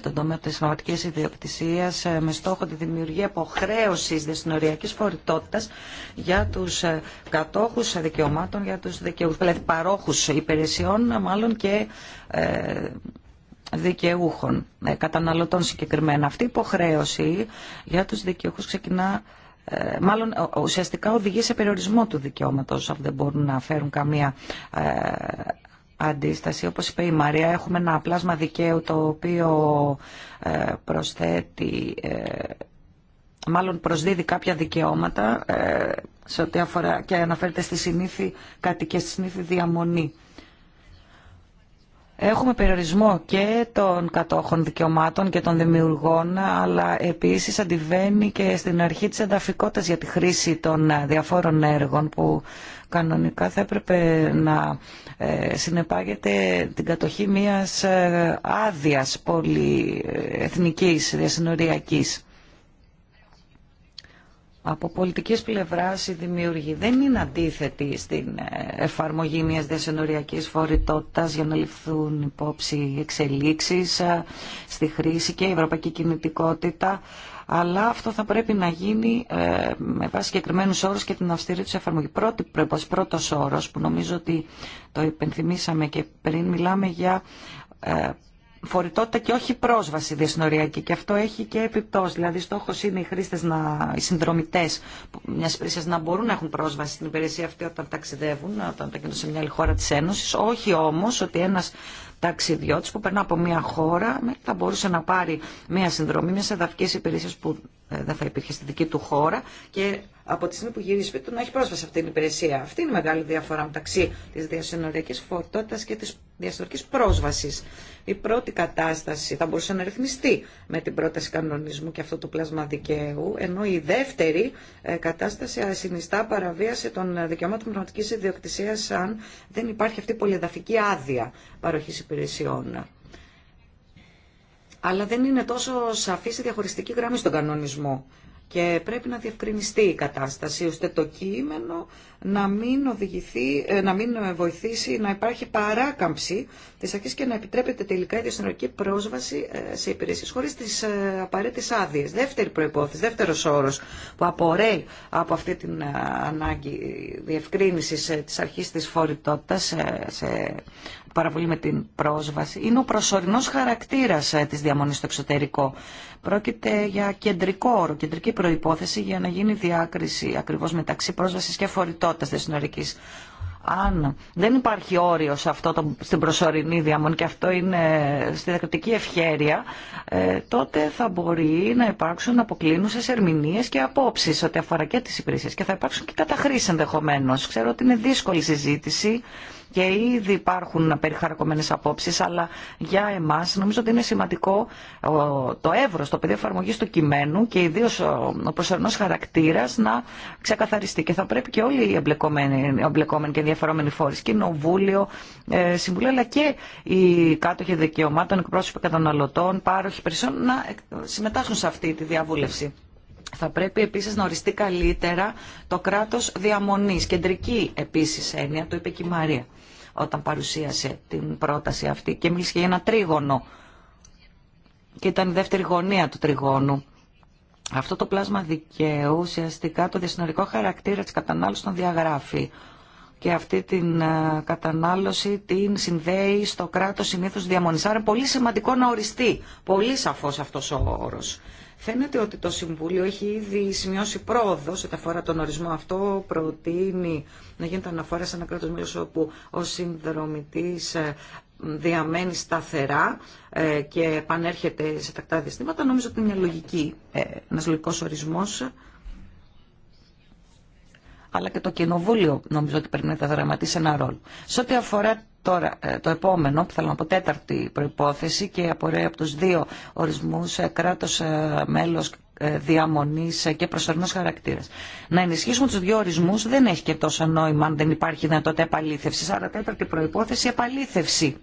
τον τομέα της νοματικής ιδιοκτησίας με στόχο τη δημιουργία υποχρέωσης διεσυνοριακής φορητότητας για τους κατόχους δικαιωμάτων, για τους δικαιούς, δηλαδή παρόχους υπηρεσιών μάλλον και δικαιούχων, ε, καταναλωτών συγκεκριμένα. Αυτή η υποχρέωση για τους δικαιούχους ξεκινά ε, μάλλον ουσιαστικά οδηγεί σε περιορισμό του δικαιώματος αν δεν μπορούν να φέρουν καμία ε, αντίσταση. Όπως είπε η Μαρία, έχουμε ένα πλάσμα δικαίου το οποίο προσθέτει, μάλλον προσδίδει κάποια δικαιώματα σε ό,τι αφορά και αναφέρεται στη συνήθεια κατοικία, στη διαμονή. Έχουμε περιορισμό και των κατόχων δικαιωμάτων και των δημιουργών, αλλά επίσης αντιβαίνει και στην αρχή της ενταφικότητας για τη χρήση των ε, διαφόρων έργων που κανονικά θα έπρεπε να ε, συνεπάγεται την κατοχή μιας πολύ ε, πολυεθνικής διασυνοριακής από πολιτικής πλευράς η δημιουργή δεν είναι αντίθετη στην ε, εφαρμογή μιας διασυνοριακής φορητότητας για να ληφθούν υπόψη εξελίξεις ε, στη χρήση και η ευρωπαϊκή κινητικότητα, αλλά αυτό θα πρέπει να γίνει ε, με βάση συγκεκριμένου όρου και την αυστηρή του εφαρμογή. Πρώτο όρο, πρώτος όρος που νομίζω ότι το υπενθυμίσαμε και πριν μιλάμε για φορητότητα και όχι πρόσβαση διασυνοριακή. Και αυτό έχει και επιπτώσει. Δηλαδή, στόχο είναι οι χρήστε, οι συνδρομητέ μια υπηρεσία να μπορούν να έχουν πρόσβαση στην υπηρεσία αυτή όταν ταξιδεύουν, όταν ταξιδεύουν σε μια άλλη χώρα τη Ένωση. Όχι όμω ότι ένα ταξιδιώτη που περνά από μια χώρα ε, θα μπορούσε να πάρει μια συνδρομή μια εδαφική υπηρεσία που ε, δεν θα υπήρχε στη δική του χώρα και από τη στιγμή που γυρίζει σπίτι του να έχει πρόσβαση σε αυτή την υπηρεσία. Αυτή είναι η μεγάλη διαφορά μεταξύ τη διασυνοριακή φορτότητα και τη διασυνοριακή πρόσβαση. Η πρώτη κατάσταση θα μπορούσε να ρυθμιστεί με την πρόταση κανονισμού και αυτό το πλάσμα δικαίου, ενώ η δεύτερη ε, κατάσταση ασυνιστά παραβίαση των δικαιωμάτων πνευματική ιδιοκτησία αν δεν υπάρχει αυτή η πολυεδαφική άδεια παροχή υπηρεσιών αλλά δεν είναι τόσο σαφή η διαχωριστική γραμμή στον κανονισμό και πρέπει να διευκρινιστεί η κατάσταση ώστε το κείμενο να μην, οδηγηθεί, ε, να μην ε, βοηθήσει να υπάρχει παράκαμψη της αρχής και να επιτρέπεται τελικά η διασυνορική πρόσβαση ε, σε υπηρεσίες χωρίς τις απαραίτητες άδειες. Δεύτερη προϋπόθεση, δεύτερος όρος που απορρέει από αυτή την ανάγκη διευκρίνησης της αρχής της φορητότητας σε παραβολή με την πρόσβαση είναι ο προσωρινός χαρακτήρας ε, της διαμονής στο εξωτερικό. Πρόκειται για κεντρικό όρο, κεντρική προϋπόθεση για να γίνει διάκριση ακριβώς μεταξύ πρόσβασης και φορητότητας της συνορικής. Αν δεν υπάρχει όριο σε αυτό το, στην προσωρινή διαμονή και αυτό είναι στη δεκτική ευχέρεια, ε, τότε θα μπορεί να υπάρξουν αποκλίνουσε ερμηνείε και απόψει ό,τι αφορά και τι υπηρεσίε και θα υπάρξουν και καταχρήσει ενδεχομένω. Ξέρω ότι είναι δύσκολη συζήτηση και ήδη υπάρχουν περιχαρακωμένες απόψεις, αλλά για εμάς νομίζω ότι είναι σημαντικό το εύρος, το πεδίο εφαρμογή του κειμένου και ιδίω ο προσωρινό χαρακτήρας να ξεκαθαριστεί και θα πρέπει και όλοι οι εμπλεκόμενοι, εμπλεκόμενοι και ενδιαφερόμενοι φόροι, κοινοβούλιο, ε, συμβουλία, αλλά και οι κάτοχοι δικαιωμάτων, εκπρόσωποι καταναλωτών, πάροχοι περισσότερων να συμμετάσχουν σε αυτή τη διαβούλευση. Θα πρέπει επίσης να οριστεί καλύτερα το κράτος διαμονής. Κεντρική επίσης έννοια, το είπε και η Μαρία όταν παρουσίασε την πρόταση αυτή και μίλησε για ένα τρίγωνο και ήταν η δεύτερη γωνία του τριγώνου. Αυτό το πλάσμα δικαίου ουσιαστικά το διασυνορικό χαρακτήρα της κατανάλωσης τον διαγράφει και αυτή την ε, κατανάλωση την συνδέει στο κράτος συνήθως διαμονής. Άρα πολύ σημαντικό να οριστεί, πολύ σαφώς αυτός ο όρος. Φαίνεται ότι το Συμβούλιο έχει ήδη σημειώσει πρόοδο τα φορά τον ορισμό αυτό. Προτείνει να γίνεται αναφορά σε ένα κράτο μέλο όπου ο συνδρομητή ε, διαμένει σταθερά ε, και επανέρχεται σε τακτά διαστήματα. Νομίζω ότι είναι λογική, ε, ένα λογικός ορισμός. Αλλά και το κοινοβούλιο νομίζω ότι πρέπει να δραματίσει ένα ρόλο. αφορά Τώρα, ε, το επόμενο που θέλω να πω, τέταρτη προϋπόθεση και απορρέει από τους δύο ορισμούς, ε, κράτος ε, μέλος διαμονή και προσωρινό χαρακτήρα. Να ενισχύσουμε του δύο ορισμού δεν έχει και τόσο νόημα αν δεν υπάρχει δυνατότητα επαλήθευση. Άρα, τέταρτη προπόθεση, επαλήθευση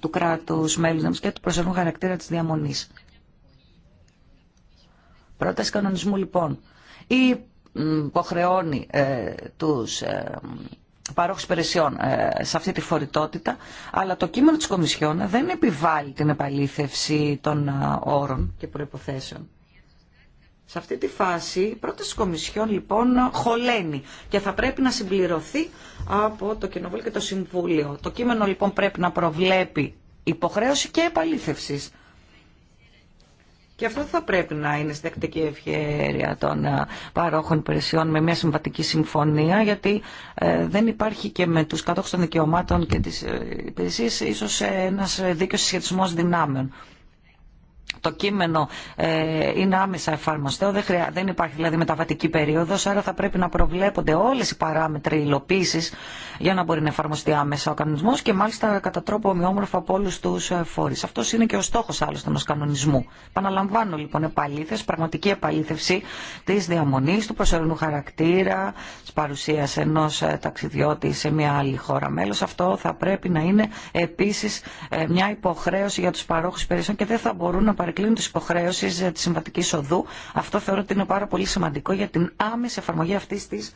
του κράτου μέλου και του προσωρινού χαρακτήρα τη διαμονή. Πρόταση κανονισμού λοιπόν. Ή υποχρεώνει τους παρόχους υπηρεσιών ε, σε αυτή τη φορητότητα, αλλά το κείμενο της Κομισιόν δεν επιβάλλει την επαλήθευση των ε, όρων και προϋποθέσεων. Σε αυτή τη φάση η πρόταση της Κομισιόν λοιπόν χωλαίνει και θα πρέπει να συμπληρωθεί από το Κοινοβούλιο και το Συμβούλιο. Το κείμενο λοιπόν πρέπει να προβλέπει υποχρέωση και επαλήθευσης. Και αυτό θα πρέπει να είναι στην τακτική ευχαίρεια των ε, παρόχων υπηρεσιών με μια συμβατική συμφωνία, γιατί ε, δεν υπάρχει και με τους κατόχους των δικαιωμάτων και τις ε, υπηρεσίες ίσως ένας δίκαιος συσχετισμός δυνάμεων το κείμενο ε, είναι άμεσα εφαρμοστέο, δεν, υπάρχει δηλαδή μεταβατική περίοδος, άρα θα πρέπει να προβλέπονται όλες οι παράμετροι υλοποίηση για να μπορεί να εφαρμοστεί άμεσα ο κανονισμός και μάλιστα κατά τρόπο ομοιόμορφο από όλους τους ε, φόρους. Αυτός είναι και ο στόχος άλλωστε ενός κανονισμού. Παναλαμβάνω λοιπόν επαλήθευση, πραγματική επαλήθευση της διαμονής, του προσωρινού χαρακτήρα, της παρουσίας ενός ε, ταξιδιώτη σε μια άλλη χώρα μέλος. Αυτό θα πρέπει να είναι επίσης μια υποχρέωση για τους παρόχους υπηρεσιών και δεν θα μπορούν να παρεκκλίνουν τι υποχρέωση ε, τη συμβατική οδού. Αυτό θεωρώ ότι είναι πάρα πολύ σημαντικό για την άμεση εφαρμογή αυτή τη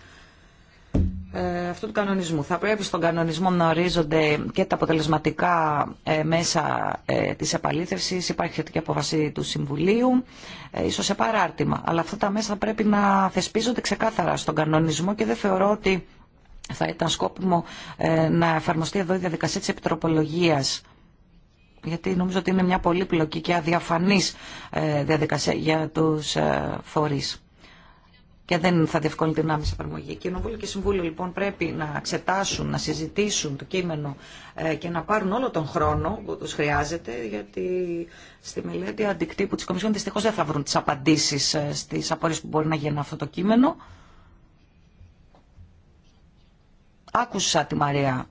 ε, αυτού του κανονισμού. Θα πρέπει στον κανονισμό να ορίζονται και τα αποτελεσματικά ε, μέσα της επαλήθευση. Υπάρχει σχετική απόφαση του Συμβουλίου, ίσως σε παράρτημα. Αλλά αυτά τα μέσα θα πρέπει να θεσπίζονται ξεκάθαρα στον κανονισμό και δεν θεωρώ ότι θα ήταν σκόπιμο να εφαρμοστεί εδώ η διαδικασία της επιτροπολογίας γιατί νομίζω ότι είναι μια πολύπλοκη και αδιαφανής ε, διαδικασία για τους ε, φορείς και δεν θα διευκολύνει την άμεση εφαρμογή. Κοινοβούλιο και Συμβούλιο λοιπόν πρέπει να εξετάσουν, να συζητήσουν το κείμενο ε, και να πάρουν όλο τον χρόνο που του χρειάζεται, γιατί στη μελέτη αντικτύπου τη Κομισιόν δυστυχώ δεν θα βρουν τι απαντήσει στι απορίε που μπορεί να γίνουν αυτό το κείμενο. Άκουσα τη Μαρία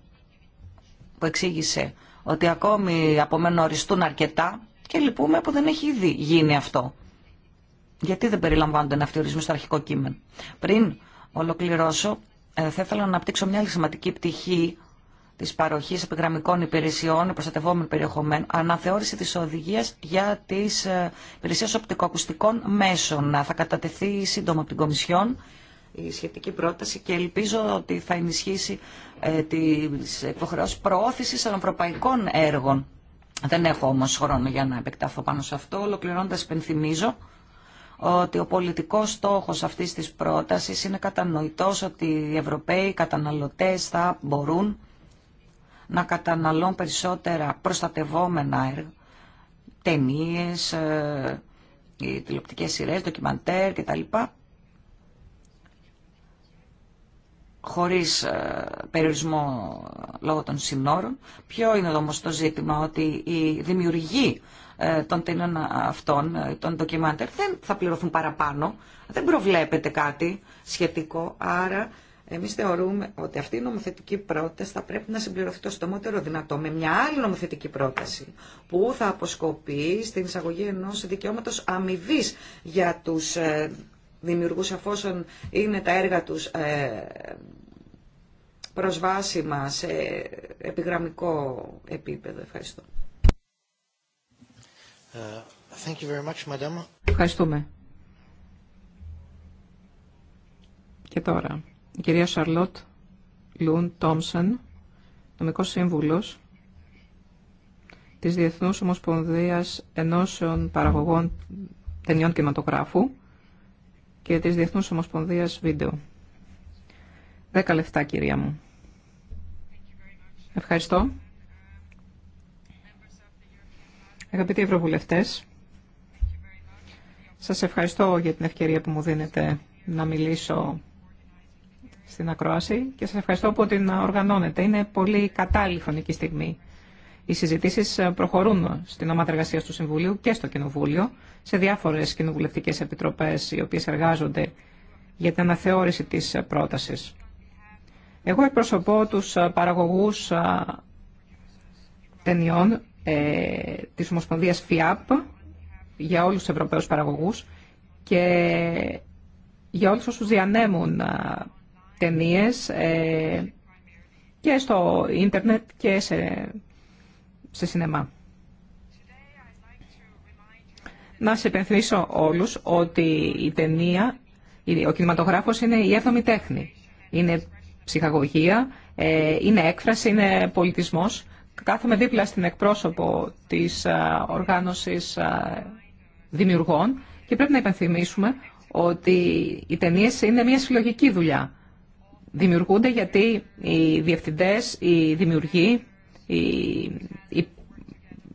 που εξήγησε ότι ακόμη απομένουν οριστούν αρκετά και λυπούμε που δεν έχει ήδη γίνει αυτό. Γιατί δεν περιλαμβάνονται αυτοί οι στο αρχικό κείμενο. Πριν ολοκληρώσω, ε, θα ήθελα να αναπτύξω μια άλλη σημαντική πτυχή τη παροχή επιγραμμικών υπηρεσιών προστατευόμενων περιεχομένων, αναθεώρηση τη οδηγία για τι ε, υπηρεσίε οπτικοακουστικών μέσων. Θα κατατεθεί σύντομα από την Κομισιόν η σχετική πρόταση και ελπίζω ότι θα ενισχύσει ε, τις υποχρεώσεις προώθησης των ευρωπαϊκών έργων. Δεν έχω όμως χρόνο για να επεκταθώ πάνω σε αυτό. Ολοκληρώνοντας, υπενθυμίζω ότι ο πολιτικός στόχος αυτής της πρότασης είναι κατανοητός ότι οι Ευρωπαίοι καταναλωτές θα μπορούν να καταναλώνουν περισσότερα προστατευόμενα έργα, ταινίες, ε, τηλεοπτικές σειρές, ντοκιμαντέρ κτλ. χωρίς ε, περιορισμό λόγω των συνόρων. Ποιο είναι όμως το ζήτημα ότι οι δημιουργοί ε, των τίνων αυτών, ε, των ντοκιμάντερ, δεν θα πληρωθούν παραπάνω. Δεν προβλέπεται κάτι σχετικό. Άρα εμείς θεωρούμε ότι αυτή η νομοθετική πρόταση θα πρέπει να συμπληρωθεί το στομότερο δυνατό με μια άλλη νομοθετική πρόταση που θα αποσκοπεί στην εισαγωγή ενός δικαιώματος αμοιβή για τους δημιουργούς αφόσον είναι τα έργα τους ε, προσβάσιμα σε επιγραμμικό επίπεδο. Ευχαριστώ. Uh, thank you Ευχαριστούμε. Και τώρα, η κυρία Σαρλότ Λουν Τόμσεν, νομικός σύμβουλος της Διεθνούς Ομοσπονδίας Ενώσεων Παραγωγών Ταινιών Κινηματογράφου και της Διεθνούς Ομοσπονδίας Βίντεο. Δέκα λεφτά, κυρία μου. Ευχαριστώ. Αγαπητοί Ευρωβουλευτές, σας ευχαριστώ για την ευκαιρία που μου δίνετε να μιλήσω στην Ακρόαση και σας ευχαριστώ που την οργανώνετε. Είναι πολύ κατάλληλη φωνική στιγμή οι συζητήσει ε, προχωρούν στην ομάδα εργασία του Συμβουλίου και στο Κοινοβούλιο, σε διάφορε κοινοβουλευτικέ επιτροπέ οι οποίε εργάζονται για την αναθεώρηση τη ε, πρόταση. Εγώ εκπροσωπώ του ε, παραγωγού ταινιών ε, της Ομοσπονδίας ΦΙΑΠ για όλους τους Ευρωπαίους παραγωγούς και για όλους όσους διανέμουν ταινίες και στο ίντερνετ και σε σε σινεμά. Να σε υπενθυμίσω όλους ότι η ταινία, ο κινηματογράφος είναι η έβδομη τέχνη. Είναι ψυχαγωγία, ε, είναι έκφραση, είναι πολιτισμός. Κάθομαι δίπλα στην εκπρόσωπο της ε, οργάνωσης ε, δημιουργών και πρέπει να υπενθυμίσουμε ότι οι ταινίε είναι μια συλλογική δουλειά. Δημιουργούνται γιατί οι διευθυντές, οι δημιουργοί οι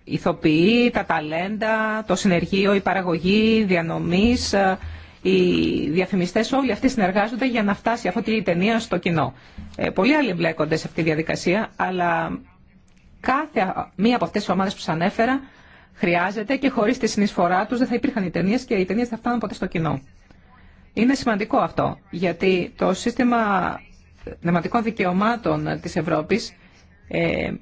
ηθοποιοί, τα ταλέντα, το συνεργείο, η παραγωγή, η διανομής, ε, οι διαφημιστές, όλοι αυτοί συνεργάζονται για να φτάσει αυτή η ταινία στο κοινό. Ε, πολλοί άλλοι εμπλέκονται σε αυτή τη διαδικασία, αλλά κάθε μία από αυτέ τι ομάδε που σας ανέφερα χρειάζεται και χωρίς τη συνεισφορά τους δεν θα υπήρχαν οι ταινίε και οι ταινίε θα φτάνουν ποτέ στο κοινό. Είναι σημαντικό αυτό, γιατί το σύστημα νεματικών δικαιωμάτων της Ευρώπης ε,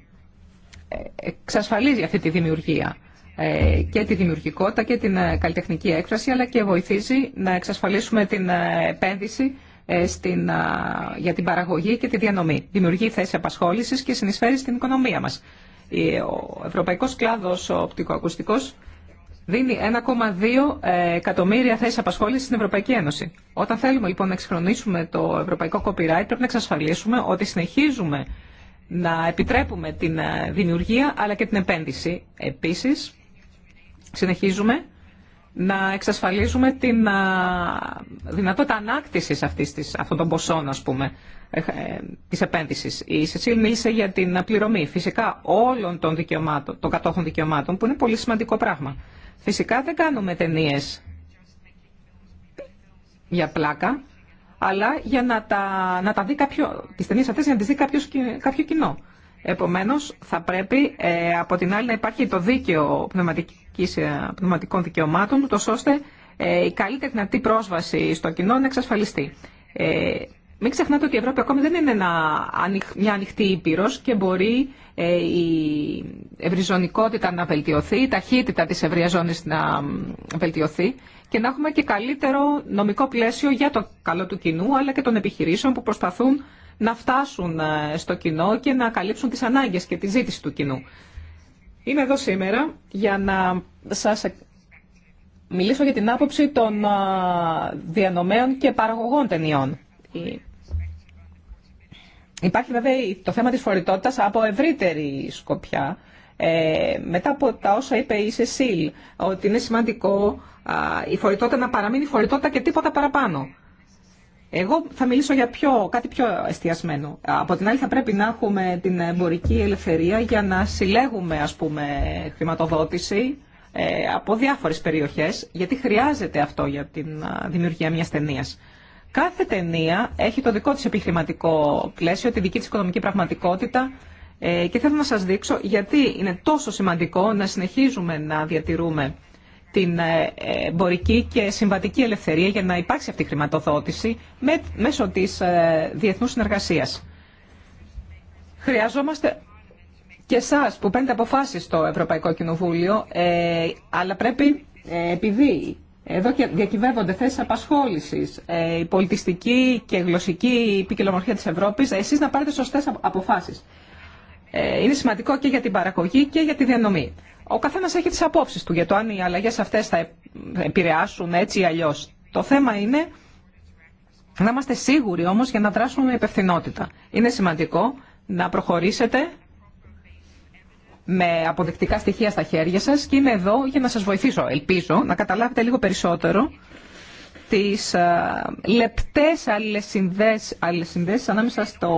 εξασφαλίζει αυτή τη δημιουργία ε, και τη δημιουργικότητα και την ε, καλλιτεχνική έκφραση, αλλά και βοηθίζει να εξασφαλίσουμε την ε, επένδυση στην, για την παραγωγή και τη διανομή. Δημιουργεί θέση απασχόλησης και συνεισφέρει στην οικονομία μας. Ο ευρωπαϊκός κλάδος οπτικοακουστικός δίνει 1,2 εκατομμύρια θέσει απασχόλησης στην Ευρωπαϊκή Ένωση. Όταν θέλουμε λοιπόν να εξυγχρονίσουμε το ευρωπαϊκό copyright, πρέπει να εξασφαλίσουμε ότι συνεχίζουμε να επιτρέπουμε την ε, δημιουργία αλλά και την επένδυση. Επίσης, συνεχίζουμε να εξασφαλίζουμε την ε, δυνατότητα ανάκτησης αυτής της, αυτών των ποσών, ας πούμε, ε, της επένδυσης. Η Σεσίλ μίλησε για την πληρωμή φυσικά όλων των, δικαιωμάτων, των κατόχων δικαιωμάτων, που είναι πολύ σημαντικό πράγμα. Φυσικά δεν κάνουμε ταινίε για πλάκα αλλά για να τα, να τα δει κάποιο, τις ταινίες αυτές για να τις δει κάποιος, κάποιο κοινό. Επομένως, θα πρέπει ε, από την άλλη να υπάρχει το δίκαιο ε, πνευματικών δικαιωμάτων, ούτως ώστε ε, η καλύτερη δυνατή πρόσβαση στο κοινό να εξασφαλιστεί. Ε, μην ξεχνάτε ότι η Ευρώπη ακόμη δεν είναι ένα, μια ανοιχτή ήπειρος και μπορεί η ευρυζωνικότητα να βελτιωθεί, η ταχύτητα της ευρυαζώνης να βελτιωθεί και να έχουμε και καλύτερο νομικό πλαίσιο για το καλό του κοινού, αλλά και των επιχειρήσεων που προσπαθούν να φτάσουν ε, στο κοινό και να καλύψουν τις ανάγκες και τη ζήτηση του κοινού. Είμαι εδώ σήμερα για να σας μιλήσω για την άποψη των ε, διανομέων και παραγωγών ταινιών. Υπάρχει βέβαια το θέμα της φορητότητας από ευρύτερη σκοπιά. Ε, μετά από τα όσα είπε η Σεσίλ, ότι είναι σημαντικό η φορητότητα να παραμείνει φορητότητα και τίποτα παραπάνω. Εγώ θα μιλήσω για πιο, κάτι πιο εστιασμένο. Από την άλλη θα πρέπει να έχουμε την εμπορική ελευθερία για να συλλέγουμε ας πούμε χρηματοδότηση ε, από διάφορες περιοχές, γιατί χρειάζεται αυτό για τη δημιουργία μιας ταινία. Κάθε ταινία έχει το δικό της επιχειρηματικό πλαίσιο, τη δική της οικονομική πραγματικότητα ε, και θέλω να σας δείξω γιατί είναι τόσο σημαντικό να συνεχίζουμε να διατηρούμε την ε, εμπορική και συμβατική ελευθερία για να υπάρξει αυτή η χρηματοδότηση μέσω της ε, διεθνούς συνεργασίας. Χρειαζόμαστε και εσά που παίρνετε αποφάσεις στο Ευρωπαϊκό Κοινοβούλιο, ε, αλλά πρέπει, επειδή εδώ διακυβεύονται θέσει απασχόληση, η πολιτιστική και γλωσσική επικοινωνία τη Ευρώπη, εσεί να πάρετε σωστέ αποφάσει. Είναι σημαντικό και για την παραγωγή και για τη διανομή. Ο καθένας έχει τις απόψει του για το αν οι αλλαγέ αυτές θα επηρεάσουν έτσι ή αλλιώς. Το θέμα είναι να είμαστε σίγουροι όμως για να δράσουμε με υπευθυνότητα. Είναι σημαντικό να προχωρήσετε με αποδεικτικά στοιχεία στα χέρια σας και είμαι εδώ για να σας βοηθήσω, ελπίζω, να καταλάβετε λίγο περισσότερο τις λεπτές αλληλεσυνδέσεις ανάμεσα στο,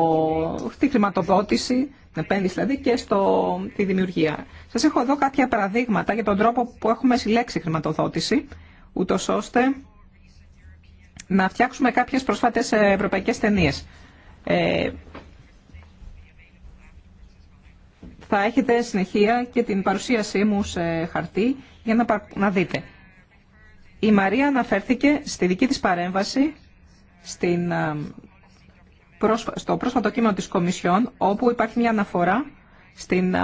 στη χρηματοδότηση, επένδυση δηλαδή και στο, τη δημιουργία. Σας έχω εδώ κάποια παραδείγματα για τον τρόπο που έχουμε συλλέξει χρηματοδότηση, ούτω ώστε να φτιάξουμε κάποιες πρόσφατες ε, ευρωπαϊκές ταινίε. Ε, θα έχετε συνεχεία και την παρουσίασή μου σε χαρτί για να, να δείτε. Η Μαρία αναφέρθηκε στη δική της παρέμβαση στην ε, στο πρόσφατο κείμενο της Κομισιόν, όπου υπάρχει μια αναφορά στην,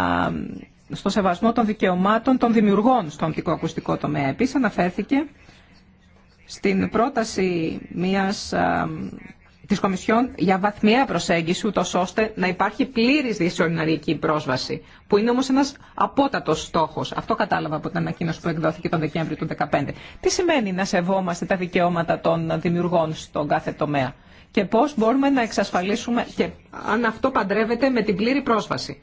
στο σεβασμό των δικαιωμάτων των δημιουργών στο οπτικοακουστικό τομέα. Επίσης αναφέρθηκε στην πρόταση μιας, της Κομισιόν για βαθμιαία προσέγγιση, ούτως ώστε να υπάρχει πλήρης διεσορυναρική πρόσβαση, που είναι όμως ένας απότατος στόχος. Αυτό κατάλαβα από την ανακοίνωση που εκδόθηκε τον Δεκέμβρη του 2015. Τι σημαίνει να σεβόμαστε τα δικαιώματα των δημιουργών στον κάθε τομέα και πώς μπορούμε να εξασφαλίσουμε και αν αυτό παντρεύεται με την πλήρη πρόσβαση.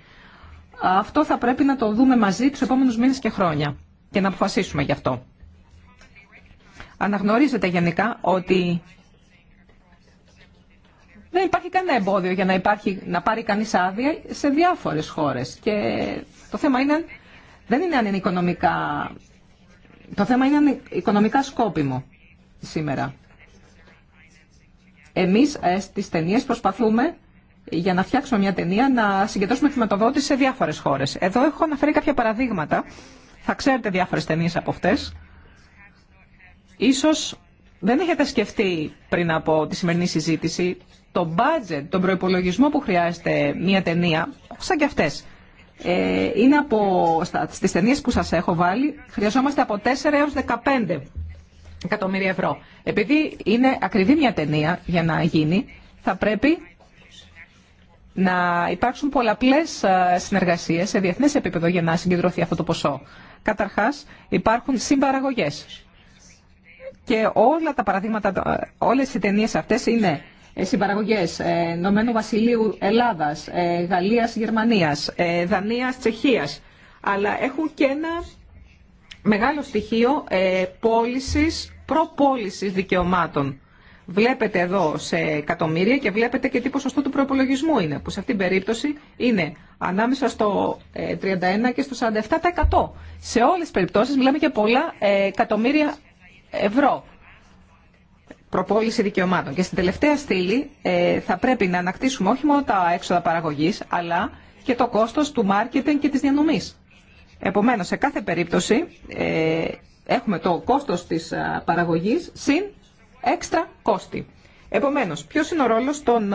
Αυτό θα πρέπει να το δούμε μαζί τους επόμενους μήνες και χρόνια και να αποφασίσουμε γι' αυτό. Αναγνωρίζετε γενικά ότι δεν υπάρχει κανένα εμπόδιο για να, υπάρχει, να πάρει κανείς άδεια σε διάφορες χώρες. Και το θέμα είναι, δεν είναι αν το θέμα είναι αν είναι οικονομικά σκόπιμο σήμερα. Εμείς ε, στις ταινίε προσπαθούμε για να φτιάξουμε μια ταινία να συγκεντρώσουμε χρηματοδότηση σε διάφορες χώρες. Εδώ έχω αναφέρει κάποια παραδείγματα. Θα ξέρετε διάφορες ταινίε από αυτές. Ίσως δεν έχετε σκεφτεί πριν από τη σημερινή συζήτηση το budget, τον προπολογισμό που χρειάζεται μια ταινία, σαν και αυτές. Ε, είναι από, στις ταινίες που σας έχω βάλει, χρειαζόμαστε από 4 έως 15 εκατομμύρια ευρώ. Επειδή είναι ακριβή μια ταινία για να γίνει, θα πρέπει να υπάρξουν πολλαπλές ε, συνεργασίες σε διεθνές επίπεδο για να συγκεντρωθεί αυτό το ποσό. Καταρχάς, υπάρχουν συμπαραγωγές. Και όλα τα παραδείγματα, ε, όλες οι ταινίες αυτές είναι ε, συμπαραγωγές συμπαραγωγές Βασιλείου Ελλάδας, Γαλλίας, Γερμανίας, Δανίας, Τσεχίας. Αλλά έχουν και ένα μεγάλο στοιχείο ε, πώλησης, προπόλησης δικαιωμάτων. Βλέπετε εδώ σε εκατομμύρια και βλέπετε και τι ποσοστό του προπολογισμού είναι, που σε αυτήν την περίπτωση είναι ανάμεσα στο 31% ε, και στο 47%. Σε όλες τις περιπτώσεις μιλάμε και πολλά ε, εκατομμύρια ευρώ προπόληση δικαιωμάτων. Και στην τελευταία στήλη ε, θα πρέπει να ανακτήσουμε όχι μόνο τα έξοδα παραγωγής, αλλά και το κόστος του μάρκετινγκ και της διανομής. Επομένως, σε κάθε περίπτωση ε, έχουμε το κόστος της παραγωγής συν έξτρα κόστη. Επομένως, ποιος είναι ο ρόλος των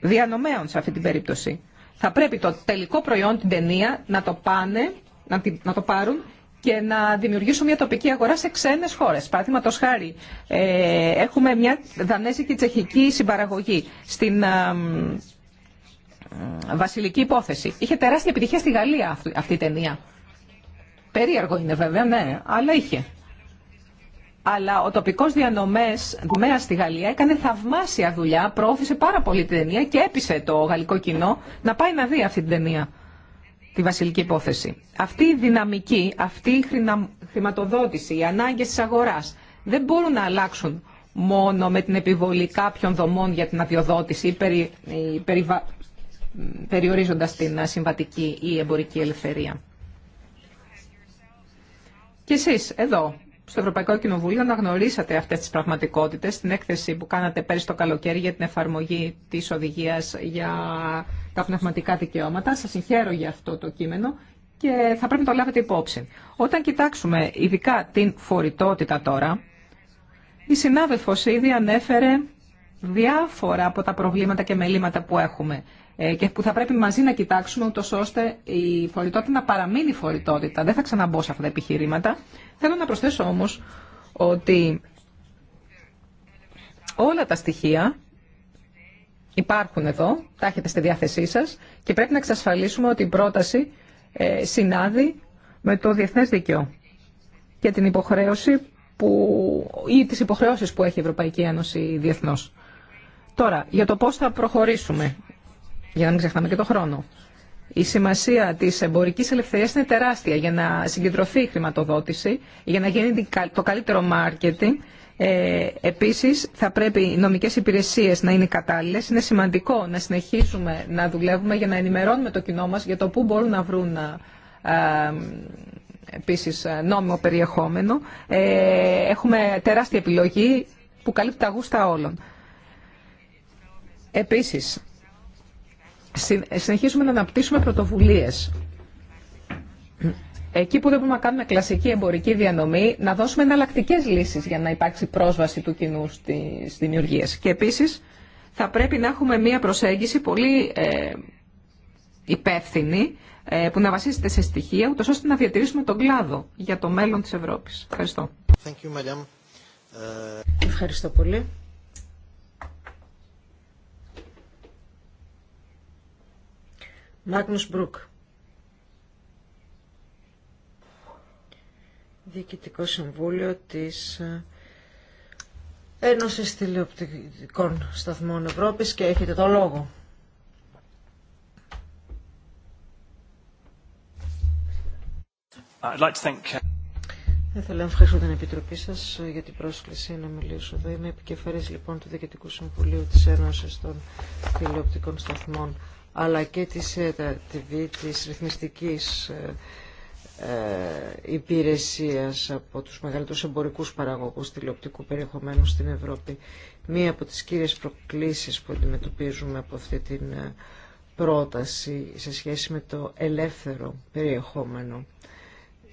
διανομέων σε αυτή την περίπτωση. Θα πρέπει το τελικό προϊόν, την ταινία, να το πάνε, να, την, να το πάρουν και να δημιουργήσουν μια τοπική αγορά σε ξένες χώρες. Παραδείγματο χάρη, ε, έχουμε μια δανέζικη τσεχική συμπαραγωγή στην, ε, βασιλική υπόθεση. Είχε τεράστια επιτυχία στη Γαλλία αυτή, η ταινία. Περίεργο είναι βέβαια, ναι, αλλά είχε. Αλλά ο τοπικό διανομέ διανομέα στη Γαλλία έκανε θαυμάσια δουλειά, προώθησε πάρα πολύ την ταινία και έπεισε το γαλλικό κοινό να πάει να δει αυτή την ταινία, τη βασιλική υπόθεση. Αυτή η δυναμική, αυτή η χρηματοδότηση, οι ανάγκε τη αγορά δεν μπορούν να αλλάξουν μόνο με την επιβολή κάποιων δομών για την αδειοδότηση ή περι, περιορίζοντας την συμβατική ή εμπορική ελευθερία. Και εσείς εδώ, στο Ευρωπαϊκό Κοινοβούλιο, να γνωρίσατε αυτές τις πραγματικότητες στην έκθεση που κάνατε πέρυσι το καλοκαίρι για την εφαρμογή της οδηγίας για τα πνευματικά δικαιώματα. Σας συγχαίρω για αυτό το κείμενο και θα πρέπει να το λάβετε υπόψη. Όταν κοιτάξουμε ειδικά την φορητότητα τώρα, η συνάδελφος ήδη ανέφερε διάφορα από τα προβλήματα και μελήματα που έχουμε ε, και που θα πρέπει μαζί να κοιτάξουμε ούτως ώστε η φορητότητα να παραμείνει φορητότητα. Δεν θα ξαναμπώ σε αυτά τα επιχειρήματα. Θέλω να προσθέσω όμως ότι όλα τα στοιχεία υπάρχουν εδώ, τα έχετε στη διάθεσή σας και πρέπει να εξασφαλίσουμε ότι η πρόταση ε, συνάδει με το διεθνές δίκαιο και την υποχρέωση που, ή τις υποχρεώσεις που έχει η Ευρωπαϊκή Ένωση διεθνώς. Τώρα, για το πώς θα προχωρήσουμε για να μην ξεχνάμε και το χρόνο. Η σημασία τη εμπορική ελευθερία είναι τεράστια για να συγκεντρωθεί η χρηματοδότηση, για να γίνει το καλύτερο μάρκετινγκ, Ε, Επίση, θα πρέπει οι νομικέ υπηρεσίε να είναι κατάλληλε. Είναι σημαντικό να συνεχίσουμε να δουλεύουμε για να ενημερώνουμε το κοινό μα για το πού μπορούν να βρουν ε, επίση ε, νόμιμο περιεχόμενο. Ε, έχουμε τεράστια επιλογή που καλύπτει τα γούστα όλων. Επίσης, συνεχίσουμε να αναπτύσσουμε πρωτοβουλίες. Εκεί που δεν μπορούμε να κάνουμε κλασική εμπορική διανομή, να δώσουμε εναλλακτικέ λύσεις για να υπάρξει πρόσβαση του κοινού στις δημιουργίε. Και επίσης θα πρέπει να έχουμε μία προσέγγιση πολύ ε, υπεύθυνη, ε, που να βασίζεται σε στοιχεία, ούτω ώστε να διατηρήσουμε τον κλάδο για το μέλλον τη Ευρώπη. Ευχαριστώ. Thank you, ε, πολύ. Μάγνους Μπρουκ. Διοικητικό Συμβούλιο της ε, Ένωσης Τηλεοπτικών Σταθμών Ευρώπης και έχετε το λόγο. Uh, Θα ήθελα να ευχαριστώ την Επιτροπή σας ε, για την πρόσκληση να μιλήσω εδώ. Είμαι επικεφαλής λοιπόν του Διοικητικού Συμβουλίου της Ένωσης των Τηλεοπτικών Σταθμών αλλά και της ε, της ρυθμιστικής ε, ε, υπηρεσίας από τους μεγαλύτερους εμπορικούς παραγωγούς τηλεοπτικού περιεχομένου στην Ευρώπη. Μία από τις κύριες προκλήσεις που αντιμετωπίζουμε από αυτή την πρόταση σε σχέση με το ελεύθερο περιεχόμενο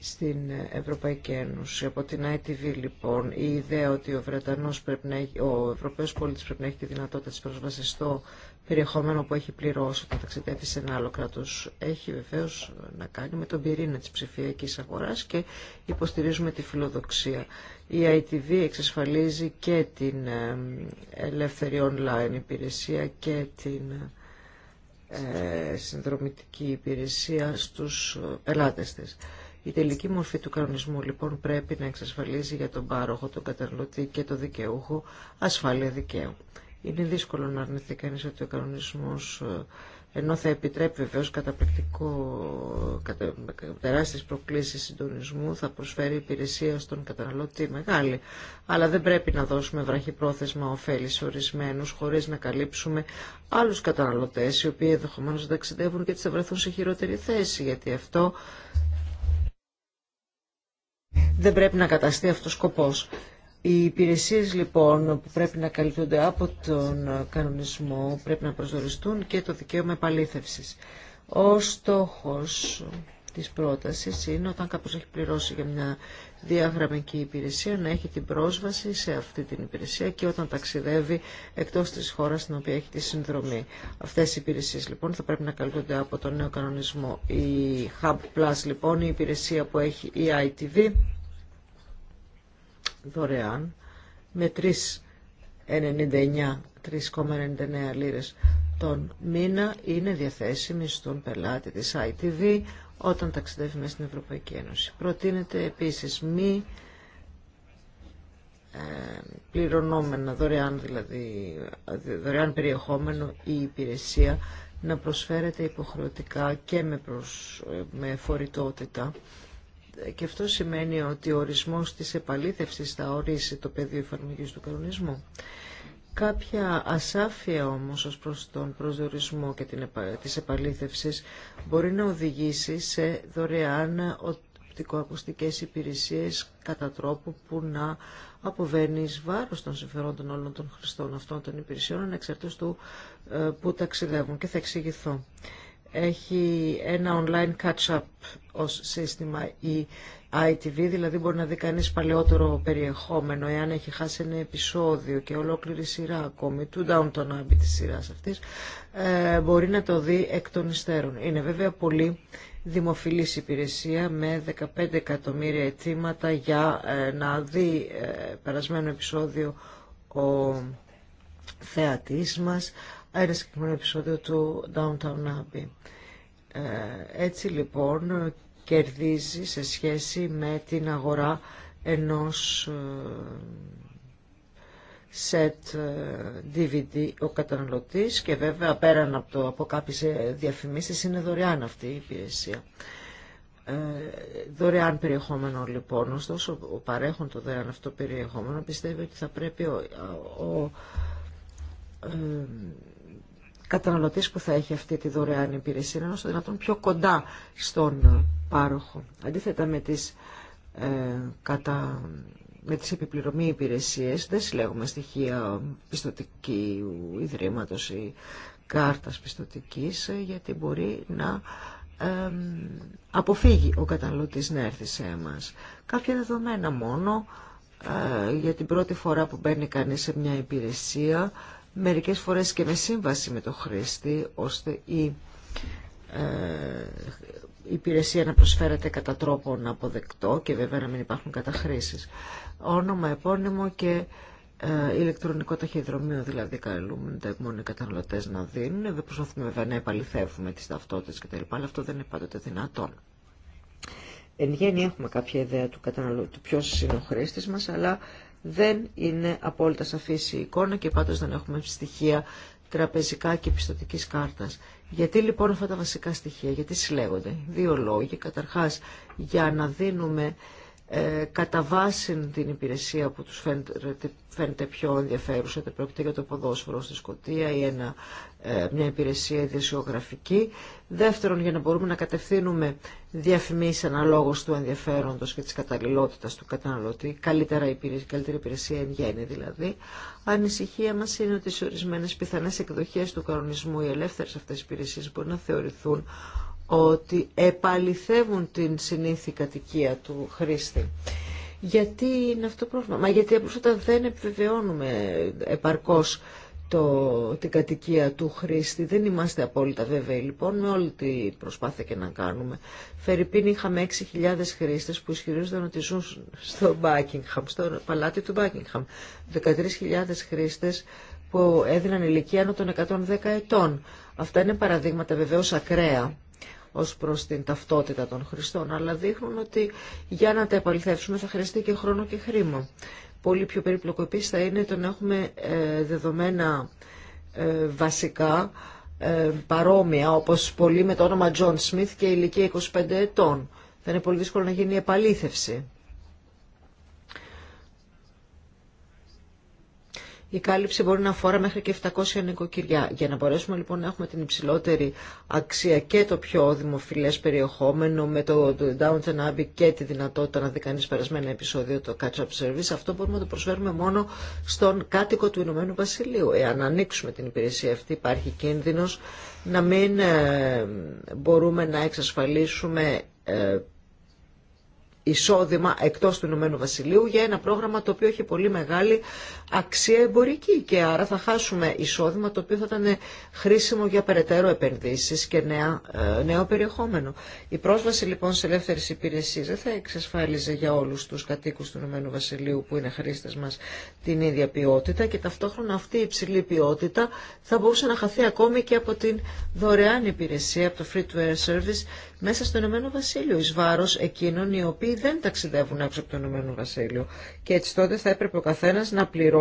στην Ευρωπαϊκή Ένωση. Από την ITV λοιπόν η ιδέα ότι ο, Βρετανός πρέπει να έχει, ο Ευρωπαίος πολίτης πρέπει να έχει τη δυνατότητα της πρόσβασης στο περιεχόμενο που έχει πληρώσει όταν ταξιδεύει σε ένα άλλο κράτος έχει βεβαίως να κάνει με τον πυρήνα της ψηφιακής αγοράς και υποστηρίζουμε τη φιλοδοξία. Η ITV εξασφαλίζει και την ελεύθερη online υπηρεσία και την ε, συνδρομητική υπηρεσία στους ε, πελάτες της. Η τελική μορφή του κανονισμού λοιπόν πρέπει να εξασφαλίζει για τον πάροχο, τον καταναλωτή και τον δικαιούχο ασφάλεια δικαίου. Είναι δύσκολο να αρνηθεί κανεί ότι ο κανονισμό ε, ενώ θα επιτρέπει βεβαίω καταπληκτικό κατα, τεράστιες προκλήσεις συντονισμού θα προσφέρει υπηρεσία στον καταναλωτή μεγάλη αλλά δεν πρέπει να δώσουμε βραχυπρόθεσμα ωφέλη σε ορισμένους χωρίς να καλύψουμε άλλους καταναλωτέ, οι οποίοι ενδεχομένω δεν ταξιδεύουν και έτσι θα βρεθούν σε χειρότερη θέση γιατί αυτό δεν πρέπει να καταστεί αυτός σκοπός. Οι υπηρεσίες λοιπόν που πρέπει να καλύπτονται από τον κανονισμό πρέπει να προσδοριστούν και το δικαίωμα επαλήθευσης. Ο στόχος της πρότασης είναι όταν κάποιος έχει πληρώσει για μια διαγραμμική υπηρεσία να έχει την πρόσβαση σε αυτή την υπηρεσία και όταν ταξιδεύει εκτός της χώρας στην οποία έχει τη συνδρομή. Αυτές οι υπηρεσίες λοιπόν θα πρέπει να καλύπτονται από τον νέο κανονισμό. Η Hub Plus λοιπόν, η υπηρεσία που έχει η ITV, δωρεάν, με 3,99 3,99 λίρες τον μήνα είναι διαθέσιμη στον πελάτη της ITV όταν ταξιδεύει μέσα στην Ευρωπαϊκή Ένωση. Προτείνεται επίσης μη ε, πληρωνόμενα, δωρεάν δηλαδή, δωρεάν περιεχόμενο ή υπηρεσία να προσφέρεται υποχρεωτικά και με, με φορητότητα. Και αυτό σημαίνει ότι ο ορισμός της επαλήθευσης θα ορίσει το πεδίο εφαρμογής του κανονισμού. Κάποια ασάφεια όμως ως προς τον προσδιορισμό και την, της μπορεί να οδηγήσει σε δωρεάν οπτικοακουστικές υπηρεσίες κατά τρόπο που να αποβαίνει εις βάρος των συμφερόντων όλων των χρηστών αυτών των υπηρεσιών ανεξαρτήτως του ε, που ταξιδεύουν και θα εξηγηθώ. Έχει ένα online catch-up ως σύστημα η ITV, δηλαδή μπορεί να δει κανεί παλαιότερο περιεχόμενο εάν έχει χάσει ένα επεισόδιο και ολόκληρη σειρά ακόμη του Downton Abbey της σειράς αυτής ε, μπορεί να το δει εκ των υστέρων. Είναι βέβαια πολύ δημοφιλής υπηρεσία με 15 εκατομμύρια αιτήματα για ε, να δει ε, περασμένο επεισόδιο ο θεατής μας ένα συγκεκριμένο επεισόδιο του Downtown Abbey. Ε, έτσι λοιπόν κερδίζει σε σχέση με την αγορά ενός ε, σετ DVD ε, ο καταναλωτής και βέβαια πέραν από, το, από κάποιες ε, διαφημίσεις είναι δωρεάν αυτή η υπηρεσία. Ε, δωρεάν περιεχόμενο λοιπόν, ωστόσο ο παρέχον το δωρεάν αυτό περιεχόμενο πιστεύει ότι θα πρέπει ο, ο καταναλωτής που θα έχει αυτή τη δωρεάν υπηρεσία να είναι όσο δυνατόν πιο κοντά στον πάροχο. Αντίθετα με τις, ε, κατά, με τις επιπληρωμή υπηρεσίες δεν συλλέγουμε στοιχεία πιστωτική ιδρύματος ή κάρτας πιστοτικής ε, γιατί μπορεί να αποφύγει ο καταναλωτής να έρθει σε εμάς. Κάποια δεδομένα μόνο ε, για την πρώτη φορά που μπαίνει κανείς σε μια υπηρεσία, μερικές φορές και με σύμβαση με το χρήστη, ώστε η ε, η υπηρεσία να προσφέρεται κατά τρόπο να αποδεκτό και βέβαια να μην υπάρχουν καταχρήσεις. Όνομα, επώνυμο και ε, ηλεκτρονικό ταχυδρομείο δηλαδή καλούμε τα οι καταναλωτέ να δίνουν. Δεν προσπαθούμε βέβαια να επαληθεύουμε τις ταυτότητες κτλ. Αλλά αυτό δεν είναι πάντοτε δυνατόν. Εν γέννη έχουμε κάποια ιδέα του, καταναλω... του ποιος είναι ο χρήστη μας, αλλά δεν είναι απόλυτα σαφής η εικόνα και πάντως δεν έχουμε στοιχεία τραπεζικά και πιστοτικής κάρτας. Γιατί λοιπόν αυτά τα βασικά στοιχεία, γιατί συλλέγονται. Δύο λόγοι. Καταρχάς για να δίνουμε ε, κατά βάση την υπηρεσία που τους φαίνεται, φαίνεται πιο ενδιαφέρουσα, είτε πρόκειται για το ποδόσφαιρο στη Σκοτία ή ένα, ε, μια υπηρεσία ειδησιογραφική. Δεύτερον, για να μπορούμε να κατευθύνουμε διαφημίσεις αναλόγως του ενδιαφέροντος και της καταλληλότητας του καταναλωτή, καλύτερα υπηρεσία, καλύτερη υπηρεσία εν γέννη δηλαδή. Ανησυχία μας είναι ότι σε ορισμένες πιθανές εκδοχές του κανονισμού οι ελεύθερες αυτές υπηρεσίες μπορεί να θεωρηθούν ότι επαληθεύουν την συνήθη κατοικία του χρήστη. Γιατί είναι αυτό το πρόβλημα. Μα γιατί απλώς όταν δεν επιβεβαιώνουμε επαρκώς το, την κατοικία του χρήστη. Δεν είμαστε απόλυτα βέβαιοι λοιπόν με όλη την προσπάθεια και να κάνουμε. Φερρυπίν είχαμε 6.000 χρήστες που ισχυρίζονταν ότι ζουν στο Buckingham, στο παλάτι του Buckingham. 13.000 χρήστες που έδιναν ηλικία άνω των 110 ετών. Αυτά είναι παραδείγματα βεβαίως ακραία ως προς την ταυτότητα των χρηστών, αλλά δείχνουν ότι για να τα επαληθεύσουμε θα χρειαστεί και χρόνο και χρήμα. Πολύ πιο περίπλοκο επίσης θα είναι το να έχουμε ε, δεδομένα ε, βασικά ε, παρόμοια, όπως πολύ με το όνομα John Smith και ηλικία 25 ετών. Θα είναι πολύ δύσκολο να γίνει η επαλήθευση. η κάλυψη μπορεί να αφορά μέχρι και 700 νοικοκυριά. Για να μπορέσουμε λοιπόν να έχουμε την υψηλότερη αξία και το πιο δημοφιλές περιεχόμενο με το Downton Abbey και τη δυνατότητα να δει κανείς περασμένα επεισόδιο το Catch Up Service, αυτό μπορούμε να το προσφέρουμε μόνο στον κάτοικο του Ηνωμένου Βασιλείου. Εάν ανοίξουμε την υπηρεσία αυτή υπάρχει κίνδυνος να μην ε, μπορούμε να εξασφαλίσουμε ε, εισόδημα εκτός του Ηνωμένου Βασιλείου για ένα πρόγραμμα το οποίο έχει πολύ μεγάλη αξία εμπορική και άρα θα χάσουμε εισόδημα το οποίο θα ήταν χρήσιμο για περαιτέρω επενδύσεις και νέα, ε, νέο περιεχόμενο. Η πρόσβαση λοιπόν σε ελεύθερες υπηρεσίες δεν θα εξασφάλιζε για όλους τους κατοίκους του Ηνωμένου Βασιλείου που είναι χρήστες μας την ίδια ποιότητα και ταυτόχρονα αυτή η υψηλή ποιότητα θα μπορούσε να χαθεί ακόμη και από την δωρεάν υπηρεσία, από το free to air service μέσα στο Ηνωμένο Βασίλειο, εις βάρος εκείνων οι οποίοι δεν ταξιδεύουν έξω από το Ηνωμένο Βασίλειο. Και έτσι τότε θα έπρεπε ο καθένας να πληρώνει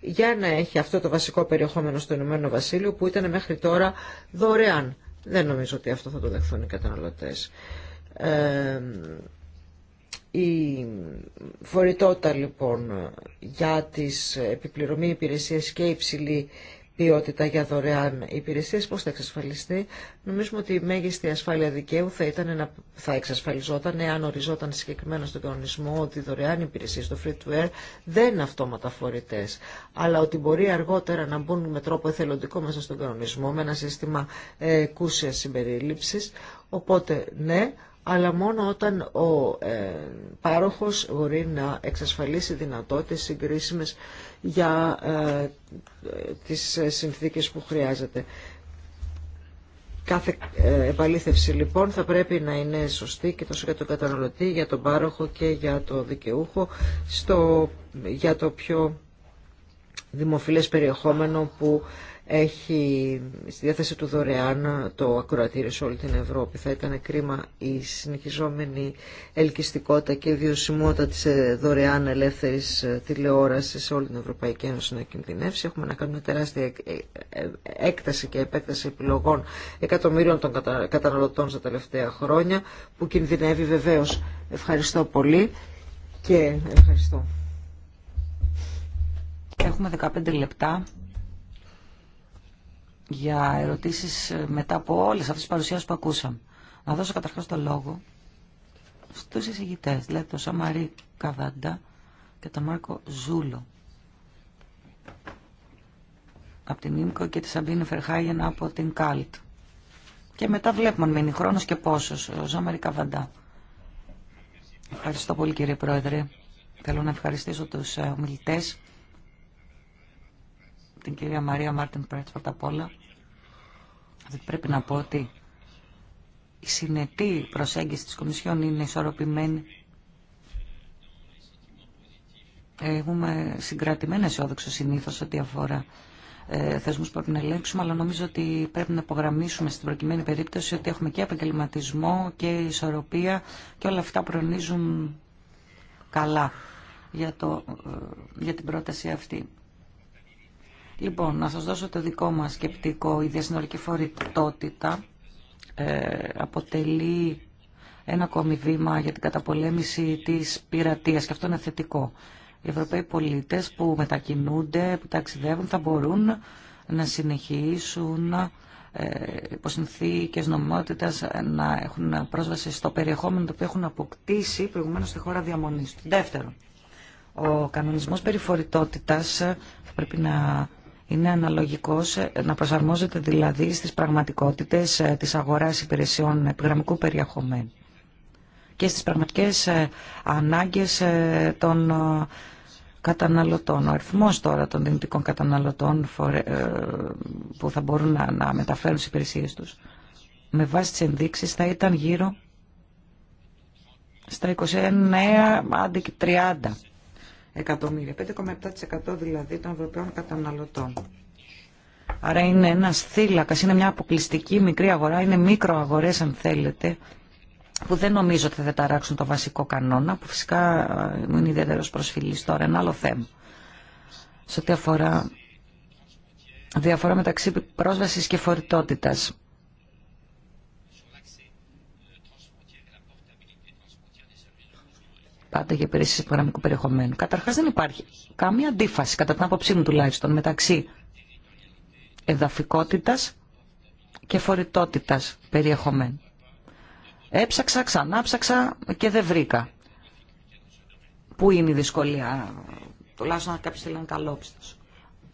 για να έχει αυτό το βασικό περιεχόμενο στο Ηνωμένο Βασίλειο που ήταν μέχρι τώρα δωρεάν. Δεν νομίζω ότι αυτό θα το δεχθούν οι καταναλωτές. Ε, η φορητότητα λοιπόν για τις επιπληρωμή υπηρεσίες και υψηλή ποιότητα για δωρεάν υπηρεσίες, πώς θα εξασφαλιστεί. Νομίζουμε ότι η μέγιστη ασφάλεια δικαίου θα, ήταν να, θα εξασφαλιζόταν εάν οριζόταν συγκεκριμένα στον κανονισμό ότι οι δωρεάν υπηρεσίες το free to air δεν είναι αυτόματα φορητέ, αλλά ότι μπορεί αργότερα να μπουν με τρόπο εθελοντικό μέσα στον κανονισμό, με ένα σύστημα ε, κούσιας συμπερίληψης. Οπότε, ναι, αλλά μόνο όταν ο ε, πάροχος μπορεί να εξασφαλίσει δυνατότητες συγκρίσιμες για ε, τις ε, συνθήκες που χρειάζεται. Κάθε ε, επαλήθευση λοιπόν θα πρέπει να είναι σωστή και τόσο για τον καταναλωτή, για τον πάροχο και για το δικαιούχο στο, για το πιο δημοφιλές περιεχόμενο που έχει στη διάθεση του δωρεάν το ακροατήριο σε όλη την Ευρώπη. Θα ήταν κρίμα η συνεχιζόμενη ελκυστικότητα και βιωσιμότητα της ε, δωρεάν ελεύθερης ε, τηλεόρασης σε όλη την Ευρωπαϊκή Ένωση να κινδυνεύσει. Έχουμε να κάνουμε τεράστια ε, έκταση και επέκταση επιλογών εκατομμύριων των καταναλωτών στα τελευταία χρόνια που κινδυνεύει βεβαίως. Ευχαριστώ πολύ και ευχαριστώ. Έχουμε 15 λεπτά για ερωτήσεις ε, μετά από όλες αυτές τις παρουσιάσει που ακούσαμε. Να δώσω καταρχάς το λόγο στους εισηγητές, δηλαδή τον Σαμαρί Καβάντα και τον Μάρκο Ζούλο. Από την Ίμκο και τη Σαμπίνη Φερχάγεν από την Κάλτ. Και μετά βλέπουμε αν μείνει χρόνος και πόσο, Ο Ζάμαρη Καβαντά. Ευχαριστώ πολύ κύριε Πρόεδρε. Θέλω να ευχαριστήσω του ε, ομιλητέ. Την κυρία Μαρία Μάρτιν Πρέτσπορτ απ' όλα Πρέπει να πω ότι η συνετή προσέγγιση της Κομισιόν είναι ισορροπημένη. Έχουμε συγκρατημένα αισιόδοξο συνήθως ό,τι αφορά ε, θεσμούς που πρέπει να ελέγξουμε, αλλά νομίζω ότι πρέπει να υπογραμμίσουμε στην προκειμένη περίπτωση ότι έχουμε και επαγγελματισμό και ισορροπία και όλα αυτά προνίζουν καλά για, το, ε, για την πρόταση αυτή. Λοιπόν, να σας δώσω το δικό μας σκεπτικό. Η διασυνορική φορητότητα ε, αποτελεί ένα ακόμη βήμα για την καταπολέμηση της πειρατείας και αυτό είναι θετικό. Οι Ευρωπαίοι πολίτες που μετακινούνται, που ταξιδεύουν θα μπορούν να συνεχίσουν ε, υπό συνθήκε νομιμότητα να έχουν πρόσβαση στο περιεχόμενο το οποίο έχουν αποκτήσει προηγουμένως στη χώρα διαμονή του. Δεύτερον, ο κανονισμό περιφορητότητας θα πρέπει να είναι αναλογικός ε, να προσαρμόζεται δηλαδή στις πραγματικότητες ε, της αγοράς υπηρεσιών επιγραμμικού περιεχομένου και στις πραγματικές ε, ανάγκες των καταναλωτών. Ο αριθμό τώρα των δυνητικών καταναλωτών που θα μπορούν να, μεταφέρουν τις υπηρεσίες τους με βάση τις ενδείξεις θα ήταν γύρω στα 29 άντε 30 εκατομμύρια, 5,7% δηλαδή των Ευρωπαίων καταναλωτών. Άρα είναι ένα θύλακα, είναι μια αποκλειστική μικρή αγορά, είναι μικροαγορές αν θέλετε, που δεν νομίζω ότι θα ταράξουν το βασικό κανόνα, που φυσικά ε, μου είναι ιδιαίτερο προσφυλη. τώρα, ένα άλλο θέμα. Σε ό,τι αφορά διαφορά μεταξύ πρόσβαση και φορητότητας. πάντα για υπηρεσίε υπογραμμικού περιεχομένου. Καταρχά δεν υπάρχει καμία αντίφαση, κατά την άποψή μου τουλάχιστον, μεταξύ εδαφικότητα και φορητότητα περιεχομένου. Έψαξα, ξανάψαξα και δεν βρήκα. Πού είναι η δυσκολία, τουλάχιστον να κάποιο θέλει να είναι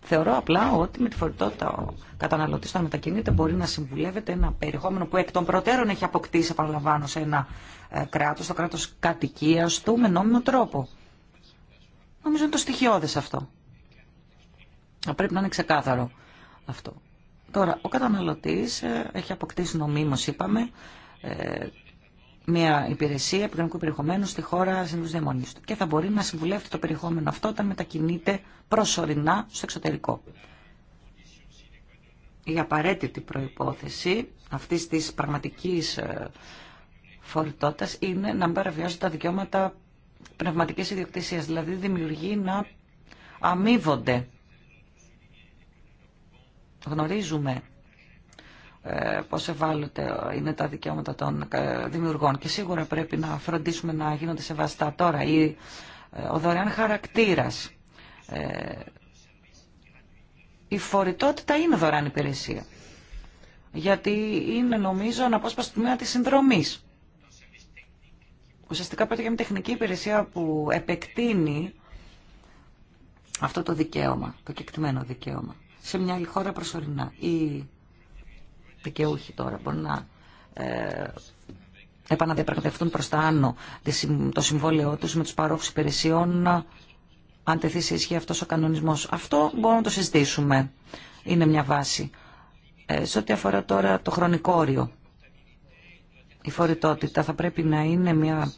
Θεωρώ απλά ότι με τη φορητότητα ο καταναλωτή όταν μετακινείται μπορεί να συμβουλεύεται ένα περιεχόμενο που εκ των προτέρων έχει αποκτήσει, επαναλαμβάνω, σε ένα ε, κράτος, το κράτος κατοικίας του με νόμιμο τρόπο. Νομίζω είναι το στοιχειώδες αυτό. Πρέπει να είναι ξεκάθαρο αυτό. Τώρα, ο καταναλωτής ε, έχει αποκτήσει νομίμως, είπαμε, ε, μια υπηρεσία επικοινωνικού περιεχομένου στη χώρα συνήθω διαμονή του. Και θα μπορεί να συμβουλεύει το περιεχόμενο αυτό όταν μετακινείται προσωρινά στο εξωτερικό. Η απαραίτητη προϋπόθεση αυτής της πραγματικής είναι να μην παραβιάζουν τα δικαιώματα πνευματικής ιδιοκτησία. Δηλαδή δημιουργεί να αμείβονται. Γνωρίζουμε ε, πόσο ευάλωτε είναι τα δικαιώματα των ε, δημιουργών και σίγουρα πρέπει να φροντίσουμε να γίνονται σεβαστά τώρα. Η, ε, ο δωρεάν χαρακτήρας, ε, η φορητότητα είναι δωρεάν υπηρεσία. Γιατί είναι νομίζω αναπόσπαστο τμήμα της συνδρομής. Ουσιαστικά πρόκειται για μια τεχνική υπηρεσία που επεκτείνει αυτό το δικαίωμα, το κεκτημένο δικαίωμα, σε μια άλλη χώρα προσωρινά. Οι δικαιούχοι τώρα μπορούν να ε, επαναδιαπραγματευτούν προς τα άνω το συμβόλαιό τους με τους παρόχους υπηρεσιών αν τεθεί σε ισχύ αυτός ο κανονισμός. Αυτό μπορούμε να το συζητήσουμε. Είναι μια βάση. Ε, σε ό,τι αφορά τώρα το χρονικό όριο, η φορητότητα θα πρέπει να είναι μια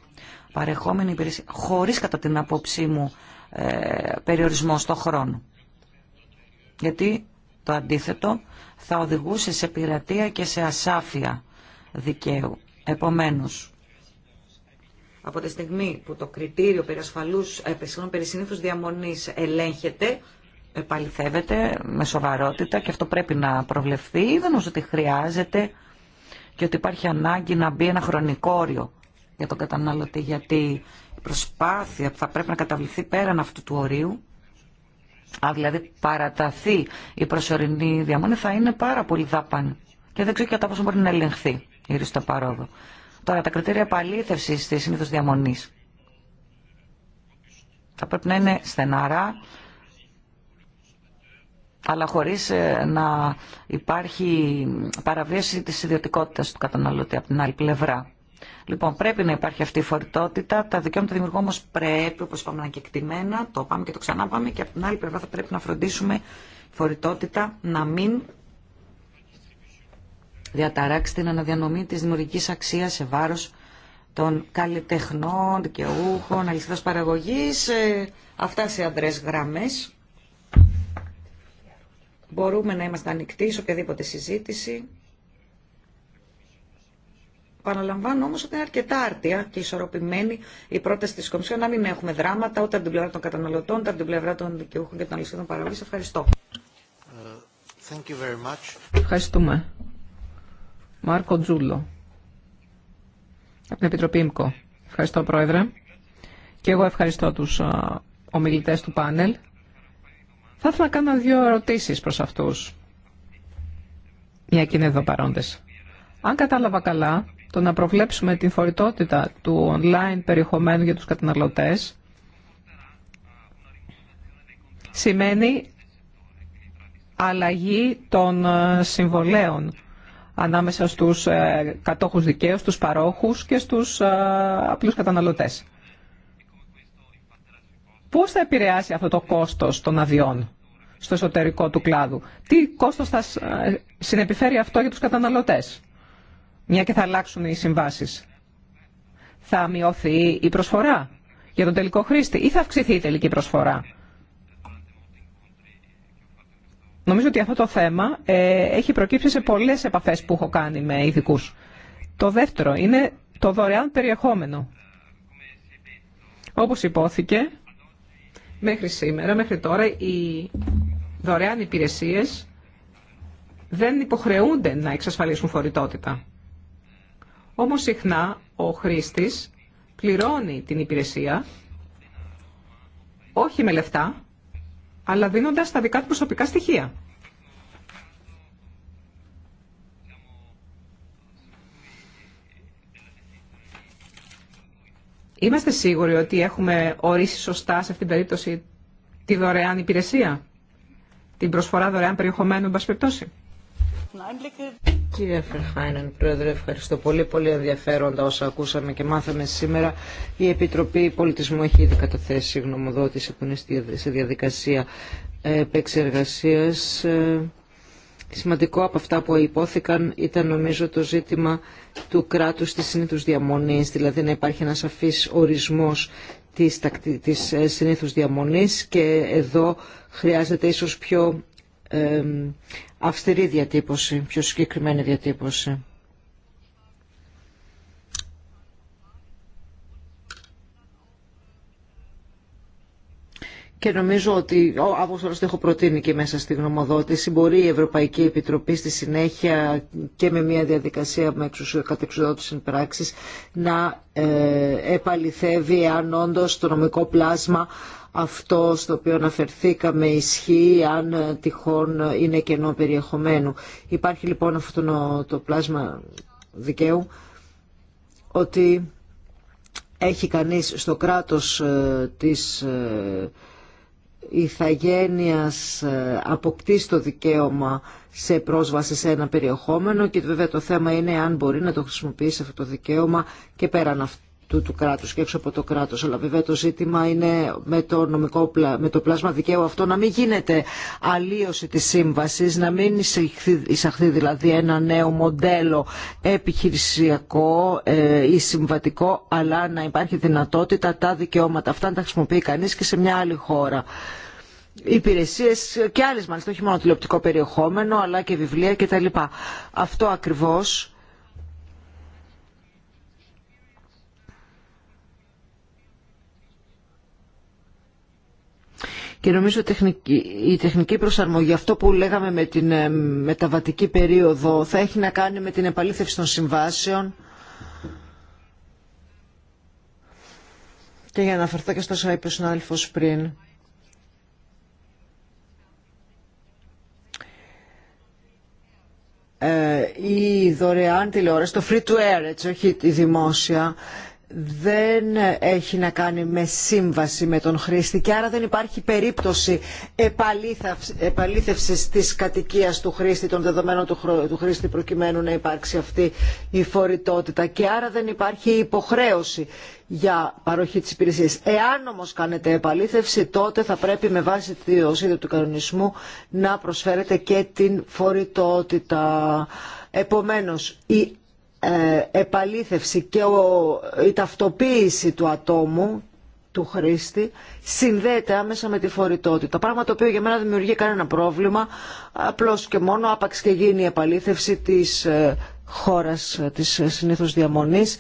παρεχόμενη υπηρεσία, χωρίς κατά την απόψή μου ε, περιορισμό στο χρόνο. Γιατί το αντίθετο θα οδηγούσε σε πειρατεία και σε ασάφεια δικαίου. Επομένως, από τη στιγμή που το κριτήριο περί, ασφαλούς, ε, περί διαμονής ελέγχεται, επαληθεύεται με σοβαρότητα και αυτό πρέπει να προβλεφθεί, δεν ότι χρειάζεται και ότι υπάρχει ανάγκη να μπει ένα χρονικό όριο για τον κατανάλωτη, γιατί η προσπάθεια που θα πρέπει να καταβληθεί πέραν αυτού του ορίου, αν δηλαδή παραταθεί η προσωρινή διαμονή, θα είναι πάρα πολύ δάπανη. Και δεν ξέρω και κατά πόσο μπορεί να ελεγχθεί η ρίστα παρόδο. Τώρα, τα κριτήρια επαλήθευση τη συνήθω διαμονή θα πρέπει να είναι στεναρά, αλλά χωρίς ε, να υπάρχει παραβίαση της ιδιωτικότητας του καταναλωτή από την άλλη πλευρά. Λοιπόν, πρέπει να υπάρχει αυτή η φορητότητα. Τα δικαιώματα δημιουργού όμω πρέπει, όπω είπαμε, να είναι κεκτημένα. Το πάμε και το ξανάπαμε. Και από την άλλη πλευρά θα πρέπει να φροντίσουμε φορητότητα να μην διαταράξει την αναδιανομή τη δημιουργική αξία σε βάρο των καλλιτεχνών, δικαιούχων, αλυσίδας παραγωγή. Ε, αυτά σε αντρέ γραμμέ. Μπορούμε να είμαστε ανοιχτοί σε οποιαδήποτε συζήτηση. Παναλαμβάνω όμω ότι είναι αρκετά άρτια και ισορροπημένη η πρόταση τη Κομισιόν να μην έχουμε δράματα ούτε από την πλευρά των καταναλωτών, ούτε από την πλευρά των δικαιούχων και των αλυσίδων παραγωγή. Ευχαριστώ. Ε, Ευχαριστούμε. Μάρκο Τζούλο, από την Επιτροπή ΜΚΟ. Ευχαριστώ, Πρόεδρε. Και εγώ ευχαριστώ του ε, ομιλητέ του πάνελ. Θα ήθελα να κάνω δύο ερωτήσει προ αυτού. μια και είναι εδώ παρόντε. Αν κατάλαβα καλά, το να προβλέψουμε την φορητότητα του online περιεχομένου για τους καταναλωτές σημαίνει αλλαγή των ε, συμβολέων ανάμεσα στους ε, κατόχους δικαίου, στους παρόχους και στους ε, απλούς καταναλωτές. Πώς θα επηρεάσει αυτό το κόστος των αδειών στο εσωτερικό του κλάδου. Τι κόστος θα συνεπιφέρει αυτό για τους καταναλωτές μια και θα αλλάξουν οι συμβάσει. Θα μειωθεί η προσφορά για τον τελικό χρήστη ή θα αυξηθεί η τελική προσφορά. Νομίζω ότι αυτό το θέμα ε, έχει προκύψει σε πολλές επαφές που έχω κάνει με ειδικού. Το δεύτερο είναι το δωρεάν περιεχόμενο. Όπως υπόθηκε, μέχρι σήμερα, μέχρι τώρα, οι δωρεάν υπηρεσίες δεν υποχρεούνται να εξασφαλίσουν φορητότητα. Όμως συχνά ο χρήστης πληρώνει την υπηρεσία όχι με λεφτά, αλλά δίνοντας τα δικά του προσωπικά στοιχεία. Είμαστε σίγουροι ότι έχουμε ορίσει σωστά σε αυτήν την περίπτωση τη δωρεάν υπηρεσία, την προσφορά δωρεάν περιεχομένου, εν Κύριε Φερχάινεν, Πρόεδρε, ευχαριστώ πολύ. Πολύ ενδιαφέροντα όσα ακούσαμε και μάθαμε σήμερα. Η Επιτροπή Πολιτισμού έχει ήδη καταθέσει γνωμοδότηση που είναι σε διαδικασία ε, επεξεργασία. Ε, σημαντικό από αυτά που υπόθηκαν ήταν νομίζω το ζήτημα του κράτους της συνήθους διαμονής, δηλαδή να υπάρχει ένα σαφής ορισμός της, της ε, συνήθους διαμονής και εδώ χρειάζεται ίσως πιο αυστηρή διατύπωση, πιο συγκεκριμένη διατύπωση. Και νομίζω ότι, όπω το έχω προτείνει και μέσα στη γνωμοδότηση, μπορεί η Ευρωπαϊκή Επιτροπή στη συνέχεια και με μια διαδικασία με κατεξουδότηση πράξη να ε, επαληθεύει αν όντω το νομικό πλάσμα αυτό στο οποίο αναφερθήκαμε ισχύει αν τυχόν είναι κενό περιεχομένου. Υπάρχει λοιπόν αυτό το πλάσμα δικαίου ότι έχει κανείς στο κράτος ε, της ε, ηθαγένειας ε, αποκτήσει το δικαίωμα σε πρόσβαση σε ένα περιεχόμενο και βέβαια το θέμα είναι αν μπορεί να το χρησιμοποιήσει αυτό το δικαίωμα και πέραν αυτού του, του κράτους και έξω από το κράτο, Αλλά βέβαια το ζήτημα είναι με το, νομικό, με το πλάσμα δικαίου αυτό να μην γίνεται αλλίωση τη σύμβαση, να μην εισαχθεί δηλαδή ένα νέο μοντέλο επιχειρησιακό ε, ή συμβατικό, αλλά να υπάρχει δυνατότητα τα δικαιώματα αυτά να τα χρησιμοποιεί κανεί και σε μια άλλη χώρα Υπηρεσίε και άλλε μάλιστα, όχι μόνο τηλεοπτικό περιεχόμενο αλλά και βιβλία κτλ. Αυτό ακριβώ. και νομίζω η τεχνική προσαρμογή, αυτό που λέγαμε με την ε, μεταβατική περίοδο, θα έχει να κάνει με την επαλήθευση των συμβάσεων. Και για να αναφερθώ και στο όσα είπε ο συνάδελφος πριν, ε, η δωρεάν τηλεόραση, το free to air, έτσι, όχι η δημόσια, δεν έχει να κάνει με σύμβαση με τον χρήστη και άρα δεν υπάρχει περίπτωση επαλήθευσης της κατοικίας του χρήστη, των δεδομένων του χρήστη προκειμένου να υπάρξει αυτή η φορητότητα και άρα δεν υπάρχει υποχρέωση για παροχή της υπηρεσίας. Εάν όμως κάνετε επαλήθευση τότε θα πρέπει με βάση τη διοσύνη του κανονισμού να προσφέρετε και την φορητότητα. Επομένως, η ε, επαλήθευση και η ταυτοποίηση του ατόμου του χρήστη συνδέεται άμεσα με τη φορητότητα. Πράγμα το οποίο για μένα δημιουργεί κανένα πρόβλημα, απλώς και μόνο άπαξ και γίνει η επαλήθευση της ε, χώρας ε, της συνήθως διαμονής.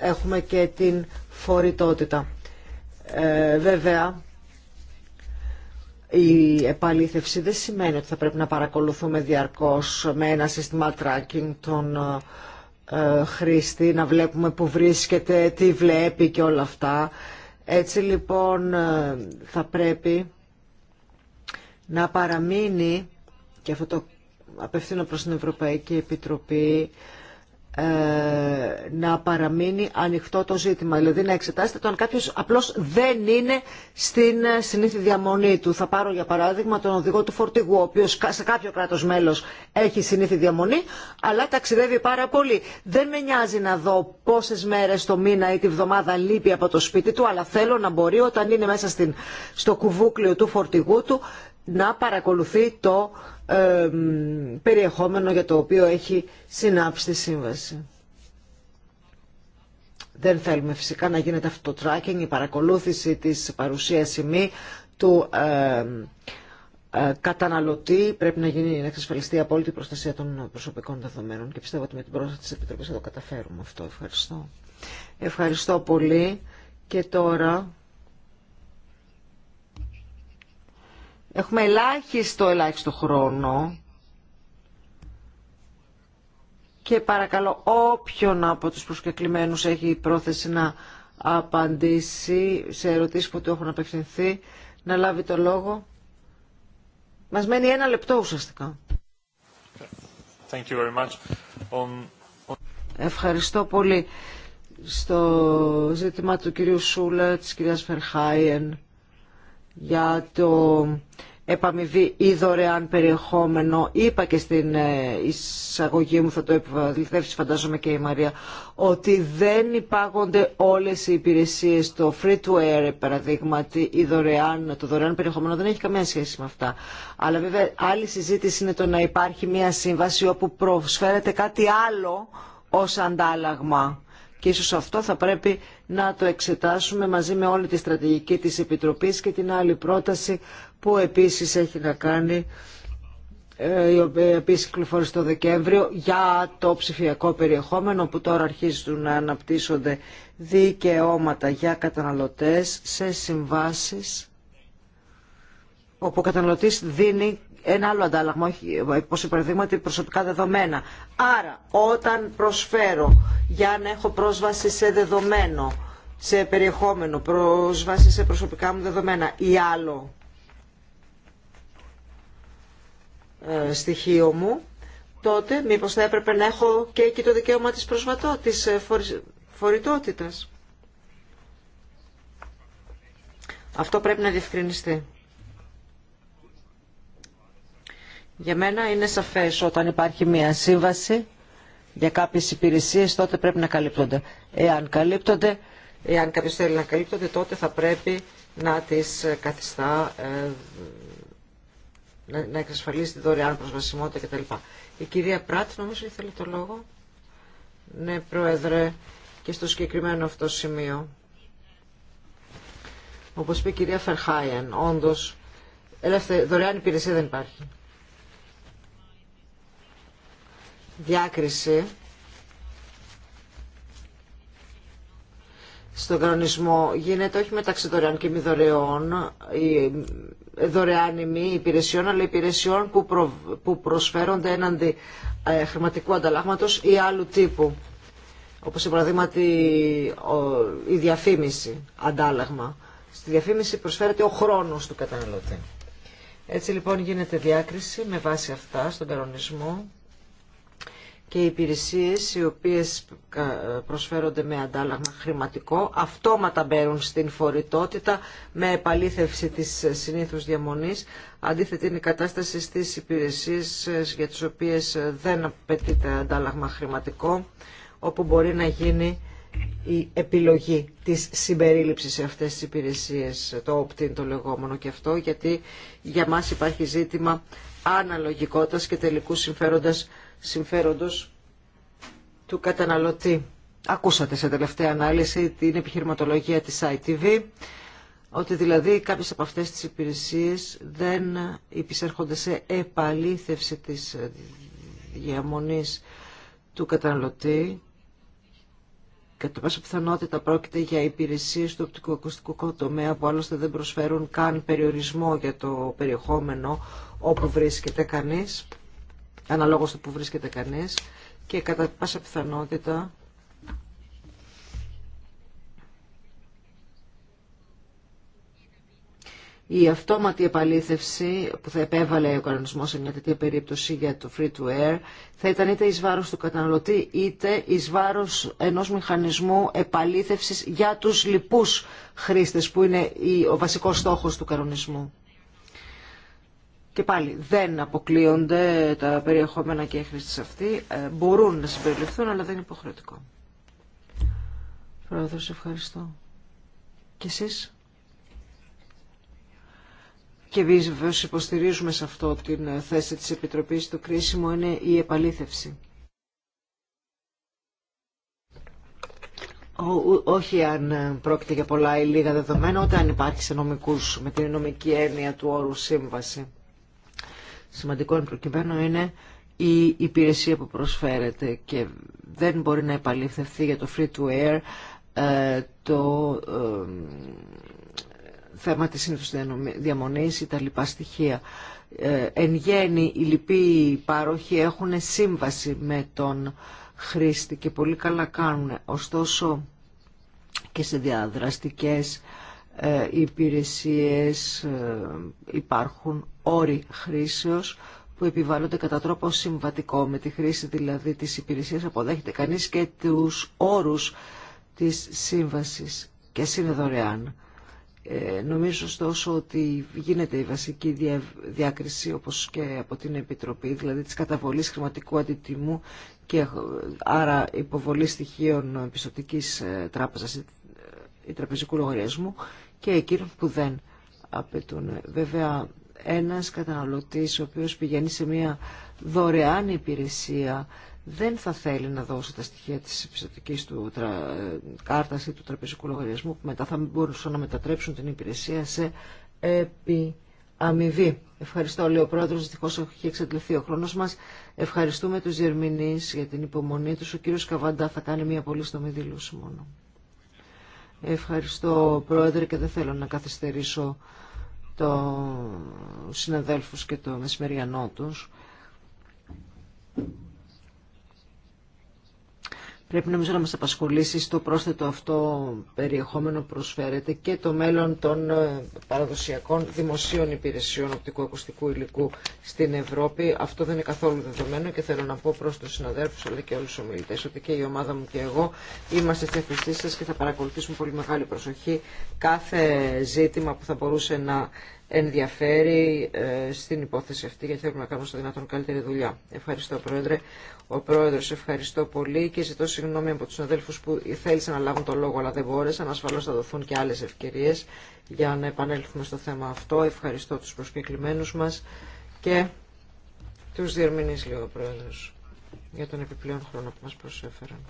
Έχουμε και την φορητότητα. Ε, βέβαια, η επαλήθευση δεν σημαίνει ότι θα πρέπει να παρακολουθούμε διαρκώς με ένα σύστημα tracking των ε, χρήστη, να βλέπουμε που βρίσκεται, τι βλέπει και όλα αυτά. Έτσι λοιπόν ε, θα πρέπει να παραμείνει, και αυτό το απευθύνω προς την Ευρωπαϊκή Επιτροπή, ε, να παραμείνει ανοιχτό το ζήτημα. Δηλαδή να εξετάσετε το αν κάποιο απλώς δεν είναι στην ε, συνήθη διαμονή του. Θα πάρω για παράδειγμα τον οδηγό του φορτηγού, ο οποίος σε κάποιο κράτος μέλος έχει συνήθη διαμονή, αλλά ταξιδεύει πάρα πολύ. Δεν με νοιάζει να δω πόσες μέρες το μήνα ή τη βδομάδα λείπει από το σπίτι του, αλλά θέλω να μπορεί όταν είναι μέσα στην, στο κουβούκλιο του φορτηγού του να παρακολουθεί το περιεχόμενο για το οποίο έχει συνάψει τη σύμβαση. Δεν θέλουμε φυσικά να γίνεται αυτό το tracking, η παρακολούθηση της παρουσίας ημί του ε, καταναλωτή. Πρέπει να, γίνει, να εξασφαλιστεί απόλυτη προστασία των προσωπικών δεδομένων και πιστεύω ότι με την πρόσθεση της Επιτροπής θα το καταφέρουμε αυτό. Ευχαριστώ. Ευχαριστώ πολύ και τώρα Έχουμε ελάχιστο ελάχιστο χρόνο και παρακαλώ όποιον από τους προσκεκλημένους έχει πρόθεση να απαντήσει σε ερωτήσεις που του έχουν απευθυνθεί να λάβει το λόγο. Μας μένει ένα λεπτό ουσιαστικά. Thank you um, um, Ευχαριστώ πολύ. Στο ζήτημα του κυρίου Σούλα, της κυρίας Φερχάιεν, για το επαμοιβή ή δωρεάν περιεχόμενο. Είπα και στην ε, εισαγωγή μου, θα το επιβαλθεύσει φαντάζομαι και η Μαρία, ότι δεν υπάγονται όλες οι υπηρεσίες, το free-to-air παραδείγματι ή δωρεάν, το δωρεάν περιεχόμενο δεν έχει καμία σχέση με αυτά. Αλλά βέβαια άλλη συζήτηση είναι το να υπάρχει μια σύμβαση όπου προσφέρεται κάτι άλλο ως αντάλλαγμα. Και ίσως αυτό θα πρέπει να το εξετάσουμε μαζί με όλη τη στρατηγική της Επιτροπής και την άλλη πρόταση που επίσης έχει να κάνει ε, η οποία επίσης το Δεκέμβριο για το ψηφιακό περιεχόμενο που τώρα αρχίζουν να αναπτύσσονται δικαιώματα για καταναλωτές σε συμβάσεις όπου ο καταναλωτής δίνει ένα άλλο αντάλλαγμα, όχι όπως υπερδείγματι προσωπικά δεδομένα. Άρα, όταν προσφέρω για να έχω πρόσβαση σε δεδομένο, σε περιεχόμενο, πρόσβαση σε προσωπικά μου δεδομένα ή άλλο ε, στοιχείο μου, τότε μήπως θα έπρεπε να έχω και εκεί το δικαίωμα της, προσβατώ, της ε, φορητότητας. Αυτό πρέπει να διευκρινιστεί. Για μένα είναι σαφές όταν υπάρχει μια σύμβαση για κάποιες υπηρεσίες τότε πρέπει να καλύπτονται. Εάν καλύπτονται, εάν κάποιος θέλει να καλύπτονται τότε θα πρέπει να τις ε, καθιστά, ε, να εξασφαλίσει τη δωρεάν προσβασιμότητα κτλ. Η κυρία Πράτ νομίζω ήθελε το λόγο. Ναι, Πρόεδρε, και στο συγκεκριμένο αυτό σημείο. Όπως πει η κυρία Φερχάιεν, όντως, δωρεάν υπηρεσία δεν υπάρχει. διάκριση στον κανονισμό γίνεται όχι μεταξύ δωρεάν και μη δωρεών, δωρεάν ή ε, μη υπηρεσιών, αλλά υπηρεσιών που, που προσφέρονται έναντι ε, χρηματικού ανταλλάγματος ή άλλου τύπου. Όπως, για η διαφήμιση αντάλλαγμα. Στη διαφήμιση προσφέρεται ο χρόνος του καταναλωτή. Έτσι λοιπόν γίνεται διάκριση με βάση αυτά στον κανονισμό και οι υπηρεσίες οι οποίες προσφέρονται με αντάλλαγμα χρηματικό αυτόματα μπαίνουν στην φορητότητα με επαλήθευση της συνήθους διαμονής. Αντίθετη είναι η κατάσταση στις υπηρεσίες ε, για τις οποίες ε, δεν απαιτείται αντάλλαγμα χρηματικό όπου μπορεί να γίνει η επιλογή της συμπερίληψης σε αυτές τις υπηρεσίες, το opt το λεγόμενο και αυτό, γιατί για μας υπάρχει ζήτημα αναλογικότητας και τελικού συμφέροντας συμφέροντος του καταναλωτή. Ακούσατε σε τελευταία ανάλυση την επιχειρηματολογία της ITV, ότι δηλαδή κάποιες από αυτές τις υπηρεσίες δεν υπησέρχονται σε επαλήθευση της διαμονής του καταναλωτή. Κατά πάσα πιθανότητα πρόκειται για υπηρεσίες του οπτικοακουστικού τομέα που άλλωστε δεν προσφέρουν καν περιορισμό για το περιεχόμενο όπου βρίσκεται κανείς αναλόγως του που βρίσκεται κανείς και κατά πάσα πιθανότητα η αυτόματη επαλήθευση που θα επέβαλε ο κανονισμός σε μια τέτοια περίπτωση για το free-to-air θα ήταν είτε εις βάρος του καταναλωτή είτε εις βάρος ενός μηχανισμού επαλήθευσης για τους λοιπούς χρήστες που είναι ο βασικός στόχος του κανονισμού και πάλι δεν αποκλείονται τα περιεχόμενα και χρήσεις αυτή, ε, μπορούν να συμπεριληφθούν αλλά δεν είναι υποχρεωτικό. Πρόεδρος, ευχαριστώ. Και εσείς. Και βεβαίω υποστηρίζουμε σε αυτό την ε, θέση της Επιτροπής. Το κρίσιμο είναι η επαλήθευση. όχι αν ε, πρόκειται για πολλά ή λίγα δεδομένα, όταν υπάρχει σε νομικούς, με την νομική έννοια του όρου σύμβαση σημαντικό εν είναι η υπηρεσία που προσφέρεται και δεν μπορεί να επαληθευτεί για το free-to-air ε, το ε, θέμα της σύνδεσης διαμονής ή τα λοιπά στοιχεία. Ε, εν γέννη, οι λοιποί πάροχοι έχουν σύμβαση με τον χρήστη και πολύ καλά κάνουν. Ωστόσο και σε διαδραστικές υπηρεσίες υπάρχουν όροι χρήσεως που επιβάλλονται κατά τρόπο συμβατικό με τη χρήση δηλαδή της υπηρεσίας αποδέχεται κανείς και τους όρους της σύμβασης και είναι δωρεάν. Ε, νομίζω ωστόσο ότι γίνεται η βασική διάκριση όπως και από την Επιτροπή δηλαδή της καταβολής χρηματικού αντιτιμού και ε, άρα υποβολή στοιχείων πιστοτικής ε, τράπεζας ε, ή τραπεζικού λογαριασμού και εκείνων που δεν απαιτούν. Βέβαια ένας καταναλωτής ο οποίος πηγαίνει σε μια δωρεάν υπηρεσία δεν θα θέλει να δώσει τα στοιχεία της επιστατικής του τρα... Ε, κάρτας ή του τραπεζικού λογαριασμού που μετά θα μπορούσαν να μετατρέψουν την υπηρεσία σε επί αμοιβή. Ευχαριστώ, λέει ο πρόεδρο. Δυστυχώ έχει εξαντληθεί ο χρόνο μα. Ευχαριστούμε του διερμηνεί για την υπομονή του. Ο κύριο Καβαντά θα κάνει μια πολύ στομή δήλωση μόνο. Ευχαριστώ, πρόεδρε, και δεν θέλω να καθυστερήσω το συναδέλφους και το μεσημεριανό τους πρέπει νομίζω να μας απασχολήσει στο πρόσθετο αυτό περιεχόμενο που προσφέρεται και το μέλλον των ε, παραδοσιακών δημοσίων υπηρεσιών οπτικού ακουστικού υλικού στην Ευρώπη. Αυτό δεν είναι καθόλου δεδομένο και θέλω να πω προς τους συναδέλφους αλλά και όλους τους ομιλητές ότι και η ομάδα μου και εγώ είμαστε στη θέση σας και θα παρακολουθήσουμε πολύ μεγάλη προσοχή κάθε ζήτημα που θα μπορούσε να ενδιαφέρει ε, στην υπόθεση αυτή γιατί θέλουμε να κάνουμε στο δυνατόν καλύτερη δουλειά. Ευχαριστώ Πρόεδρε. Ο Πρόεδρος ευχαριστώ πολύ και ζητώ συγγνώμη από τους αδέλφους που θέλησαν να λάβουν το λόγο αλλά δεν μπόρεσαν. Ασφαλώς θα δοθούν και άλλες ευκαιρίες για να επανέλθουμε στο θέμα αυτό. Ευχαριστώ τους προσκεκλημένους μας και τους διερμηνείς λίγο, Πρόεδρος για τον επιπλέον χρόνο που μας προσέφεραν.